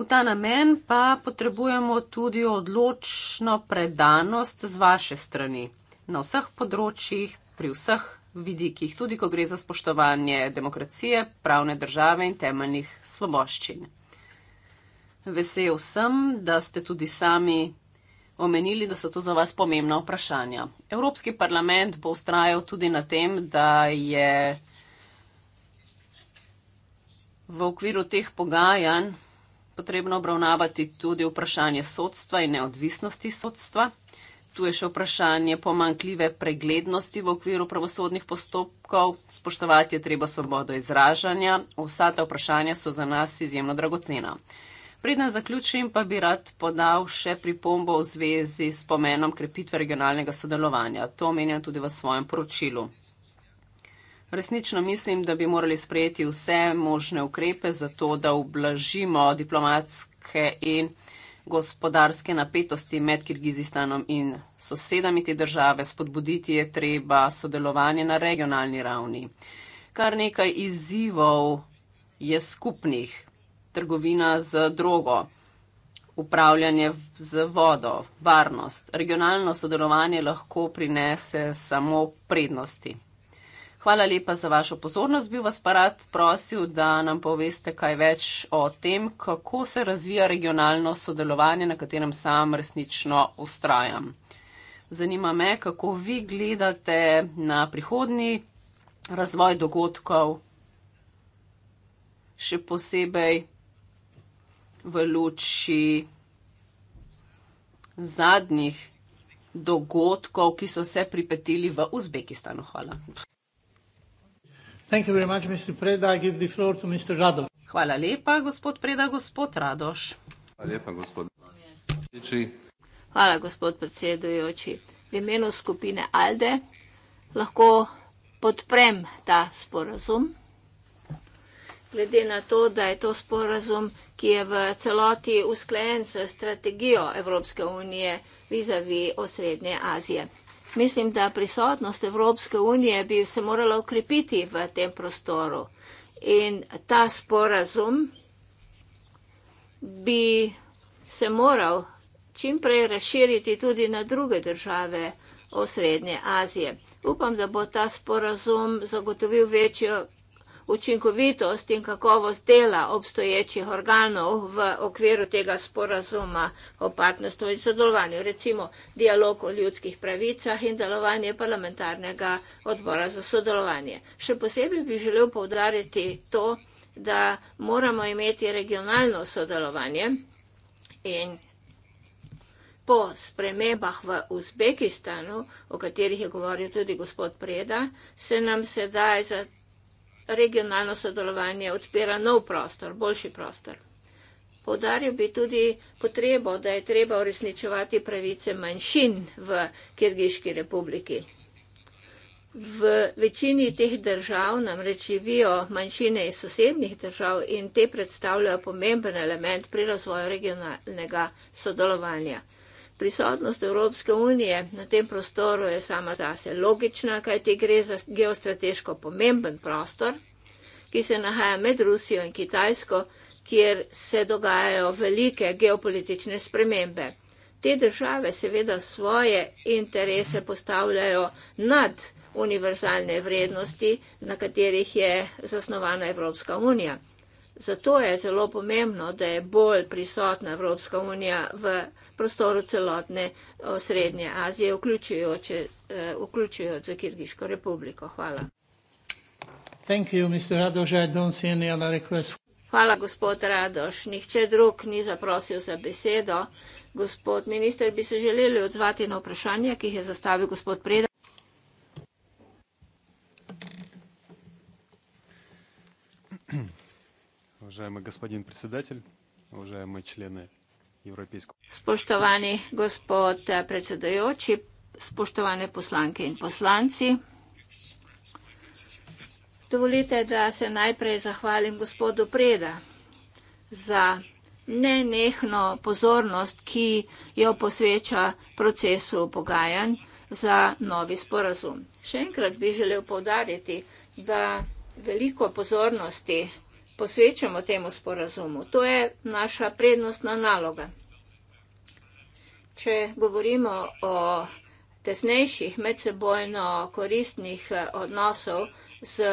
V ta namen pa potrebujemo tudi odločno predanost z vaše strani na vseh področjih, pri vseh vidikih, tudi ko gre za spoštovanje demokracije, pravne države in temeljnih svoboščin. Vesel sem, da ste tudi sami omenili, da so to za vas pomembna vprašanja. Evropski parlament bo ustrajal tudi na tem, da je v okviru teh pogajanj potrebno obravnavati tudi vprašanje sodstva in neodvisnosti sodstva. Tu je še vprašanje pomankljive preglednosti v okviru pravosodnih postopkov, spoštovati je treba svobodo izražanja. Vsa ta vprašanja so za nas izjemno dragocena. Preden zaključim, pa bi rad podal še pripombo v zvezi s pomenom krepitve regionalnega sodelovanja. To omenjam tudi v svojem poročilu. Resnično mislim, da bi morali sprejeti vse možne ukrepe za to, da oblažimo diplomatske in gospodarske napetosti med Kirgizistanom in sosedami te države. Spodbuditi je treba sodelovanje na regionalni ravni. Kar nekaj izzivov je skupnih. Trgovina z drogo, upravljanje z vodo, varnost. Regionalno sodelovanje lahko prinese samo prednosti. Hvala lepa za vašo pozornost. Bi vas pa rad prosil, da nam poveste kaj več o tem, kako se razvija regionalno sodelovanje, na katerem sam resnično ustrajam. Zanima me, kako vi gledate na prihodni razvoj dogodkov, še posebej v luči zadnjih dogodkov, ki so se pripetili v Uzbekistanu. Hvala. Hvala lepa, gospod Preda, gospod Radoš. Hvala lepa, gospod predsedujoči. Hvala, gospod predsedujoči. V imenu skupine ALDE lahko podprem ta sporazum. Glede na to, da je to sporazum, ki je v celoti usklajen s strategijo Evropske unije vizavi osrednje Azije mislim, da prisotnost Evropske unije bi se morala ukrepiti v tem prostoru. In ta sporazum bi se moral čim prej razširiti tudi na druge države osrednje Azije. Upam, da bo ta sporazum zagotovil večjo učinkovitost in kakovost dela obstoječih organov v okviru tega sporazuma o partnerstvu in sodelovanju, recimo dialog o ljudskih pravicah in delovanje parlamentarnega odbora za sodelovanje. Še posebej bi želel povdariti to, da moramo imeti regionalno sodelovanje in po spremembah v Uzbekistanu, o katerih je govoril tudi gospod Preda, se nam sedaj za regionalno sodelovanje odpira nov prostor, boljši prostor. Povdaril bi tudi potrebo, da je treba uresničevati pravice manjšin v Kirgiški republiki. V večini teh držav namreč živijo manjšine iz sosednjih držav in te predstavljajo pomemben element pri razvoju regionalnega sodelovanja. Prisotnost Evropske unije na tem prostoru je sama zase logična, kajti gre za geostrateško pomemben prostor, ki se nahaja med Rusijo in Kitajsko, kjer se dogajajo velike geopolitične spremembe. Te države seveda svoje interese postavljajo nad univerzalne vrednosti, na katerih je zasnovana Evropska unija. Zato je zelo pomembno, da je bolj prisotna Evropska unija v prostoru celotne Srednje Azije, e, vključujoč za Kirgiško republiko. Hvala. Hvala, gospod Radoš. Nihče drug ni zaprosil za besedo. Gospod minister, bi se želeli odzvati na vprašanje, ki jih je zastavil gospod Preda. Уважаемый господин председатель, уважаемые члены evropsko. Spoštovani gospod eh, predsedajoči, spoštovane poslanke in poslanci. Dovolite, da se najprej zahvalim gospodu Preda za nenehno pozornost, ki jo posveča procesu pogajanj za novi sporazum. Še enkrat bi želel povdariti, da veliko pozornosti posvečamo temu sporazumu. To je naša prednostna naloga. Če govorimo o tesnejših medsebojno koristnih eh, odnosov z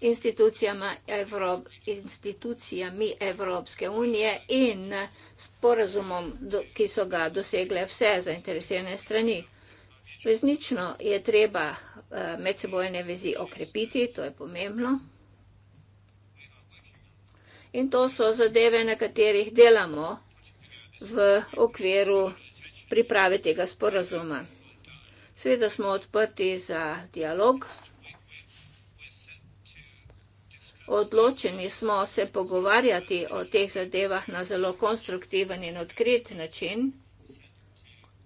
institucijami, Evro, institucijami Evropske unije in sporazumom, ki so ga dosegle vse zainteresirane strani. Resnično je treba eh, medsebojne vezi okrepiti, to je pomembno. In to so zadeve, na katerih delamo v okviru priprave tega sporazuma. Sveda smo odprti za dialog. Odločeni smo se pogovarjati o teh zadevah na zelo konstruktiven in odkrit način,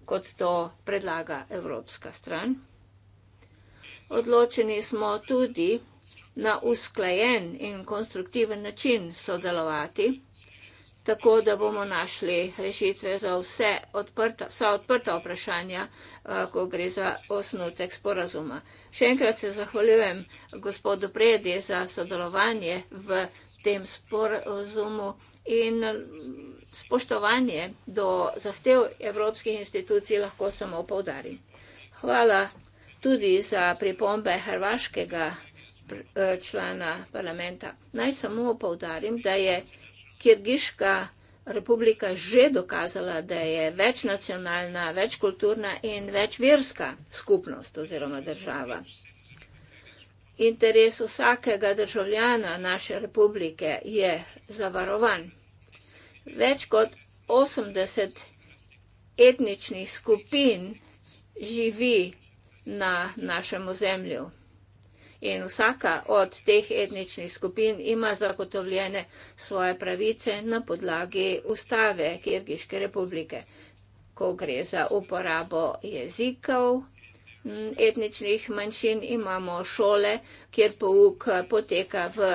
kot to predlaga evropska stran. Odločeni smo tudi, na usklajen in konstruktiven način sodelovati, tako da bomo našli rešitve za vse odprta, vsa odprta vprašanja, eh, ko gre za osnutek sporazuma. Še enkrat se zahvaljujem gospodu Predi za sodelovanje v tem sporazumu in eh, spoštovanje do zahtev evropskih institucij lahko samo povdarim. Hvala tudi za pripombe hrvaškega Eh, člana parlamenta. Naj samo povdarim, da je Kirgiška republika že dokazala, da je večnacionalna, večkulturna in večverska skupnost oziroma država. Interes vsakega državljana naše republike je zavarovan. Več kot 80 etničnih skupin živi na našem ozemlju in vsaka od teh etničnih skupin ima zagotovljene svoje pravice na podlagi ustave Kirgiške republike, ko gre za uporabo jezikov. Etničnih manjšin imamo šole, kjer pouk poteka v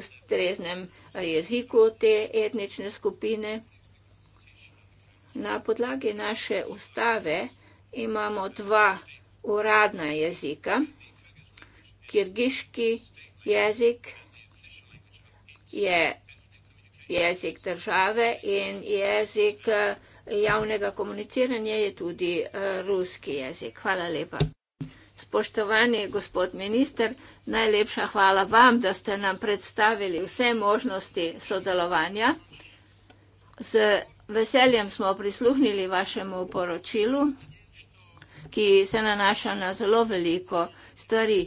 ustreznem jeziku te etnične skupine. Na podlagi naše ustave imamo dva uradna jezika, kirgiški jezik je jezik države in jezik eh, javnega komuniciranja je tudi eh, ruski jezik. Hvala lepa. Spoštovani gospod minister, najlepša hvala vam, da ste nam predstavili vse možnosti sodelovanja. Z veseljem smo prisluhnili vašemu poročilu, ki se nanaša na zelo veliko stvari.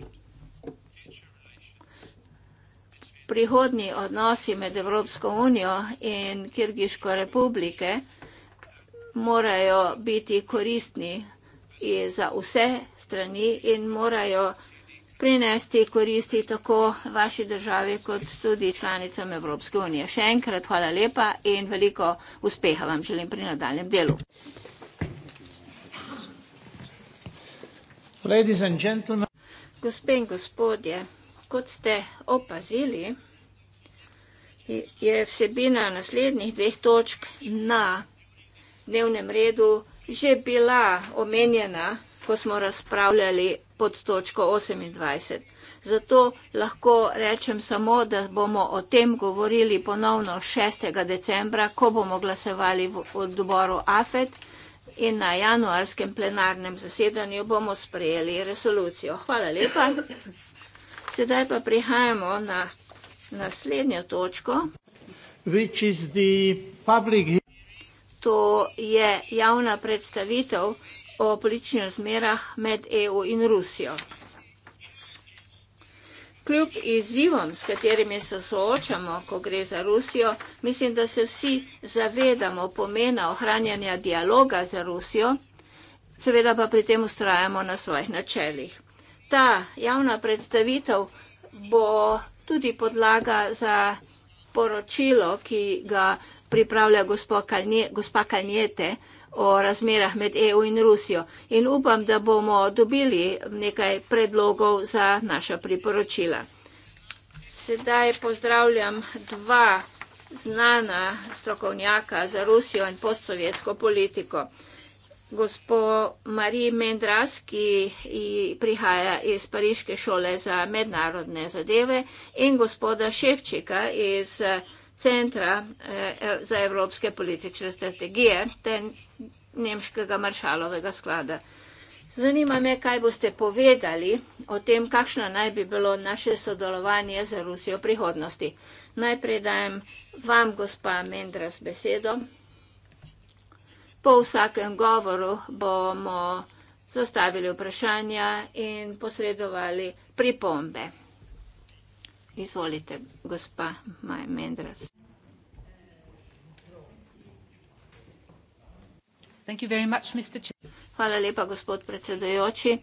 prihodni odnosi med Evropsko unijo in Kirgiško republike morajo biti koristni za vse strani in morajo prinesti koristi tako vaši državi kot tudi članicam Evropske unije. Še enkrat hvala lepa in veliko uspeha vam želim pri nadaljem delu. Ladies and gentlemen. Gospe in gospodje. Kot ste opazili, je vsebina naslednjih dveh točk na dnevnem redu že bila omenjena, ko smo razpravljali pod točko 28. Zato lahko rečem samo, da bomo o tem govorili ponovno 6. decembra, ko bomo glasovali v odboru AFED in na januarskem plenarnem zasedanju bomo sprejeli resolucijo. Hvala lepa. Sedaj pa prihajamo na naslednjo točko. To je javna predstavitev o političnih razmerah med EU in Rusijo. Kljub izzivom, s katerimi se soočamo, ko gre za Rusijo, mislim, da se vsi zavedamo pomena ohranjanja dialoga za Rusijo, seveda pa pri tem ustrajamo na svojih načelih ta javna predstavitev bo tudi podlaga za poročilo, ki ga pripravlja gospa Kaljete o razmerah med EU in Rusijo. In upam, da bomo dobili nekaj predlogov za naša priporočila. Sedaj pozdravljam dva znana strokovnjaka za Rusijo in postsovjetsko politiko gospo Marije Mendras, ki prihaja iz Pariške šole za mednarodne zadeve, in gospoda Ševčika iz eh, Centra eh, za evropske politične strategije ter nemškega maršalovega sklada. Zanima me, kaj boste povedali o tem, kakšno naj bi bilo naše sodelovanje za Rusijo v prihodnosti. Najprej dajem vam, gospa Mendras, besedo. Po vsakem govoru bomo zastavili vprašanja in posredovali pripombe. Izvolite, gospa Maj Mendras. Hvala lepa, gospod predsedojoči.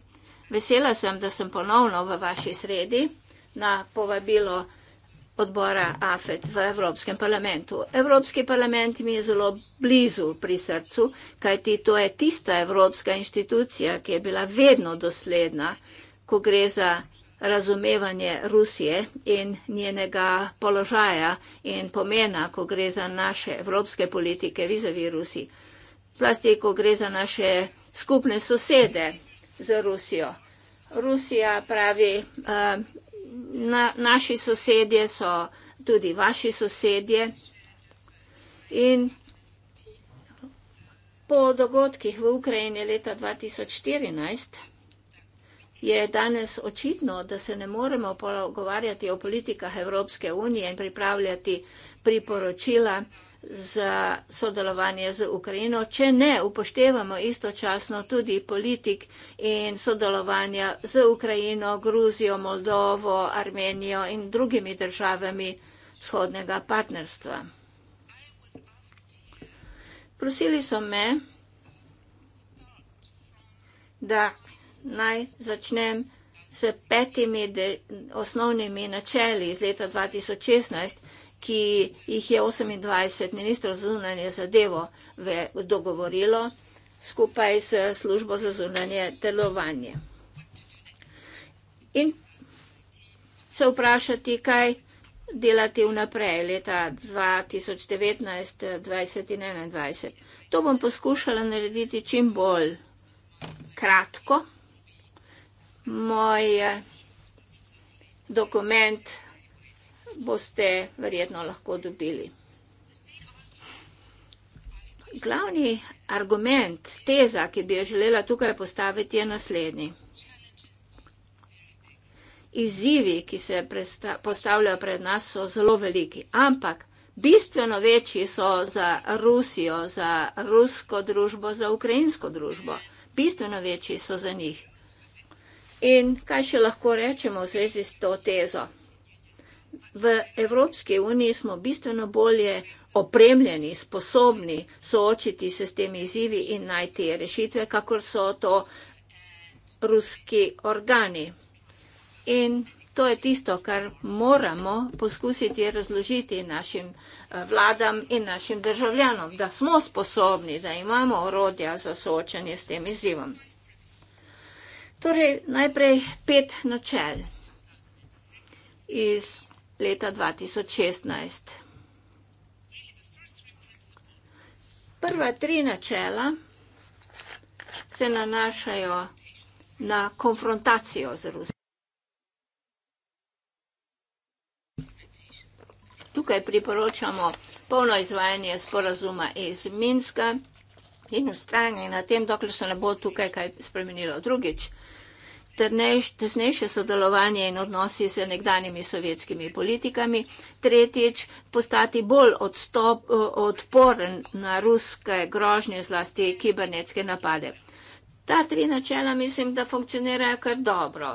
Vesela sem, da sem ponovno v vaši sredi na povabilo vsega odbora AFET v Evropskem parlamentu. Evropski parlament mi je zelo blizu pri srcu, kajti to je tista evropska inštitucija, ki je bila vedno dosledna, ko gre za razumevanje Rusije in njenega položaja in pomena, ko gre za naše evropske politike vizavi Rusi. Zlasti, ko gre za naše skupne sosede za Rusijo. Rusija pravi, eh, na, naši sosedje so tudi vaši sosedje. In po dogodkih v Ukrajini leta 2014 je danes očitno, da se ne moremo pogovarjati o politikah Evropske unije in pripravljati priporočila za sodelovanje z Ukrajino, če ne upoštevamo istočasno tudi politik in sodelovanja z Ukrajino, Gruzijo, Moldovo, Armenijo in drugimi državami shodnega partnerstva. Prosili so me, da naj začnem s petimi osnovnimi načeli iz leta 2016, ki jih je 28 ministrov zunanje zadevo dogovorilo skupaj s službo za zunanje delovanje. In se vprašati, kaj delati vnaprej leta 2019, 2020 in 2021. To bom poskušala narediti čim bolj kratko. Moj eh, dokument boste verjetno lahko dobili. Glavni argument, teza, ki bi jo želela tukaj postaviti, je naslednji. Izzivi, ki se postavljajo pred nas, so zelo veliki, ampak bistveno večji so za Rusijo, za rusko družbo, za ukrajinsko družbo. Bistveno večji so za njih. In kaj še lahko rečemo v zvezi s to tezo? v Evropski uniji smo bistveno bolje opremljeni, sposobni soočiti se s temi izzivi in najti rešitve, kakor so to ruski organi. In to je tisto, kar moramo poskusiti razložiti našim eh, vladam in našim državljanom, da smo sposobni, da imamo orodja za soočanje s tem izzivom. Torej, najprej pet načel iz leta 2016. Prva tri načela se nanašajo na konfrontacijo z Rusijo. Tukaj priporočamo polno izvajanje sporazuma iz Minska in ustrajanje na tem, dokler se ne bo tukaj kaj spremenilo drugič tesnejše sodelovanje in odnosi z nekdanjimi sovjetskimi politikami, tretjič postati bolj odstop, odporen na ruske grožnje, zlasti kibernetske napade. Ta tri načela mislim, da funkcionirajo kar dobro.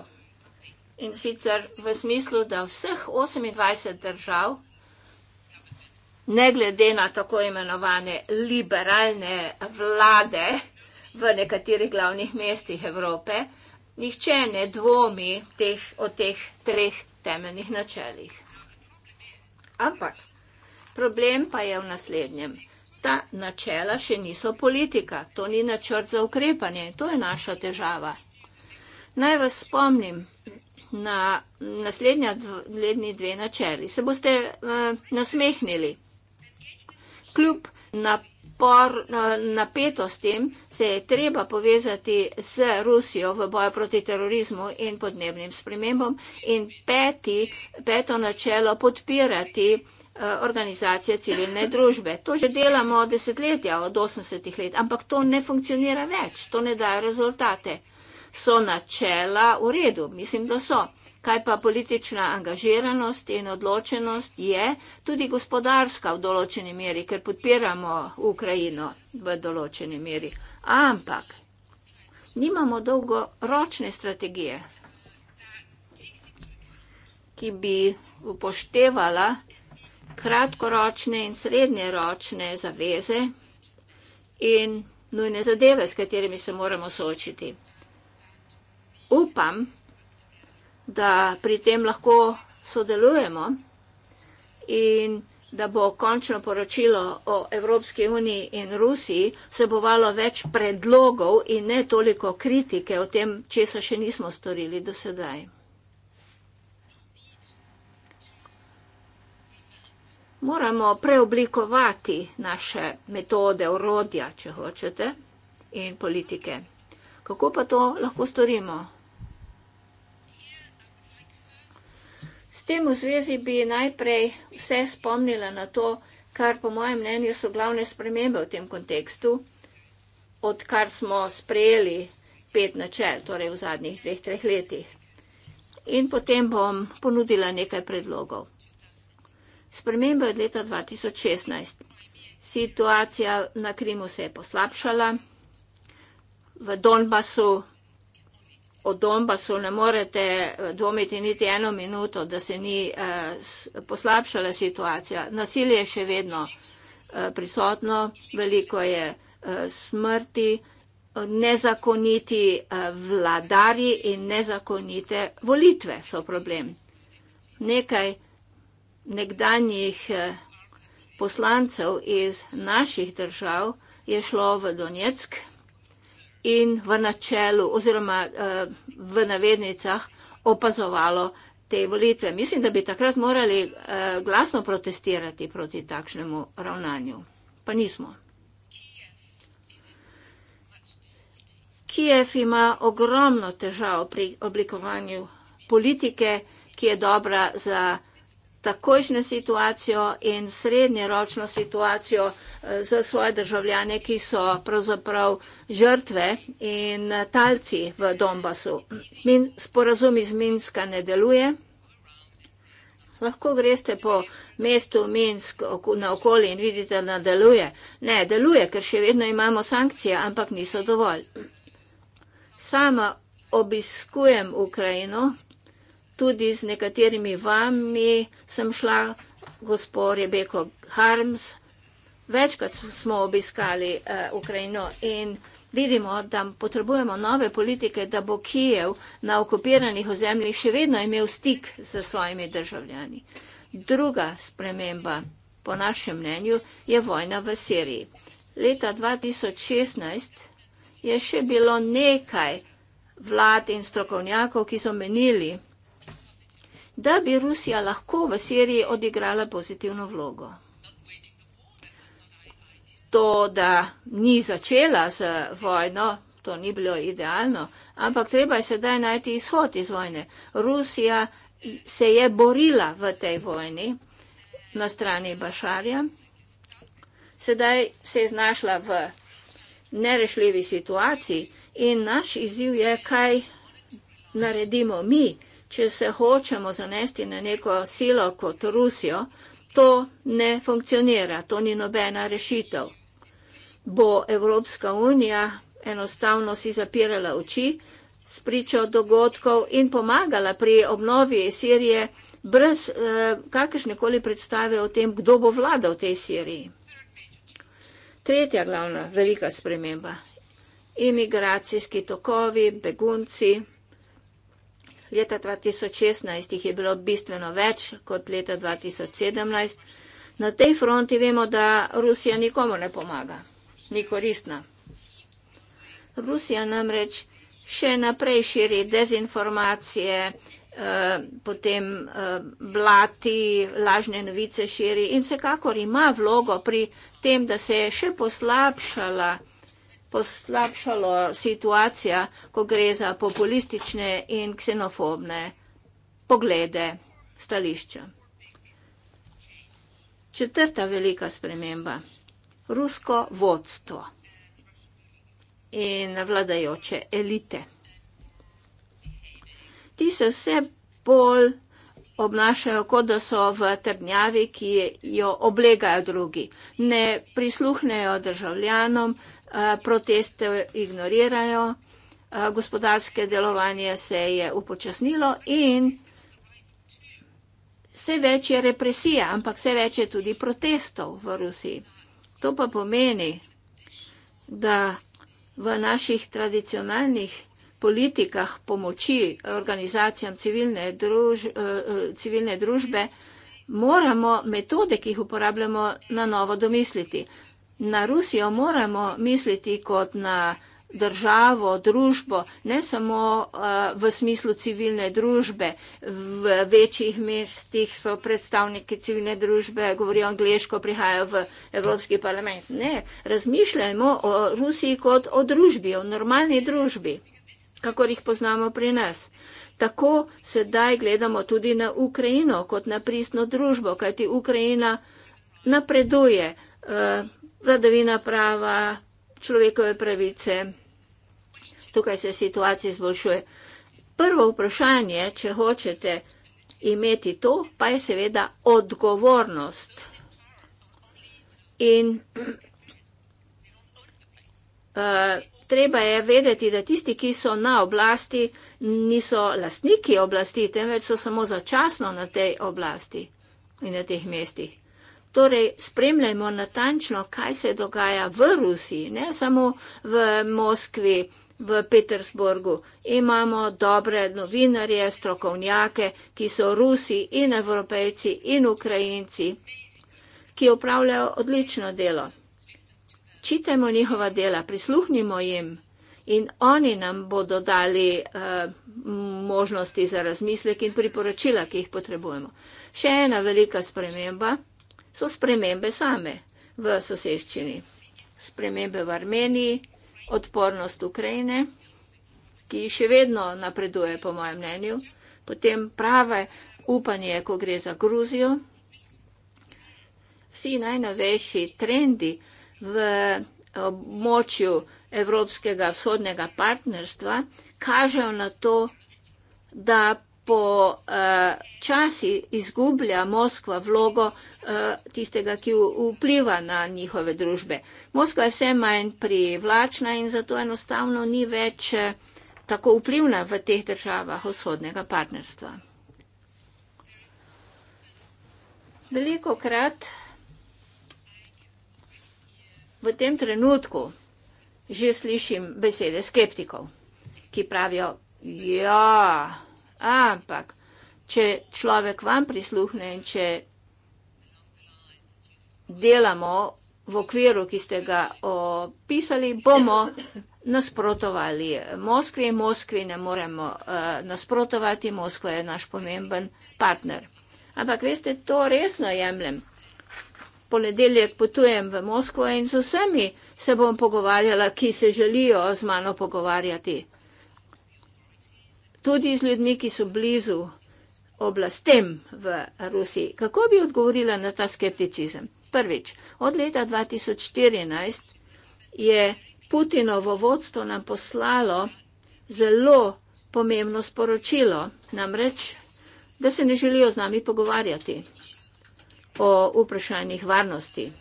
In sicer v smislu, da vseh 28 držav, ne glede na tako imenovane liberalne vlade v nekaterih glavnih mestih Evrope, nihče ne dvomi teh, o teh treh temeljnih načelih. Ampak problem pa je v naslednjem. Ta načela še niso politika, to ni načrt za ukrepanje, to je naša težava. Naj vas spomnim na naslednja dvoletni dve načeli. Se boste uh, nasmehnili. Kljub napravljanju upor eh, napetosti se je treba povezati z Rusijo v boju proti terorizmu in podnebnim spremembom in peti, peto načelo podpirati eh, organizacije civilne družbe. To že delamo desetletja, od 80-ih let, ampak to ne funkcionira več, to ne daje rezultate. So načela v redu, mislim, da so kaj pa politična angažiranost in odločenost je tudi gospodarska v določeni meri, ker podpiramo Ukrajino v določeni meri. Ampak nimamo dolgoročne strategije, ki bi upoštevala kratkoročne in srednjeročne zaveze in nujne zadeve, s katerimi se moramo soočiti. Upam, da pri tem lahko sodelujemo in da bo končno poročilo o Evropski uniji in Rusiji vsebovalo več predlogov in ne toliko kritike o tem, česa še nismo storili do sedaj. Moramo preoblikovati naše metode, orodja, če hočete, in politike. Kako pa to lahko storimo? tem v zvezi bi najprej vse spomnila na to, kar po mojem mnenju so glavne spremembe v tem kontekstu, odkar smo sprejeli pet načel, torej v zadnjih dveh, treh letih. In potem bom ponudila nekaj predlogov. Spremembe od leta 2016. Situacija na Krimu se je poslabšala, v Donbasu o Donbasu ne morete eh, dvomiti niti eno minuto, da se ni eh, poslabšala situacija. Nasilje je še vedno eh, prisotno, veliko je eh, smrti, nezakoniti eh, vladari in nezakonite volitve so problem. Nekaj nekdanjih eh, poslancev iz naših držav je šlo v Donetsk in v načelu oziroma uh, v navednicah opazovalo te volitve. Mislim, da bi takrat morali uh, glasno protestirati proti takšnemu ravnanju. Pa nismo. Kijev ima ogromno težav pri oblikovanju politike, ki je dobra za takojšnjo situacijo in srednjeročno situacijo eh, za svoje državljane, ki so pravzaprav žrtve in eh, talci v Donbasu. Min, sporazum iz Minska ne deluje. Lahko greste po mestu Minsk na okoli in vidite, da deluje. Ne, deluje, ker še vedno imamo sankcije, ampak niso dovolj. Sama obiskujem Ukrajino, tudi z nekaterimi vami sem šla, gospod Rebeko Harms, večkrat smo obiskali uh, Ukrajino in vidimo, da potrebujemo nove politike, da bo Kijev na okupiranih ozemljih še vedno imel stik z svojimi državljani. Druga sprememba, po našem mnenju, je vojna v Siriji. Leta 2016 je še bilo nekaj vlad in strokovnjakov, ki so menili, da bi Rusija lahko v Siriji odigrala pozitivno vlogo. To, da ni začela z vojno, to ni bilo idealno, ampak treba je sedaj najti izhod iz vojne. Rusija se je borila v tej vojni na strani Bašarja, sedaj se je znašla v nerešljivi situaciji in naš izziv je, kaj naredimo mi če se hočemo zanesti na neko silo kot Rusijo, to ne funkcionira, to ni nobena rešitev. Bo Evropska unija enostavno si zapirala oči s pričo dogodkov in pomagala pri obnovi Sirije brez eh, kakršnekoli predstave o tem, kdo bo vladal v tej Siriji. Tretja glavna velika sprememba. Imigracijski tokovi, begunci, Leta 2016 jih je bilo bistveno več kot leta 2017. Na tej fronti vemo, da Rusija nikomu ne pomaga, ni koristna. Rusija namreč še naprej širi dezinformacije, eh, potem eh, blati, lažne novice širi in vsekakor ima vlogo pri tem, da se je še poslabšala situacija poslabšalo situacija, ko gre za populistične in ksenofobne poglede, stališča. Četrta velika sprememba. Rusko vodstvo in vladajoče elite. Ti se vse bolj obnašajo, kot da so v trdnjavi, ki jo oblegajo drugi. Ne prisluhnejo državljanom, Eh, proteste ignorirajo, eh, gospodarske delovanje se je upočasnilo in vse več je represija, ampak vse več je tudi protestov v Rusiji. To pa pomeni, da v naših tradicionalnih politikah pomoči organizacijam civilne, druž eh, civilne družbe moramo metode, ki jih uporabljamo, na novo domisliti na Rusijo moramo misliti kot na državo, družbo, ne samo uh, v smislu civilne družbe. V večjih mestih so predstavniki civilne družbe, govorijo angliško, prihajajo v Evropski parlament. Ne, razmišljajmo o Rusiji kot o družbi, o normalni družbi, kakor jih poznamo pri nas. Tako sedaj gledamo tudi na Ukrajino kot na pristno družbo, kajti Ukrajina napreduje. Uh, vladavina prava, človekove pravice. Tukaj se situacija izboljšuje. Prvo vprašanje, če hočete imeti to, pa je seveda odgovornost. In uh, treba je vedeti, da tisti, ki so na oblasti, niso lastniki oblasti, temveč so samo začasno na tej oblasti in na teh mestih. Torej, spremljajmo natančno, kaj se dogaja v Rusiji, ne samo v Moskvi, v Petersburgu. Imamo dobre novinarje, strokovnjake, ki so Rusi in Evropejci in Ukrajinci, ki upravljajo odlično delo. Čitajmo njihova dela, prisluhnimo jim in oni nam bodo dali uh, možnosti za razmislek in priporočila, ki jih potrebujemo. Še ena velika sprememba so spremembe same v soseščini. Spremembe v Armeniji, odpornost Ukrajine, ki še vedno napreduje, po mojem mnenju, potem prave upanje, ko gre za Gruzijo. Vsi najnovejši trendi v območju Evropskega vzhodnega partnerstva kažejo na to, da po uh, časi izgublja Moskva vlogo uh, tistega, ki vpliva na njihove družbe. Moskva je vse manj privlačna in zato enostavno ni več eh, tako vplivna v teh državah vzhodnega partnerstva. Veliko krat v tem trenutku že slišim besede skeptikov, ki pravijo, ja, Ampak, če človek vam prisluhne in če delamo v okviru, ki ste ga opisali, bomo nasprotovali Moskvi. Moskvi ne moremo uh, nasprotovati, Moskva je naš pomemben partner. Ampak veste, to resno jemljem. Ponedeljek potujem v Moskvo in z vsemi se bom pogovarjala, ki se želijo z mano pogovarjati tudi z ljudmi, ki so blizu oblastem v Rusiji. Kako bi odgovorila na ta skepticizem? Prvič, od leta 2014 je Putinovo vodstvo nam poslalo zelo pomembno sporočilo, namreč, da se ne želijo z nami pogovarjati o vprašanjih varnosti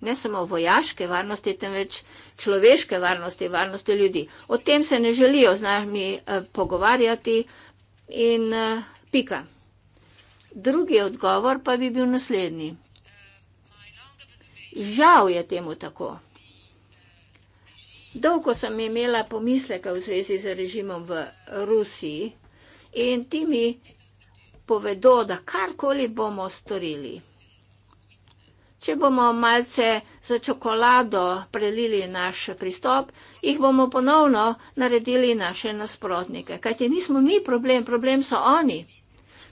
ne samo vojaške varnosti, temveč človeške varnosti, varnosti ljudi. O tem se ne želijo z nami eh, pogovarjati in eh, pika. Drugi odgovor pa bi bil naslednji. Žal je temu tako. Dolgo sem imela pomisleka v zvezi z režimom v Rusiji in ti mi povedo, da karkoli bomo storili. Če bomo malce za čokolado prelili naš pristop, jih bomo ponovno naredili naše nasprotnike. Kajti nismo mi problem, problem so oni.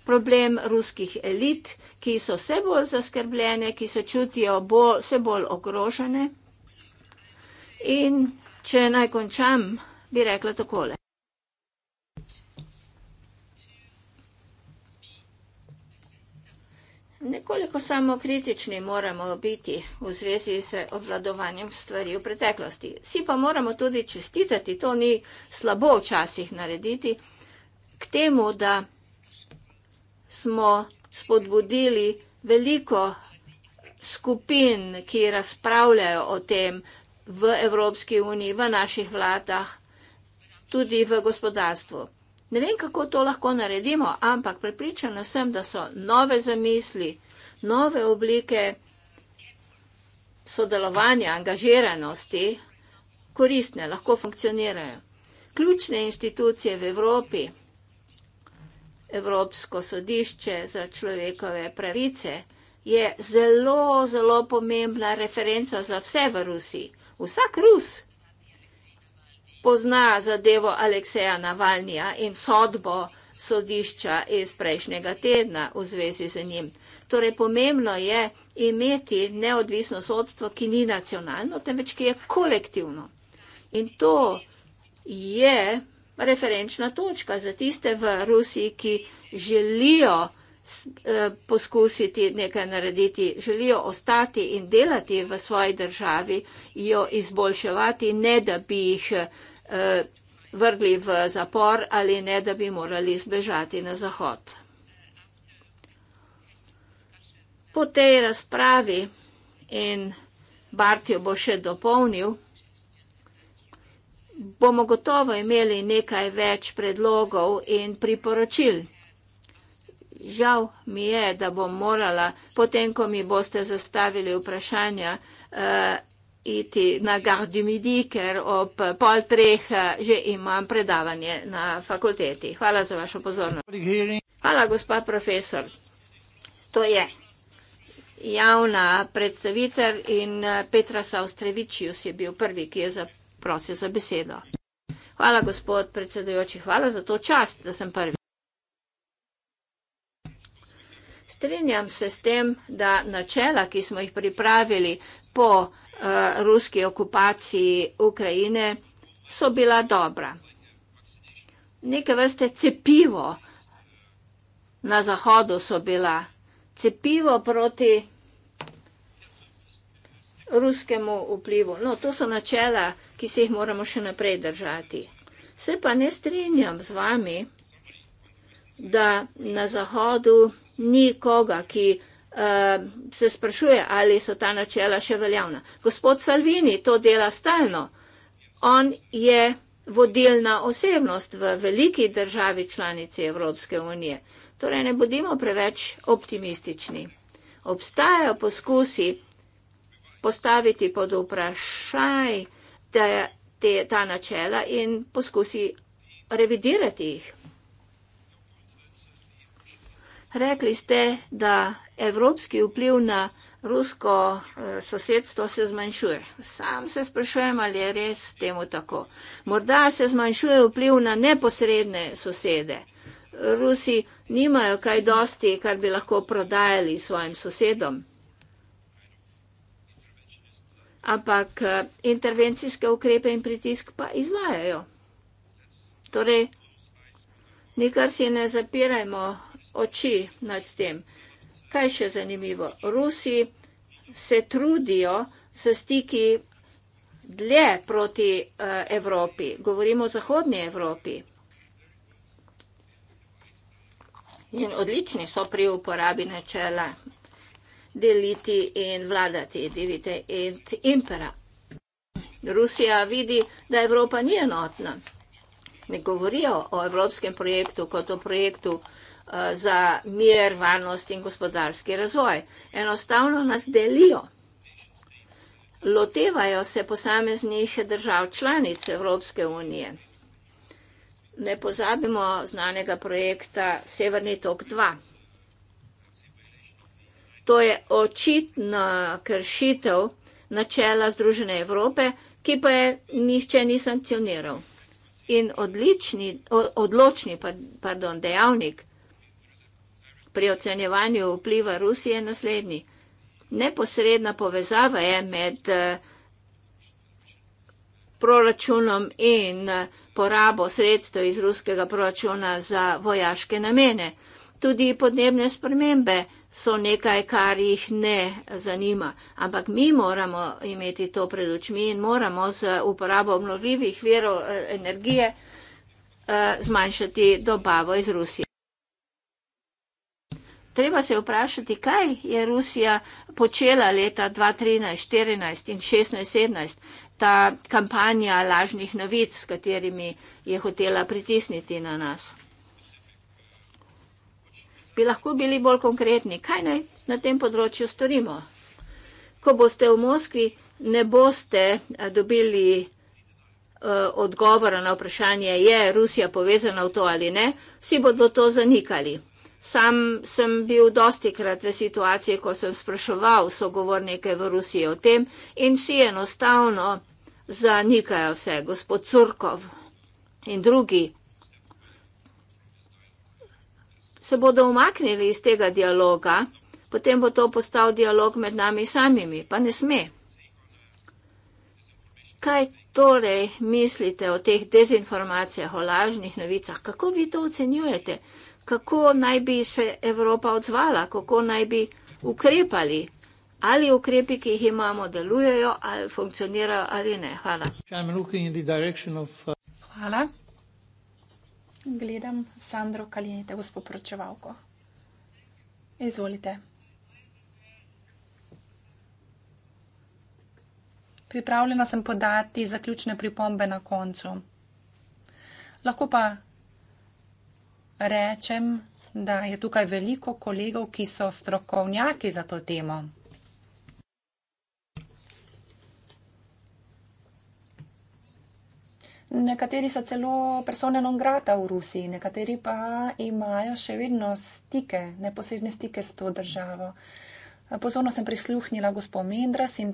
Problem ruskih elit, ki so vse bolj zaskrbljene, ki se čutijo bolj, vse bolj ogrožene. In če naj končam, bi rekla takole. Nekoliko samokritični moramo biti v zvezi s obvladovanjem stvari v preteklosti. Si pa moramo tudi čestitati, to ni slabo včasih narediti, k temu, da smo spodbudili veliko skupin, ki razpravljajo o tem v Evropski uniji, v naših vladah, tudi v gospodarstvu. Ne vem, kako to lahko naredimo, ampak prepričana sem, da so nove zamisli, nove oblike sodelovanja, angažiranosti koristne, lahko funkcionirajo. Ključne inštitucije v Evropi, Evropsko sodišče za človekove pravice, je zelo, zelo pomembna referenca za vse v Rusiji. Vsak Rus pozna zadevo Alekseja Navalnija in sodbo sodišča iz prejšnjega tedna v zvezi z njim. Torej, pomembno je imeti neodvisno sodstvo, ki ni nacionalno, temveč ki je kolektivno. In to je referenčna točka za tiste v Rusiji, ki želijo Eh, poskusiti nekaj narediti, želijo ostati in delati v svoji državi, jo izboljševati, ne da bi jih eh, vrgli v zapor ali ne da bi morali zbežati na zahod. Po tej razpravi in Bartjo bo še dopolnil, bomo gotovo imeli nekaj več predlogov in priporočil. Žal mi je, da bom morala, potem ko mi boste zastavili vprašanja, uh, iti na Gardu Midi, ker ob pol treh eh, že imam predavanje na fakulteti. Hvala za vašo pozornost. Hvala, gospod profesor. To je javna predstavitev in eh, Petra Saustrevičius je bil prvi, ki je zaprosil za besedo. Hvala, gospod predsedujoči. Hvala za to čast, da sem prvi. strinjam se s tem, da načela, ki smo jih pripravili po uh, ruski okupaciji Ukrajine, so bila dobra. Neke vrste cepivo na zahodu so bila. Cepivo proti ruskemu vplivu. No, to so načela, ki se jih moramo še naprej držati. Se pa ne strinjam z vami, da na Zahodu ni koga, ki uh, se sprašuje, ali so ta načela še veljavna. Gospod Salvini to dela stalno. On je vodilna osebnost v veliki državi članici Evropske unije. Torej, ne bodimo preveč optimistični. Obstajajo poskusi postaviti pod vprašaj te, te, ta načela in poskusi revidirati jih. Rekli ste, da evropski vpliv na rusko eh, sosedstvo se zmanjšuje. Sam se sprašujem, ali je res temu tako. Morda se zmanjšuje vpliv na neposredne sosede. Rusi nimajo kaj dosti, kar bi lahko prodajali svojim sosedom. Ampak eh, intervencijske ukrepe in pritisk pa izvajajo. Torej, nikar si ne zapirajmo oči nad tem. Kaj še zanimivo? Rusi se trudijo s stiki dlje proti uh, Evropi. Govorimo o Zahodnji Evropi. In odlični so pri uporabi načela deliti in vladati, divite in impera. Rusija vidi, da Evropa ni enotna. Ne govorijo o evropskem projektu kot o projektu uh, Eh, za mir, varnost in gospodarski razvoj. Enostavno nas delijo. Lotevajo se posameznih držav članic Evropske unije. Ne pozabimo znanega projekta Severni tok 2. To je očitna kršitev načela Združene Evrope, ki pa je nihče ni sankcioniral. In odlični, odločni pardon, dejavnik pri ocenjevanju vpliva Rusije je naslednji. Neposredna povezava je med eh, proračunom in eh, porabo sredstev iz ruskega proračuna za vojaške namene. Tudi podnebne spremembe so nekaj, kar jih ne zanima. Ampak mi moramo imeti to pred očmi in moramo z uporabo obnovljivih verov eh, energije zmanjšati dobavo iz Rusije treba se vprašati, kaj je Rusija počela leta 2013, 2014 in 2016, 2017, ta kampanja lažnih novic, s katerimi je hotela pritisniti na nas. Bi lahko bili bolj konkretni, kaj naj na tem področju storimo? Ko boste v Moskvi, ne boste eh, dobili eh, odgovora na vprašanje, je Rusija povezana v to ali ne, vsi bodo to zanikali. Sam sem bil dosti krat v situaciji, ko sem spraševal sogovornike v Rusiji o tem in vsi enostavno zanikajo vse, gospod Curkov in drugi. Se bodo umaknili iz tega dialoga, potem bo to postal dialog med nami samimi, pa ne sme. Kaj torej mislite o teh dezinformacijah, o lažnih novicah? Kako vi to ocenjujete? kako naj bi se Evropa odzvala, kako naj bi ukrepali. Ali ukrepi, ki jih imamo, delujejo ali funkcionirajo ali ne. Hvala. Uh, Hvala. Gledam Sandro Kalinite, gospod poročevalko. Izvolite. Pripravljena sem podati zaključne pripombe na koncu. Lahko pa rečem, da je tukaj veliko kolegov, ki so strokovnjaki za to temo. Nekateri so celo persone non grata v Rusiji, nekateri pa imajo še vedno stike, neposredne stike s to državo. Pozorno sem prisluhnila gospod Mendras in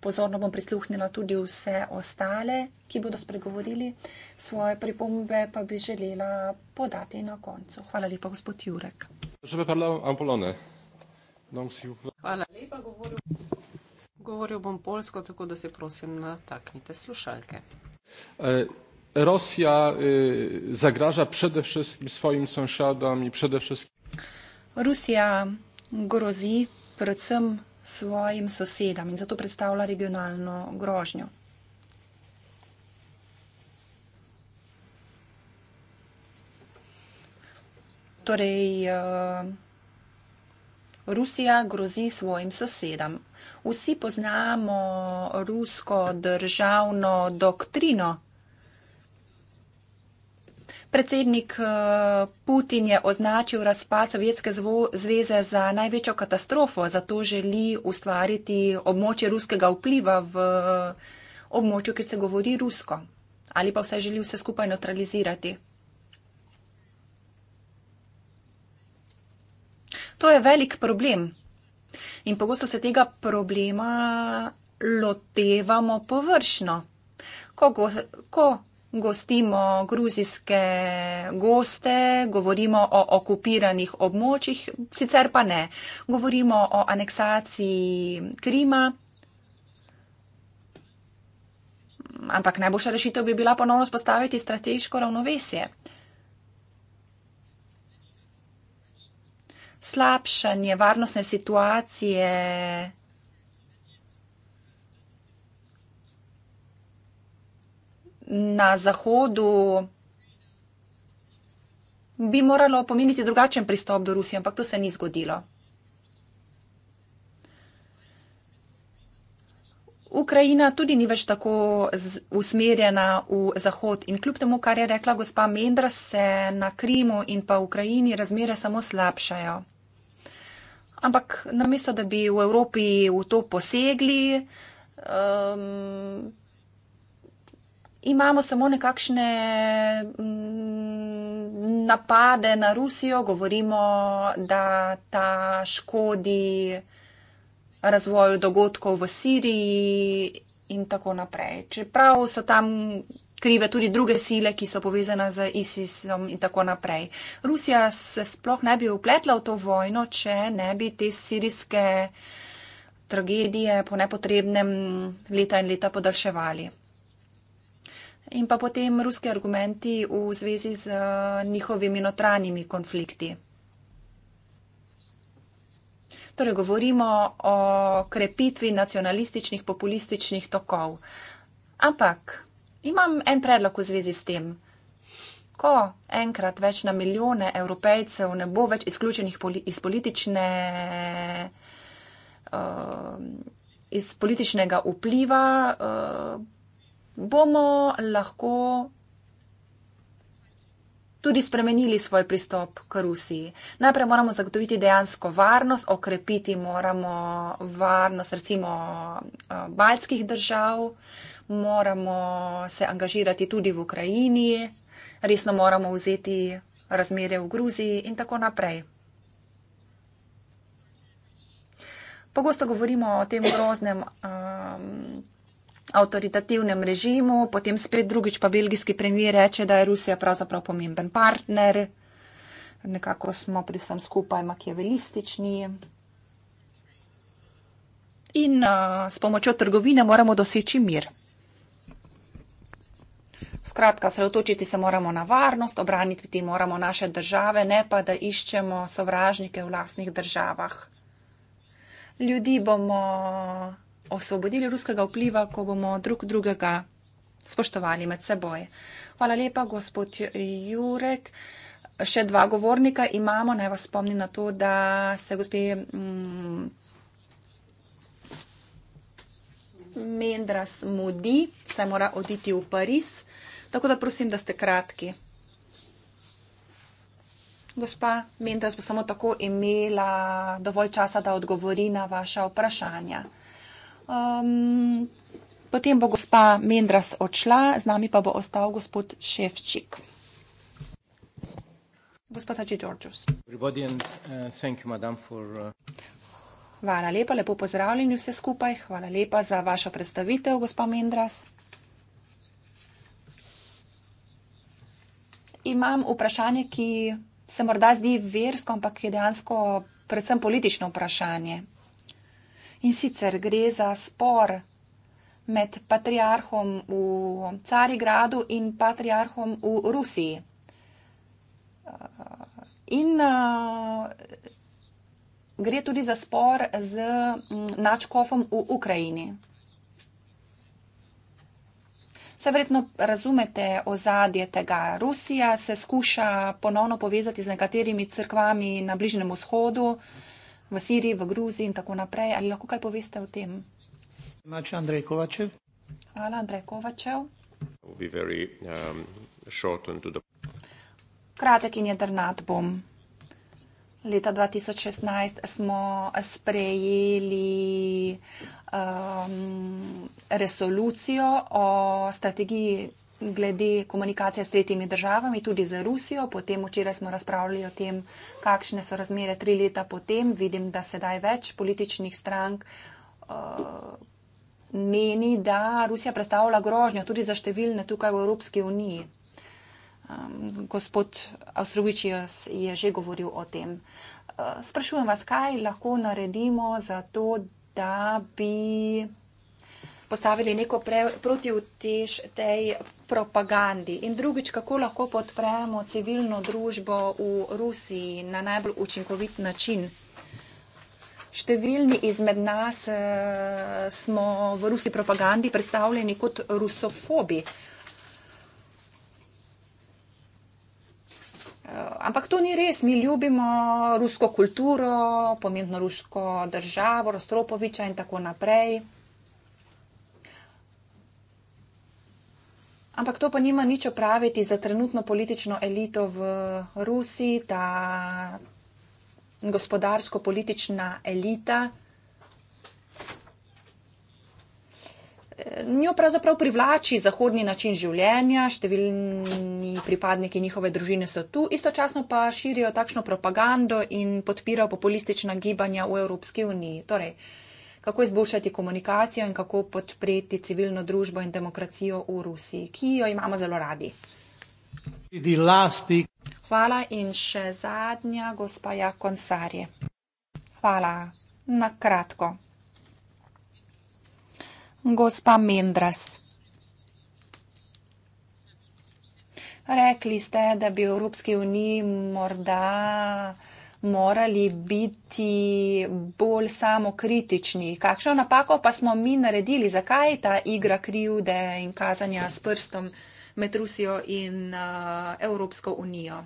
pozorno bom prisluhnila tudi vse ostale, ki bodo spregovorili svoje pripombe, pa bi želela podati na koncu. Hvala lepa, gospod Jurek. Hvala lepa, govoril, govoril bom polsko, tako da se prosim nataknite slušalke. E, Rusija zagraža predvsem svojim sosedom in predvsem. Rusija grozi predvsem svojim sosedam in zato predstavlja regionalno grožnjo. Torej, uh, Rusija grozi svojim sosedam. Vsi poznamo rusko državno doktrino. Predsednik eh, Putin je označil razpad Sovjetske zveze za največjo katastrofo, zato želi ustvariti območje ruskega vpliva v območju, kjer se govori rusko. Ali pa vse želi vse skupaj neutralizirati. To je velik problem. In pogosto se tega problema lotevamo površno. Ko, go, ko gostimo gruzijske goste, govorimo o okupiranih območjih, sicer pa ne. Govorimo o aneksaciji Krima, ampak najboljša rešitev bi bila ponovno spostaviti strateško ravnovesje. Slabšanje varnostne situacije na Zahodu bi moralo pomeniti drugačen pristop do Rusije, ampak to se ni zgodilo. Ukrajina tudi ni več tako usmerjena v Zahod in kljub temu, kar je rekla gospa Mendra, se na Krimu in pa v Ukrajini razmere samo slabšajo. Ampak namesto, da bi v Evropi v to posegli, um, imamo samo nekakšne mm, napade na Rusijo, govorimo, da ta škodi razvoju dogodkov v Siriji in tako naprej. Čeprav so tam krive tudi druge sile, ki so povezane z ISIS-om in tako naprej. Rusija se sploh ne bi upletla v to vojno, če ne bi te sirijske tragedije po nepotrebnem leta in leta podaljševali in pa potem ruski argumenti v zvezi z eh, njihovimi notranjimi konflikti. Torej, govorimo o krepitvi nacionalističnih, populističnih tokov. Ampak imam en predlog v zvezi s tem. Ko enkrat več na milijone evropejcev ne bo več izključenih iz, politične, eh, iz političnega vpliva, eh, bomo lahko tudi spremenili svoj pristop k Rusiji. Najprej moramo zagotoviti dejansko varnost, okrepiti moramo varnost recimo eh, baljskih držav, moramo se angažirati tudi v Ukrajini, resno moramo vzeti razmere v Gruziji in tako naprej. Pogosto govorimo o tem groznem um, avtoritativnem režimu, potem spet drugič pa belgijski premijer reče, da je Rusija pravzaprav pomemben partner, nekako smo pri vsem skupaj makjevelistični. In uh, s pomočjo trgovine moramo doseči mir. Skratka, sredotočiti se moramo na varnost, obraniti moramo naše države, ne pa da iščemo sovražnike v lastnih državah. Ljudi bomo osvobodili ruskega vpliva, ko bomo drug drugega spoštovali med seboj. Hvala lepa, gospod Jurek. Še dva govornika imamo. Naj vas spomnim na to, da se gospe mm, Mendras mudi, saj mora oditi v Pariz. Tako da prosim, da ste kratki. Gospa Mendras bo samo tako imela dovolj časa, da odgovori na vaša vprašanja. Um, potem bo gospa Mendras odšla, z nami pa bo ostal gospod Ševčik. Gospod Hači Džorčus. Uh, uh, Hvala lepa, lepo pozdravljeni vse skupaj. Hvala lepa za vašo predstavitev, gospa Mendras. Imam vprašanje, ki se morda zdi versko, ampak je dejansko predvsem politično vprašanje. In sicer gre za spor med patriarhom v Carigradu in patriarhom v Rusiji. Eh, in uh, gre tudi za spor z mm, načkofom v Ukrajini. Se verjetno razumete ozadje tega. Rusija se skuša ponovno povezati z nekaterimi crkvami na Bližnem vzhodu, uh, v Siriji, v Gruziji in tako naprej. Ali lahko kaj poveste o tem? Nače Andrej Kovačev. Hvala, Andrej Kovačev. Very, um, the... Kratek in jedrnat bom. Leta 2016 smo sprejeli um, resolucijo o strategiji glede komunikacije s tretjimi državami, tudi z Rusijo. Potem včeraj smo razpravljali o tem, kakšne so razmere tri leta potem. Vidim, da sedaj več političnih strank uh, meni, da Rusija predstavlja grožnjo tudi za številne tukaj v Evropski uniji. Um, gospod Avstrovičijos je že govoril o tem. Uh, sprašujem vas, kaj lahko naredimo za to, da bi postavili neko protivtež tej propagandi. In drugič, kako lahko podpremo civilno družbo v Rusiji na najbolj učinkovit način. Številni izmed nas uh, smo v ruski propagandi predstavljeni kot rusofobi. Eh, ampak to ni res. Mi ljubimo rusko kulturo, pomembno rusko državo, Rostropoviča in tako naprej. Ampak to pa nima nič opraviti za trenutno politično elito v Rusiji, ta gospodarsko-politična elita. Njo pravzaprav privlači zahodni način življenja, številni pripadniki njihove družine so tu, istočasno pa širijo takšno propagando in podpirajo populistična gibanja v Evropski uniji. Torej, kako izboljšati komunikacijo in kako podpreti civilno družbo in demokracijo v Rusiji, ki jo imamo zelo radi. Hvala in še zadnja, gospa Jakon Sarje. Hvala. Na kratko. Gospa Mendras. Rekli ste, da bi v Evropski uniji morda morali biti bolj samokritični. Kakšno napako pa smo mi naredili, zakaj je ta igra krivde in kazanja s prstom med Rusijo in uh, Evropsko unijo?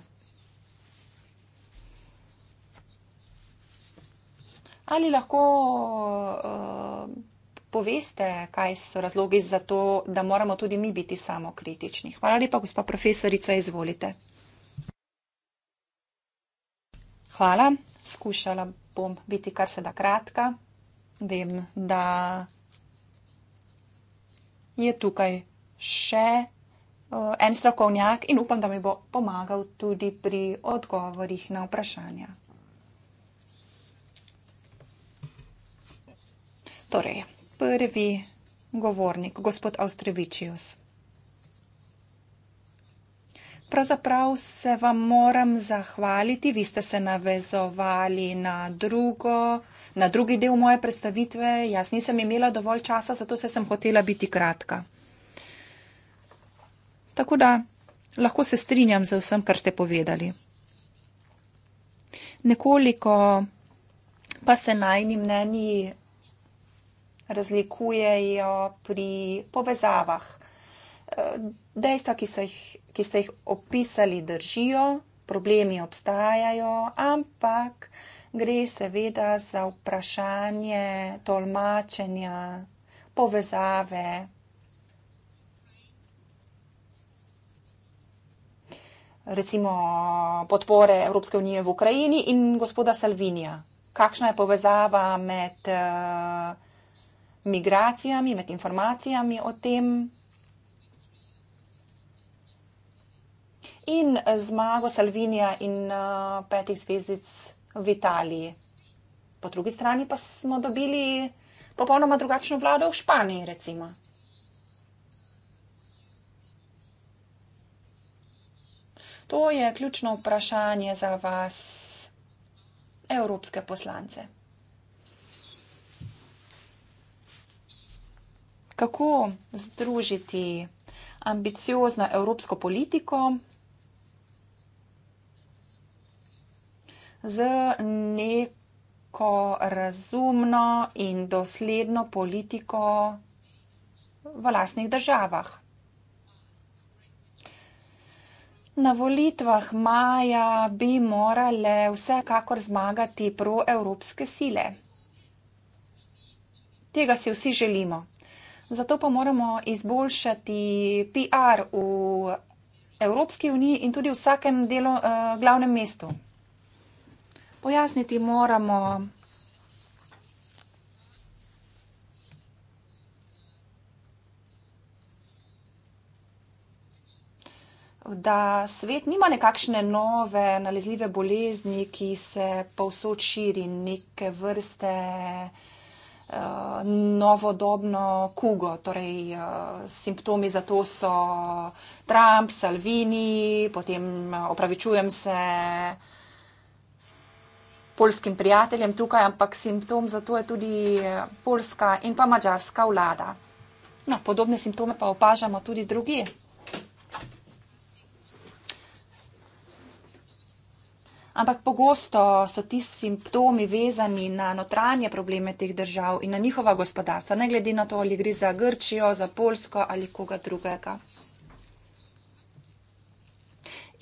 Ali lahko uh, poveste, kaj so razlogi za to, da moramo tudi mi biti samokritični? Hvala lepa, gospa profesorica, izvolite. Hvala. Skušala bom biti kar se da kratka. Vem, da je tukaj še uh, en strokovnjak in upam, da mi bo pomagal tudi pri odgovorih na vprašanja. Torej, prvi govornik, gospod Austrevičius pravzaprav se vam moram zahvaliti. Vi ste se navezovali na, drugo, na drugi del moje predstavitve. Jaz nisem imela dovolj časa, zato se sem hotela biti kratka. Tako da lahko se strinjam za vsem, kar ste povedali. Nekoliko pa se najni mnenji razlikujejo pri povezavah dejstva, ki, jih, ki ste jih opisali, držijo, problemi obstajajo, ampak gre seveda za vprašanje tolmačenja, povezave. Recimo podpore Evropske unije v Ukrajini in gospoda Salvinija. Kakšna je povezava med uh, migracijami, med informacijami o tem, in eh, zmago Salvinija in uh, petih zvezdic v Italiji. Po drugi strani pa smo dobili popolnoma drugačno vlado v Španiji, recimo. To je ključno vprašanje za vas, evropske poslance. Kako združiti ambiciozno evropsko politiko z neko razumno in dosledno politiko v lasnih državah. Na volitvah maja bi morale vsekakor zmagati proevropske sile. Tega si vsi želimo. Zato pa moramo izboljšati PR v Evropski uniji in tudi v vsakem delo, uh, eh, glavnem mestu pojasniti moramo, da svet nima nekakšne nove nalezljive bolezni, ki se povsod širi neke vrste eh, novodobno kugo, torej eh, simptomi za to so Trump, Salvini, potem eh, opravičujem se, polskim prijateljem tukaj, ampak simptom za to je tudi eh, polska in pa mačarska vlada. No, podobne simptome pa opažamo tudi drugi. Ampak pogosto so ti simptomi vezani na notranje probleme teh držav in na njihova gospodarstva, ne glede na to, ali gre za Grčijo, za Polsko ali koga drugega.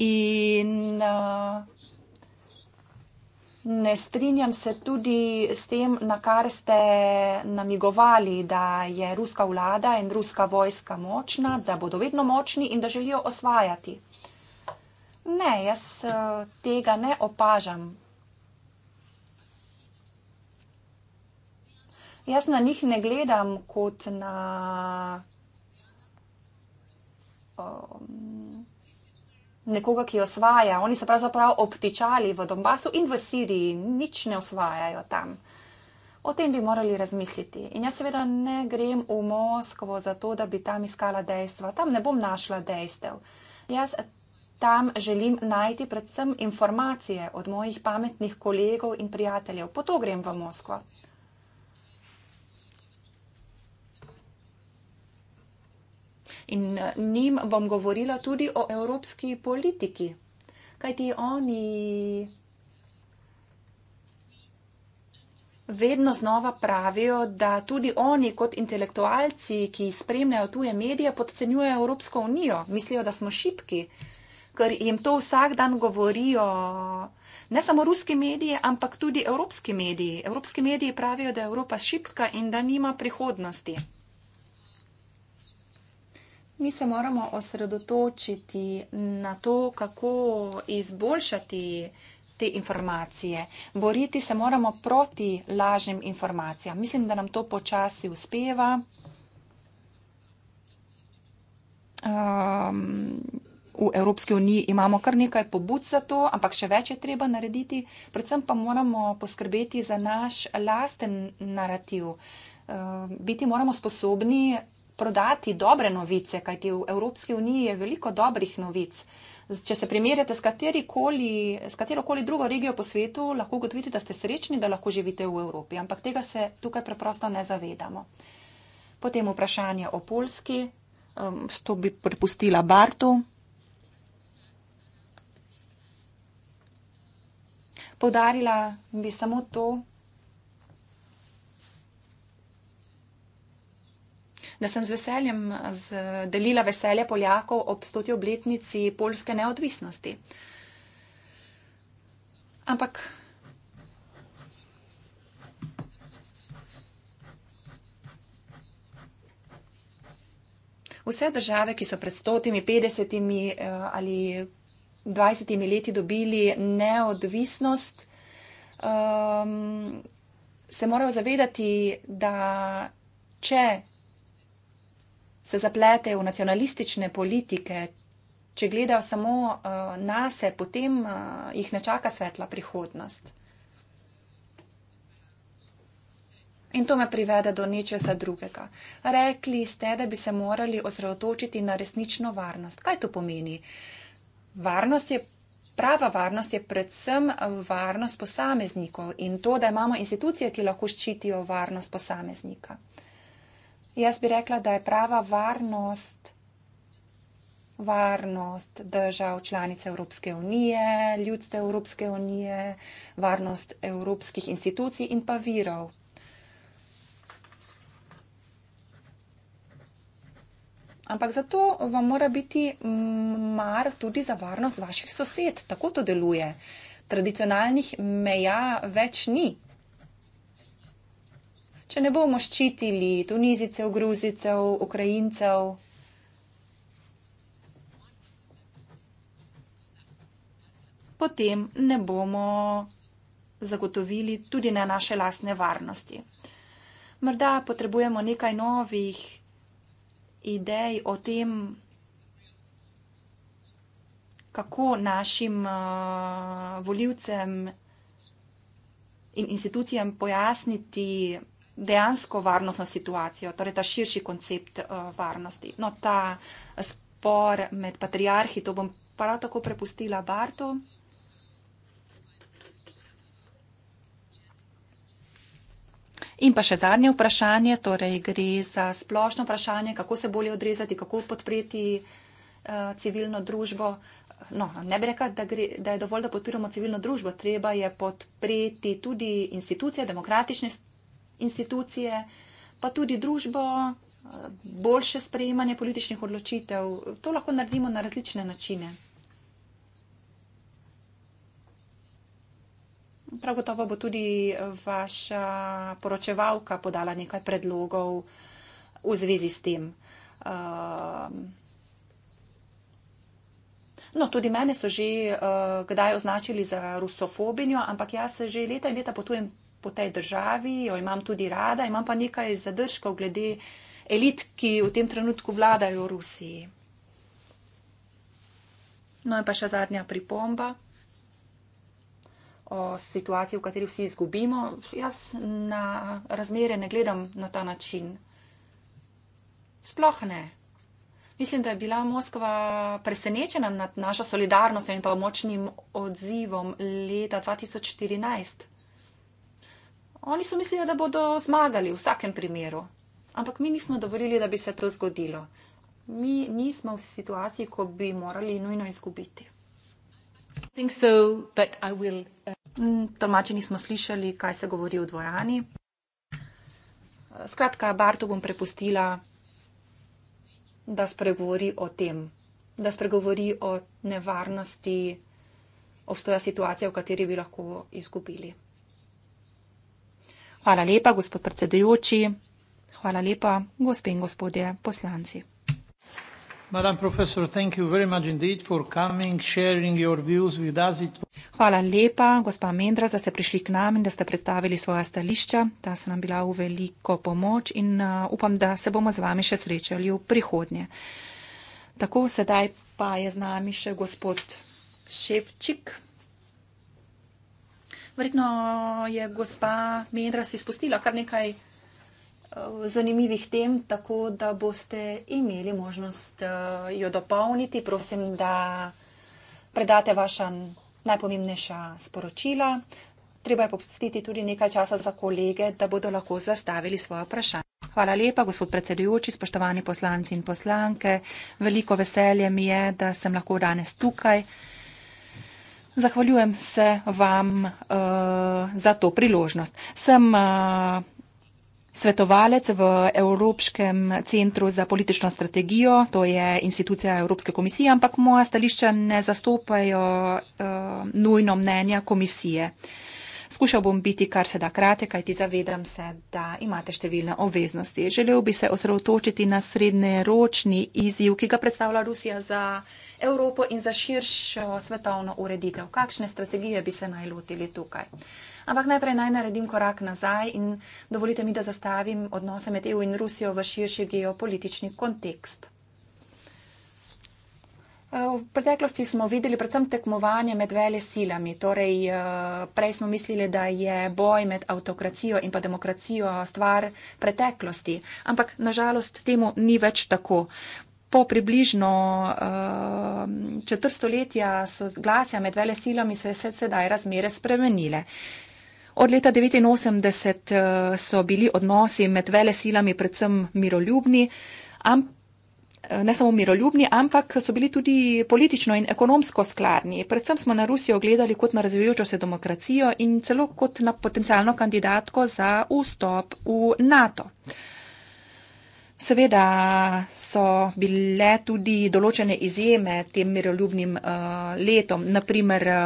In uh, Ne strinjam se tudi s tem, na kar ste namigovali, da je ruska vlada in ruska vojska močna, da bodo vedno močni in da želijo osvajati. Ne, jaz eh, tega ne opažam. Jaz na njih ne gledam kot na. Um, nekoga, ki osvaja. Oni so pravzaprav obtičali v Donbasu in v Siriji, nič ne osvajajo tam. O tem bi morali razmisliti. In jaz seveda ne grem v Moskvo zato, da bi tam iskala dejstva. Tam ne bom našla dejstev. Jaz tam želim najti predvsem informacije od mojih pametnih kolegov in prijateljev. Po to grem v Moskvo. In eh, njim bom govorila tudi o evropski politiki, kajti oni vedno znova pravijo, da tudi oni kot intelektualci, ki spremljajo tuje medije, podcenjujejo Evropsko unijo, mislijo, da smo šipki, ker jim to vsak dan govorijo. Ne samo ruski mediji, ampak tudi evropski mediji. Evropski mediji pravijo, da je Evropa šipka in da nima prihodnosti mi se moramo osredotočiti na to, kako izboljšati te informacije. Boriti se moramo proti lažnim informacijam. Mislim, da nam to počasi uspeva. Um, v Evropski uniji imamo kar nekaj pobud za to, ampak še več je treba narediti. Predvsem pa moramo poskrbeti za naš lasten narativ. Uh, biti moramo sposobni prodati dobre novice, kajti v Evropski uniji je veliko dobrih novic. Če se primerjate s katerokoli drugo regijo po svetu, lahko ugotovite, da ste srečni, da lahko živite v Evropi, ampak tega se tukaj preprosto ne zavedamo. Potem vprašanje o Polski. To bi prepustila Bartu. Podarila bi samo to, da sem z veseljem z, delila veselje Poljakov ob 100. obletnici polske neodvisnosti. Ampak. Vse države, ki so pred 100, 50 eh, ali 20 leti dobili neodvisnost, um, se morajo zavedati, da če se zapletejo v nacionalistične politike, če gledajo samo uh, nase, potem uh, jih ne čaka svetla prihodnost. In to me privede do nečesa drugega. Rekli ste, da bi se morali osredotočiti na resnično varnost. Kaj to pomeni? Varnost je, prava varnost je predvsem eh, varnost posameznikov in to, da imamo institucije, ki lahko ščitijo varnost posameznika. Uh, Jaz bi rekla, da je prava varnost, varnost držav članic Evropske unije, ljudstva Evropske unije, varnost evropskih institucij in pa virov. Ampak zato vam mora biti mar tudi za varnost vaših sosed. Tako to deluje. Tradicionalnih meja več ni če ne bomo ščitili Tunizicev, Gruzicev, Ukrajincev. Potem ne bomo zagotovili tudi na naše lastne varnosti. Morda potrebujemo nekaj novih idej o tem, kako našim uh, voljivcem in institucijam pojasniti, dejansko varnostno situacijo, torej ta širši koncept uh, varnosti. No, ta spor med patriarhi, to bom prav tako prepustila Bartu. In pa še zadnje vprašanje, torej gre za splošno vprašanje, kako se bolje odrezati, kako podpreti uh, civilno družbo. No, ne bi rekla, da, gre, da je dovolj, da podpiramo civilno družbo, treba je podpreti tudi institucije, demokratične institucije institucije, pa tudi družbo, boljše sprejemanje političnih odločitev. To lahko naredimo na različne načine. Prav gotovo bo tudi vaša poročevalka podala nekaj predlogov v zvezi s tem. Ehm, no, tudi mene so že uh, kdaj označili za rusofobinjo, ampak jaz se že leta in leta potujem po tej državi, jo imam tudi rada, imam pa nekaj zadržkov glede elit, ki v tem trenutku vladajo v Rusiji. No in pa še zadnja pripomba o situaciji, v kateri vsi izgubimo. Jaz na razmere ne gledam na ta način. Sploh ne. Mislim, da je bila Moskva presenečena nad našo solidarnostjo in pa močnim odzivom leta 2014. Oni so mislili, da bodo zmagali v vsakem primeru. Ampak mi nismo dovolili, da bi se to zgodilo. Mi nismo v situaciji, ko bi morali nujno izgubiti. So, will, uh... Mm, tolmači nismo slišali, kaj se govori v dvorani. Skratka, Bartu bom prepustila, da spregovori o tem, da spregovori o nevarnosti obstoja situacije, v kateri bi lahko izgubili. Hvala lepa, gospod predsedujoči. Hvala lepa, gospe in gospodje poslanci. Hvala lepa, gospa Mendra, da ste prišli k nam in da ste predstavili svoja stališča. Ta so nam bila v veliko pomoč in uh, upam, da se bomo z vami še srečali v prihodnje. Tako sedaj pa je z nami še gospod Ševčik. Verjetno je gospa Medra si spustila kar nekaj eh, zanimivih tem, tako da boste imeli možnost eh, jo dopolniti. Prosim, da predate vaša najpomembnejša sporočila. Treba je popustiti tudi nekaj časa za kolege, da bodo lahko zastavili svoje vprašanje. Hvala lepa, gospod predsedujoči, spoštovani poslanci in poslanke. Veliko veselje mi je, da sem lahko danes tukaj. Zahvaljujem se vam uh, za to priložnost. Sem uh, svetovalec v Evropskem centru za politično strategijo, to je institucija Evropske komisije, ampak moja stališča ne zastopajo uh, nujno mnenja komisije. Uh, Skušal bom biti kar se da kratek, kajti zavedam se, da imate številne obveznosti. Želel bi se osredotočiti na srednjeročni izziv, ki ga predstavlja Rusija za Evropo in za širšo svetovno ureditev. Kakšne strategije bi se naj lotili tukaj? Ampak najprej naj naredim korak nazaj in dovolite mi, da zastavim odnose med EU in Rusijo v širši geopolitični kontekst. V preteklosti smo videli predvsem tekmovanje med vele silami. Torej, eh, prej smo mislili, da je boj med avtokracijo in pa demokracijo stvar preteklosti, ampak nažalost temu ni več tako. Po približno uh, četrt stoletja so glasja med vele silami se je sedaj razmere spremenile. Od leta 1989 eh, so bili odnosi med vele silami predvsem miroljubni, ampak ne samo miroljubni, ampak so bili tudi politično in ekonomsko skladni. Predvsem smo na Rusijo gledali kot na razvijajočo se demokracijo in celo kot na potencijalno kandidatko za vstop v NATO. Seveda so bile tudi določene izjeme tem miroljubnim uh, letom, naprimer uh,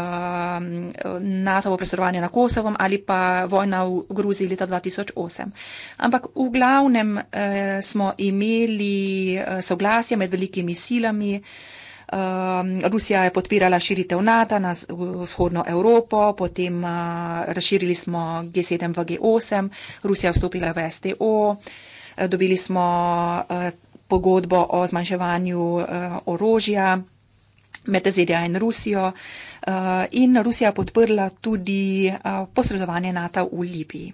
eh, NATO opresorovanje na Kosovom ali pa vojna v Gruziji leta 2008. Ampak v glavnem uh, smo imeli uh, soglasje med velikimi silami. Uh, Rusija je podpirala širitev NATO na vzhodno Evropo, potem uh, razširili smo G7 v G8, Rusija vstopila v STO. Eh, dobili smo eh, pogodbo o zmanjševanju eh, orožja med ZDA in Rusijo in Rusija podprla tudi posredovanje NATO v Libiji.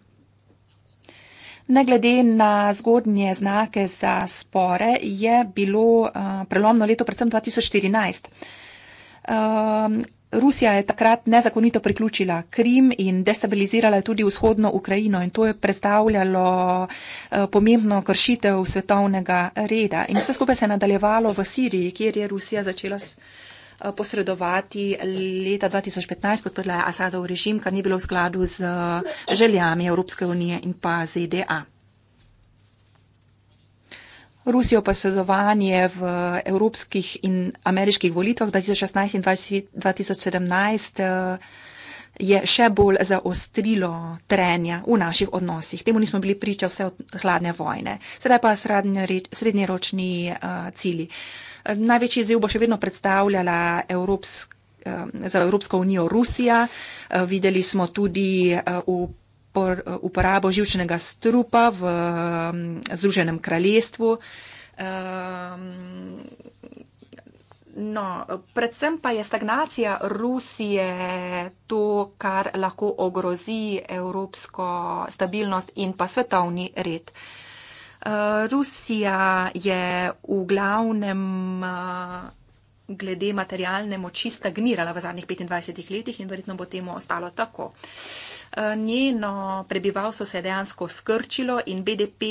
Ne glede na zgodnje znake za spore je bilo prelomno leto predvsem 2014. Rusija je takrat nezakonito priključila Krim in destabilizirala tudi vzhodno Ukrajino in to je predstavljalo eh, pomembno kršitev svetovnega reda. In vse skupaj se je nadaljevalo v Siriji, kjer je Rusija začela eh, posredovati leta 2015, podprla je Asadov režim, kar ni bilo v skladu z eh, željami Evropske unije in pa ZDA. Rusijo pa sedovanje v evropskih in ameriških volitvah 2016 in 2017 eh, je še bolj zaostrilo trenja v naših odnosih. Temu nismo bili priča vse od hladne vojne. Sedaj pa srednjeročni eh, cilji. Največji izziv bo še vedno predstavljala Evropsk, eh, za Evropsko unijo Rusija. Videli smo tudi v por, eh, uporabo živčnega strupa v um, Združenem kraljestvu. Um, No, predvsem pa je stagnacija Rusije to, kar lahko ogrozi evropsko stabilnost in pa svetovni red. Eh, Rusija je v glavnem eh, glede materialne moči stagnirala v zadnjih 25 letih in verjetno bo temu ostalo tako. Uh, njeno prebivalstvo se je dejansko skrčilo in BDP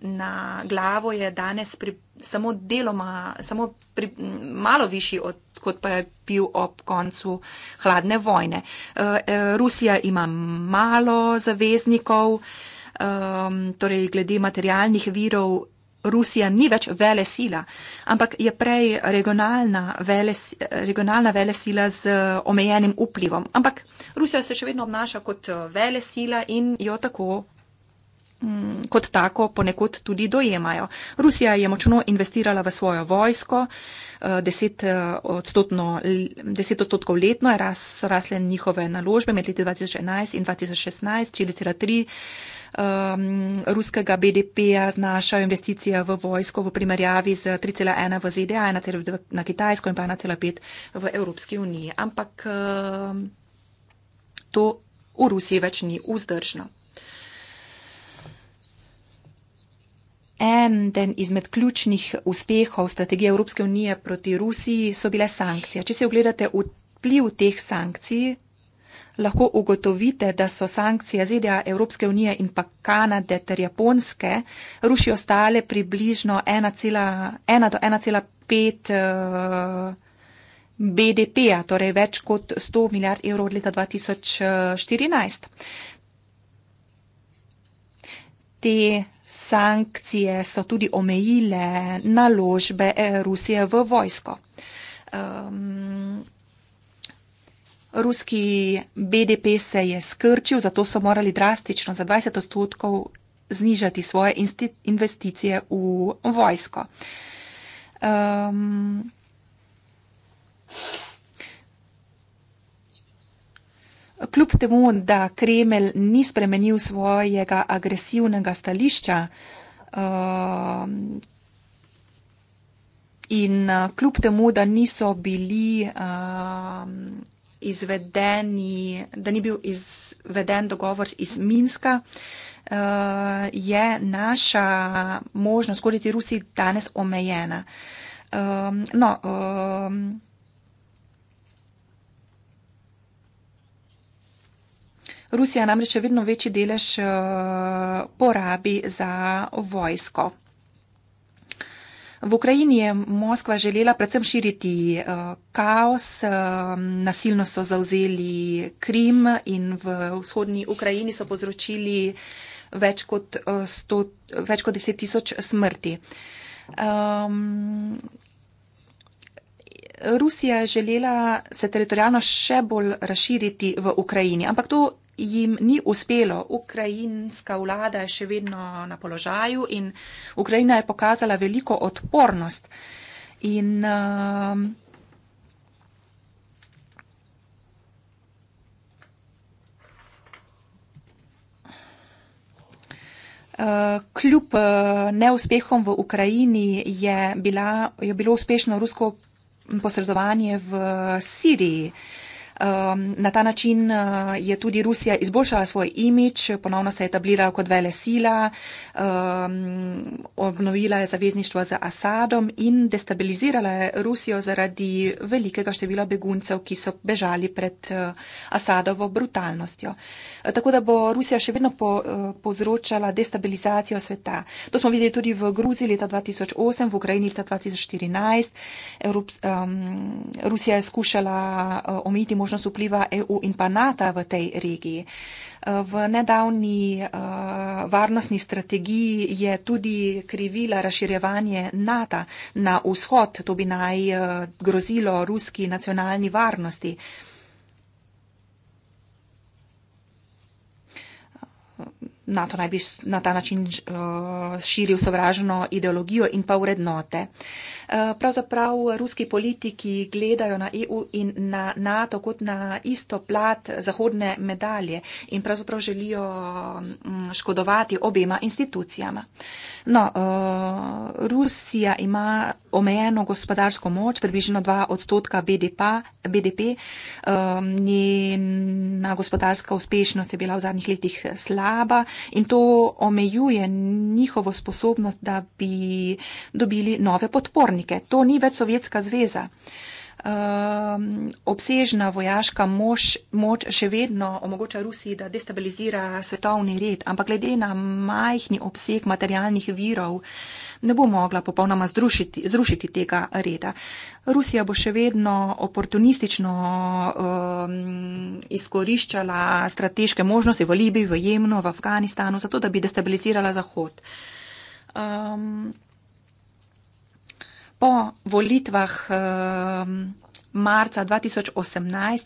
na glavo je danes pri, samo deloma, samo pri, malo višji od kot pa je bil ob koncu hladne vojne. Eh, eh, Rusija ima malo zaveznikov, ehm, torej glede materialnih virov Rusija ni več vele sila, ampak je prej regionalna vele, regionalna vele sila z eh, omejenim vplivom. Ampak Rusija se še vedno obnaša kot eh, vele sila in jo tako mm, kot tako ponekod tudi dojemajo. Rusija je močno investirala v svojo vojsko, 10 eh, odstotkov letno je ras, rasle njihove naložbe med leti 2011 in 2016, 4,3 um, ruskega BDP-ja znašajo investicije v vojsko v primerjavi z 3,1 v ZDA, 1,2 na Kitajsko in pa 1,5 v Evropski uniji. Ampak um, to v Rusiji več ni vzdržno. Eden izmed ključnih uspehov strategije Evropske unije proti Rusiji so bile sankcije. Če se ogledate vpliv teh sankcij, lahko ugotovite, da so sankcije ZDA, Evropske unije in pa Kanade ter Japonske rušijo stale približno 1,1 do 1,5 eh, BDP-ja, torej več kot 100 milijard evrov od leta 2014. Eh, Te sankcije so tudi omejile naložbe eh, Rusije v vojsko. Um, ruski BDP se je skrčil, zato so morali drastično za 20 odstotkov znižati svoje investicije v vojsko. Um, kljub temu, da Kremelj ni spremenil svojega agresivnega stališča um, in kljub temu, da niso bili um, izvedeni, da ni bil izveden dogovor iz Minska, eh, je naša možnost goditi Rusi danes omejena. Ehm, no, ehm, Rusija namreč še vedno večji delež eh, porabi za vojsko. V Ukrajini je Moskva želela predvsem širiti uh, kaos, uh, nasilno so zauzeli Krim in v vzhodnji Ukrajini so povzročili več kot, uh, sto, več kot deset tisoč smrti. Um, Rusija je želela se teritorijalno še bolj razširiti v Ukrajini, ampak to jim ni uspelo. Ukrajinska vlada je še vedno na položaju in Ukrajina je pokazala veliko odpornost. In, um, uh, Kljub uh, neuspehom v Ukrajini je, bila, je bilo uspešno rusko posredovanje v Siriji. Um, na ta način uh, je tudi Rusija izboljšala svoj imič, ponovno se je etablirala kot vele sila, um, ehm, obnovila je zavezništvo z Asadom in destabilizirala je Rusijo zaradi velikega števila beguncev, ki so bežali pred uh, Asadovo brutalnostjo. Uh, tako da bo Rusija še vedno po, uh, povzročala destabilizacijo sveta. To smo videli tudi v Gruziji leta 2008, v Ukrajini leta 2014. Evrop, um, Rusija je skušala uh, omejiti možnosti, možnost vpliva EU in pa NATO v tej regiji. V nedavni eh, varnostni strategiji je tudi krivila razširjevanje NATO na vzhod, to bi naj eh, grozilo ruski nacionalni varnosti. NATO naj bi na ta način uh, širil sovražno ideologijo in pa urednote. Uh, eh, pravzaprav ruski politiki gledajo na EU in na NATO kot na isto plat zahodne medalje in pravzaprav želijo mm, škodovati obema institucijama. No, uh, Rusija ima omejeno gospodarsko moč, približno 2 odstotka BDP. BDP. Um, njena gospodarska uspešnost je bila v zadnjih letih slaba in to omejuje njihovo sposobnost, da bi dobili nove podpornike. To ni več Sovjetska zveza. Um, obsežna vojaška moč, moč še vedno omogoča Rusiji, da destabilizira svetovni red, ampak glede na majhni obseg materialnih virov ne bo mogla popolnoma zrušiti, zrušiti tega reda. Rusija bo še vedno oportunistično um, izkoriščala strateške možnosti v Libiji, v Jemnu, v Afganistanu, zato da bi destabilizirala Zahod. Um, po volitvah ehm, marca 2018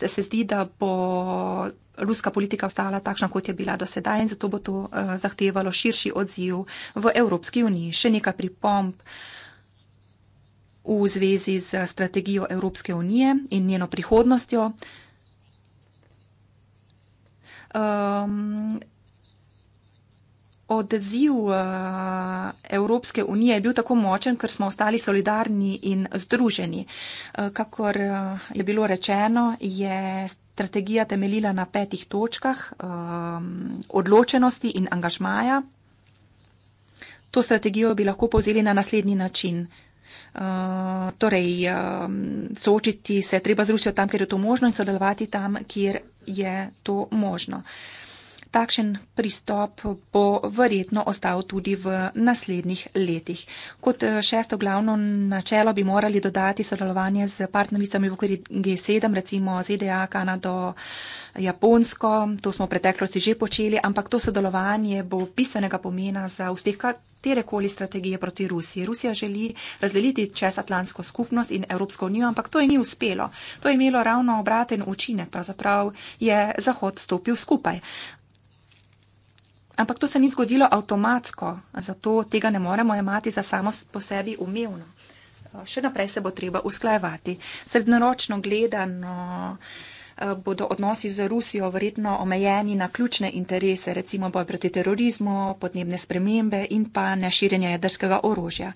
se zdi, da bo ruska politika ostala takšna, kot je bila do sedaj in zato bo to eh, zahtevalo širši odziv v Evropski uniji. Še nekaj pripomp v zvezi z strategijo Evropske unije in njeno prihodnostjo. Ehm, odziv eh, Evropske unije je bil tako močen, ker smo ostali solidarni in združeni. Eh, kakor eh, je bilo rečeno, je strategija temeljila na petih točkah ehm, odločenosti in angažmaja. To strategijo bi lahko povzeli na naslednji način. Uh, torej, uh, soočiti se treba z Rusijo tam, kjer je to možno in sodelovati tam, kjer je to možno. Uh, Takšen pristop bo verjetno ostal tudi v naslednjih letih. Kot eh, šesto glavno načelo bi morali dodati sodelovanje z partnericami v okviru G7, recimo ZDA, Kanado, Japonsko. To smo v preteklosti že počeli, ampak to sodelovanje bo bistvenega pomena za uspeh katerekoli strategije proti Rusiji. Rusija želi razdeliti čezatlantsko skupnost in Evropsko unijo, ampak to je ni uspelo. To je imelo ravno obraten učinek, pravzaprav je Zahod stopil skupaj. Ampak to se ni zgodilo avtomatsko, zato tega ne moremo imati za samo po sebi umevno. Eh, še naprej se bo treba usklajevati. Srednjeročno gledano eh, bodo odnosi z Rusijo verjetno omejeni na ključne interese, recimo boj proti terorizmu, podnebne spremembe in pa neširjenje jedrskega orožja.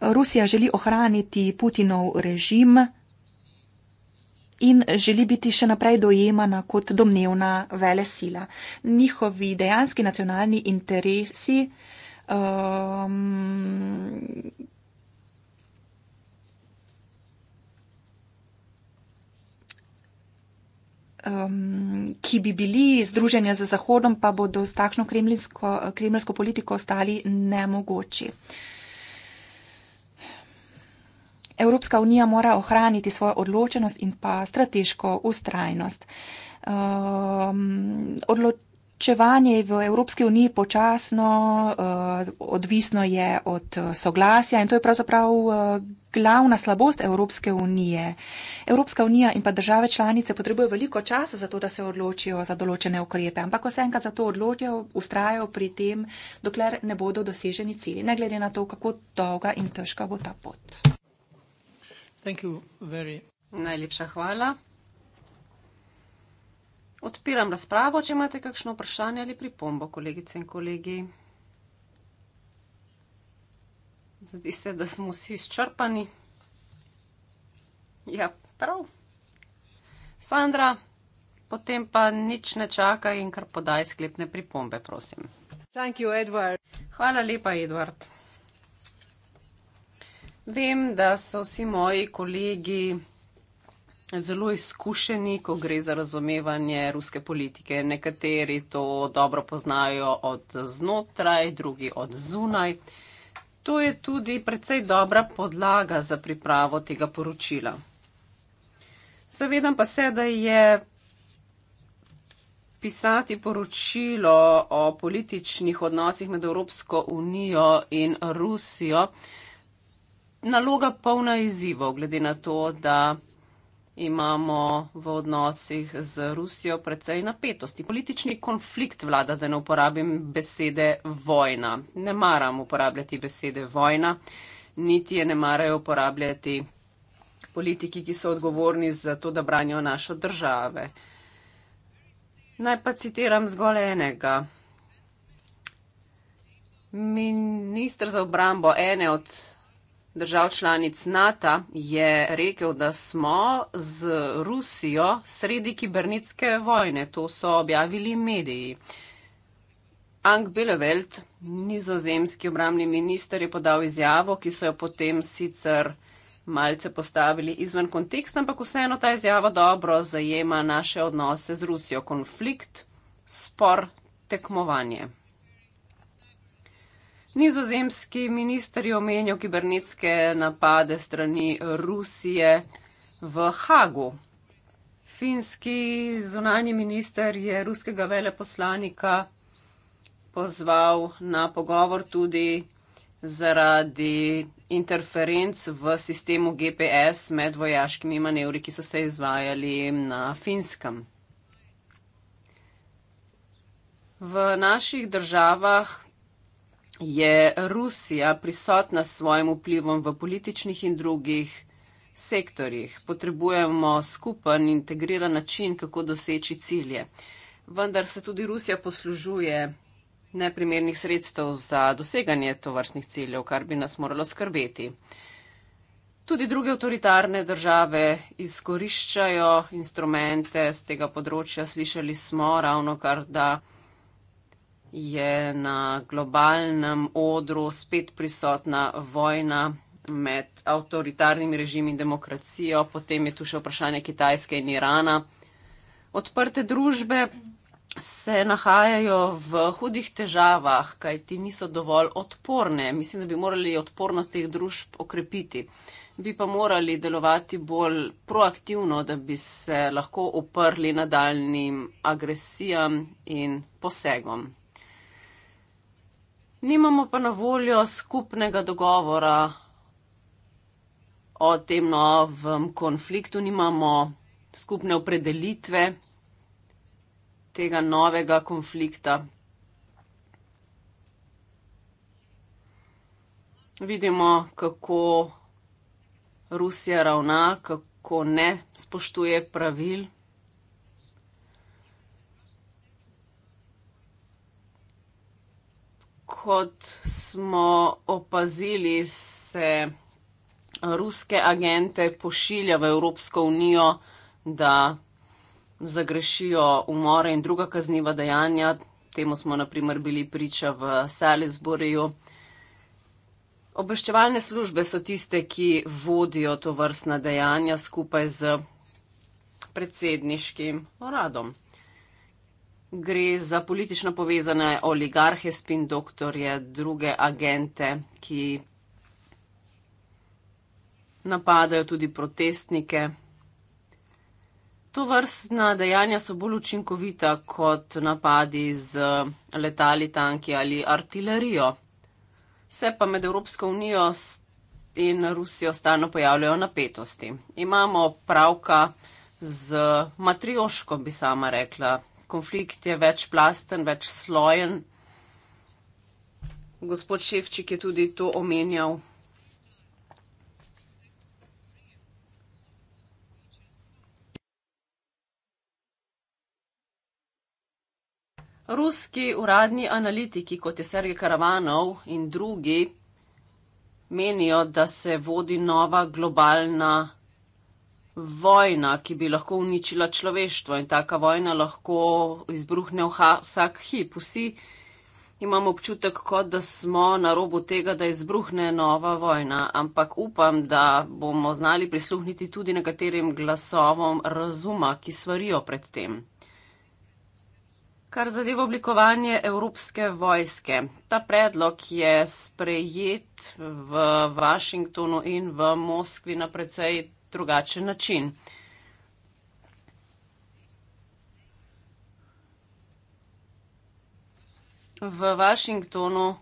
Rusija želi ohraniti Putinov režim in želi biti še naprej dojemana kot domnevna vele sila. Njihovi dejanski nacionalni interesi um, Um, ki bi bili združenja z Zahodom, pa bodo s takšno kremljsko politiko ostali nemogoči. Uh, Evropska unija mora ohraniti svojo odločenost in pa strateško ustrajnost. Um, odločevanje v Evropski uniji počasno, uh, odvisno je od eh, soglasja in to je pravzaprav eh, glavna slabost Evropske unije. Evropska unija in pa države članice potrebujo veliko časa za to, da se odločijo za določene ukrepe, ampak ko se enkrat za to odločijo, ustrajajo pri tem, dokler ne bodo doseženi cilji, ne glede na to, kako dolga in težka bo ta pot. Najlepša hvala. Odpiram razpravo, če imate kakšno vprašanje ali pripombo, kolegice in kolegi. Zdi se, da smo vsi izčrpani. Ja, prav. Sandra, potem pa nič ne čakaj in kar podaj sklepne pripombe, prosim. Hvala lepa, Edward. Vem, da so vsi moji kolegi zelo izkušeni, ko gre za razumevanje ruske politike. Nekateri to dobro poznajo od znotraj, drugi od zunaj. To je tudi precej dobra podlaga za pripravo tega poročila. Zavedam pa se, da je pisati poročilo o političnih odnosih med Evropsko unijo in Rusijo naloga polna izzivov, glede na to, da imamo v odnosih z Rusijo precej napetosti. Politični konflikt vlada, da ne uporabim besede vojna. Ne maram uporabljati besede vojna, niti je ne marajo uporabljati politiki, ki so odgovorni za to, da branijo našo države. Naj pa citiram zgolj enega. Ministr za obrambo ene od držav članic NATO je rekel, da smo z Rusijo sredi kibernetske vojne. To so objavili mediji. Ank Beleveld, nizozemski obramni minister, je podal izjavo, ki so jo potem sicer malce postavili izven konteksta, ampak vseeno ta izjava dobro zajema naše odnose z Rusijo. Konflikt, spor, tekmovanje. Nizozemski minister je omenjal kibernetske napade strani Rusije v Hagu. Finski zunani minister je ruskega veleposlanika pozval na pogovor tudi zaradi interferenc v sistemu GPS med vojaškimi manevri, ki so se izvajali na Finskem. V naših državah je Rusija prisotna s svojim vplivom v političnih in drugih sektorjih. Potrebujemo skupen, integriran način, kako doseči cilje. Vendar se tudi Rusija poslužuje neprimernih sredstev za doseganje tovrstnih ciljev, kar bi nas moralo skrbeti. Tudi druge avtoritarne države izkoriščajo instrumente z tega področja. Slišali smo ravno kar, da je na globalnem odru spet prisotna vojna med avtoritarnim režimom in demokracijo, potem je tu še vprašanje Kitajske in Irana. Odprte družbe se nahajajo v hudih težavah, kaj ti niso dovolj odporne. Mislim, da bi morali odpornost teh družb okrepiti. Bi pa morali delovati bolj proaktivno, da bi se lahko oprli nadaljnim agresijam in posegom. Nimamo pa na voljo skupnega dogovora o tem novem konfliktu, nimamo skupne opredelitve tega novega konflikta. Vidimo, kako Rusija ravna, kako ne spoštuje pravil. kot smo opazili, se ruske agente pošilja v Evropsko unijo, da zagrešijo umore in druga kazniva dejanja. Temu smo naprimer bili priča v Salisburyju. Obveščevalne službe so tiste, ki vodijo to vrstna dejanja skupaj z predsedniškim uradom. Gre za politično povezane oligarhe, spin doktorje, druge agente, ki napadajo tudi protestnike. To vrstna dejanja so bolj učinkovita kot napadi z letali, tanki ali artilerijo. Se pa med Evropsko unijo in Rusijo stano pojavljajo napetosti. Imamo pravka z matrioško, bi sama rekla, konflikt je večplasten, večslojen. Gospod Ševčik je tudi to omenjal. Ruski uradni analitiki, kot je Sergej Karavanov in drugi, menijo, da se vodi nova globalna vojna, ki bi lahko uničila človeštvo in taka vojna lahko izbruhne vsak hip. Vsi imamo občutek, kot da smo na robu tega, da izbruhne nova vojna, ampak upam, da bomo znali prisluhniti tudi nekaterim glasovom razuma, ki svarijo pred tem. Kar zadeva oblikovanje Evropske vojske. Ta predlog je sprejet v Washingtonu in v Moskvi na precej drugačen način. V Washingtonu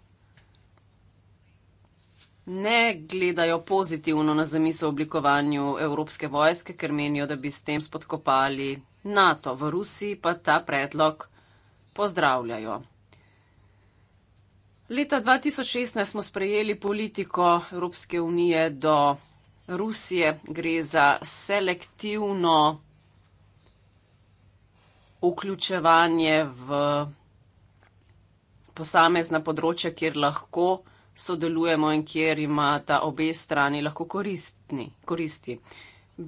ne gledajo pozitivno na zamisel oblikovanju Evropske vojske, ker menijo, da bi s tem spodkopali NATO. V Rusiji pa ta predlog pozdravljajo. Leta 2016 smo sprejeli politiko Evropske unije do Rusije, gre za selektivno vključevanje v posamezna področja, kjer lahko sodelujemo in kjer ima ta obe strani lahko koristni, koristi.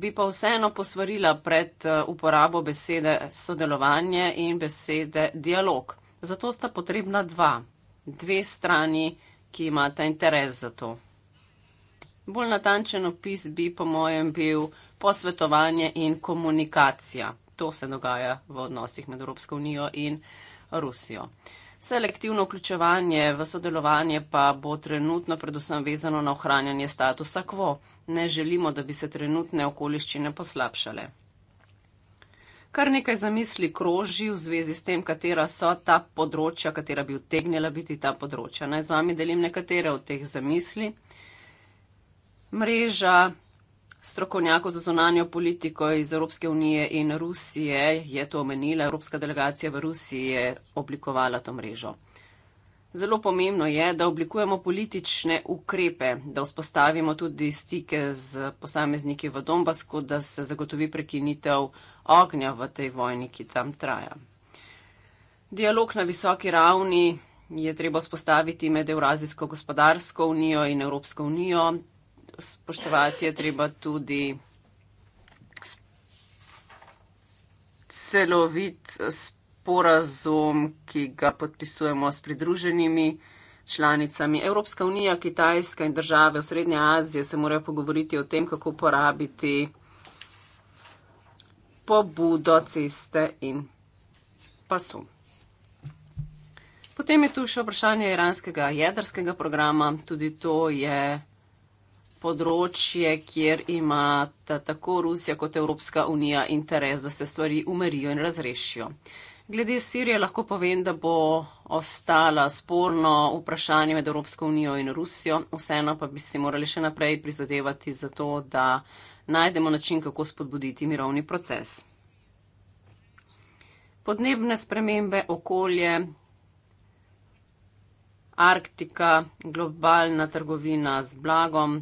Bi pa vseeno posvarila pred eh, uporabo besede sodelovanje in besede dialog. Zato sta potrebna dva, dve strani, ki imata interes za to bolj natančen opis bi, po mojem, bil posvetovanje in komunikacija. To se dogaja v odnosih med Evropsko unijo in Rusijo. Selektivno vključevanje v sodelovanje pa bo trenutno predvsem vezano na ohranjanje statusa quo. Ne želimo, da bi se trenutne okoliščine poslabšale. Kar nekaj zamisli kroži v zvezi s tem, katera so ta področja, katera bi utegnila biti ta področja. Naj z vami delim nekatere od teh zamisli. Mreža strokovnjakov za zonanjo politiko iz Evropske unije in Rusije je to omenila. Evropska delegacija v Rusiji je oblikovala to mrežo. Zelo pomembno je, da oblikujemo politične ukrepe, da vzpostavimo tudi stike z posamezniki v Donbasku, da se zagotovi prekinitev ognja v tej vojni, ki tam traja. Dialog na visoki ravni je treba vzpostaviti med Eurazijsko gospodarsko unijo in Evropsko unijo, spoštovati je treba tudi celovit sporazum, ki ga podpisujemo s pridruženimi članicami. Evropska unija, Kitajska in države v Srednje Azije se morajo pogovoriti o tem, kako porabiti pobudo ceste in pasu. Potem je tu še vprašanje iranskega jedrskega programa. Tudi to je področje, kjer ima ta, tako Rusija kot Evropska unija interes, da se stvari umerijo in razrešijo. Glede Sirije lahko povem, da bo ostala sporno vprašanje med Evropsko unijo in Rusijo, vseeno pa bi si morali še naprej prizadevati za to, da najdemo način, kako spodbuditi mirovni proces. Podnebne spremembe, okolje, Arktika, globalna trgovina z blagom,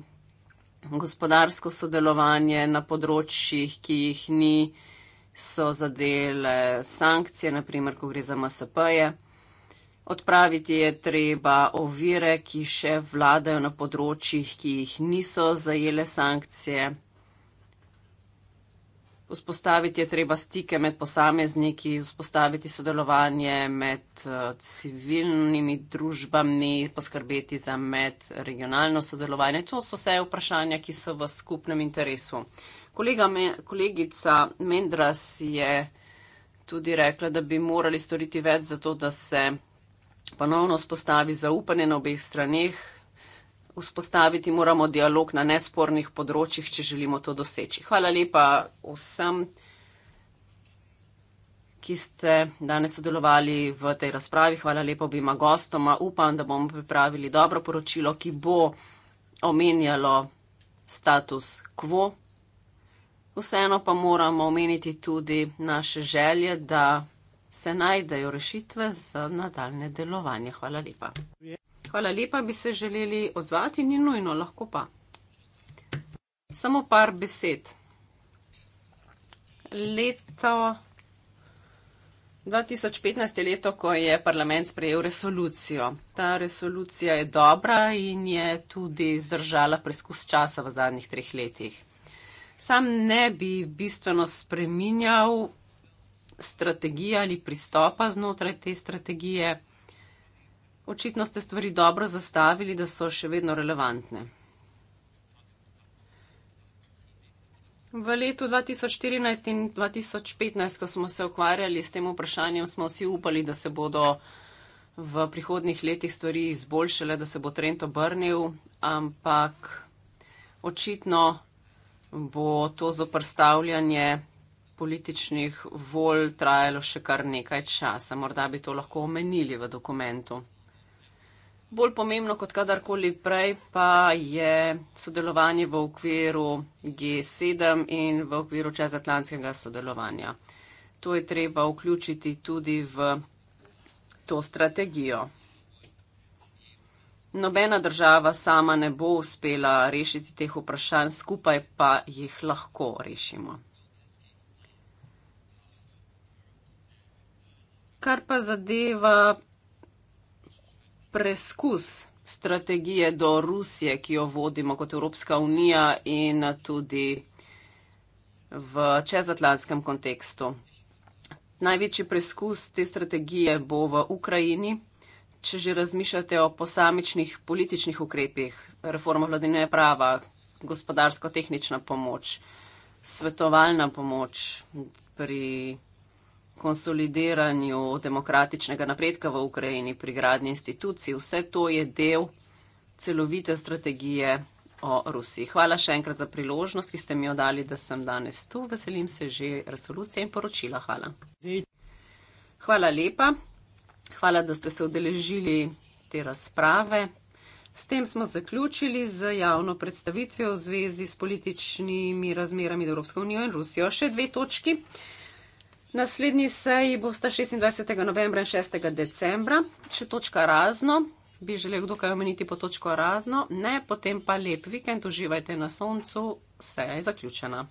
gospodarsko sodelovanje na področjih, ki jih ni, so zadele sankcije, naprimer, ko gre za MSP-je. Odpraviti je treba ovire, ki še vladajo na področjih, ki jih niso zajele sankcije. Vzpostaviti je treba stike med posamezniki, vzpostaviti sodelovanje med eh, civilnimi družbami, poskrbeti za medregionalno sodelovanje. To so vse vprašanja, ki so v skupnem interesu. Kolega me, kolegica Mendras je tudi rekla, da bi morali storiti več za to, da se ponovno vzpostavi zaupanje na obeh straneh, vzpostaviti moramo dialog na nespornih področjih, če želimo to doseči. Hvala lepa vsem, ki ste danes sodelovali v tej razpravi. Hvala lepa obima gostoma. Upam, da bomo pripravili dobro poročilo, ki bo omenjalo status quo. Vseeno pa moramo omeniti tudi naše želje, da se najdejo rešitve za nadaljne delovanje. Hvala lepa. Hvala lepa, bi se želeli odzvati, ni nujno, lahko pa. Samo par besed. Leto 2015 je leto, ko je parlament sprejel resolucijo. Ta resolucija je dobra in je tudi zdržala preskus časa v zadnjih treh letih. Sam ne bi bistveno spreminjal strategije ali pristopa znotraj te strategije. Očitno ste stvari dobro zastavili, da so še vedno relevantne. V letu 2014 in 2015, ko smo se ukvarjali s tem vprašanjem, smo vsi upali, da se bodo v prihodnih letih stvari izboljšale, da se bo trend obrnil, ampak očitno bo to zoprstavljanje političnih volj trajalo še kar nekaj časa. Morda bi to lahko omenili v dokumentu. Bolj pomembno kot kadarkoli prej pa je sodelovanje v okviru G7 in v okviru čezatlantskega sodelovanja. To je treba vključiti tudi v to strategijo. Nobena država sama ne bo uspela rešiti teh vprašanj, skupaj pa jih lahko rešimo. Kar pa zadeva preskus strategije do Rusije, ki jo vodimo kot Evropska unija in tudi v čezatlantskem kontekstu. Največji preskus te strategije bo v Ukrajini, če že razmišljate o posamičnih političnih ukrepih, reforma vladine prava, gospodarsko-tehnična pomoč, svetovalna pomoč pri konsolidiranju demokratičnega napredka v Ukrajini, pri gradnji institucij. Vse to je del celovite strategije o Rusiji. Hvala še enkrat za priložnost, ki ste mi jo dali, da sem danes tu. Veselim se že resolucije in poročila. Hvala. Hvala lepa. Hvala, da ste se odeležili te razprave. S tem smo zaključili z javno predstavitvijo v zvezi s političnimi razmerami Evropske unije in Rusijo. Še dve točki. Naslednji seji bosta 26. novembra in 6. decembra, še točka razno. Bi želel kdo kaj omeniti po točko razno? Ne, potem pa lep vikend, uživajte na soncu, seja je zaključena.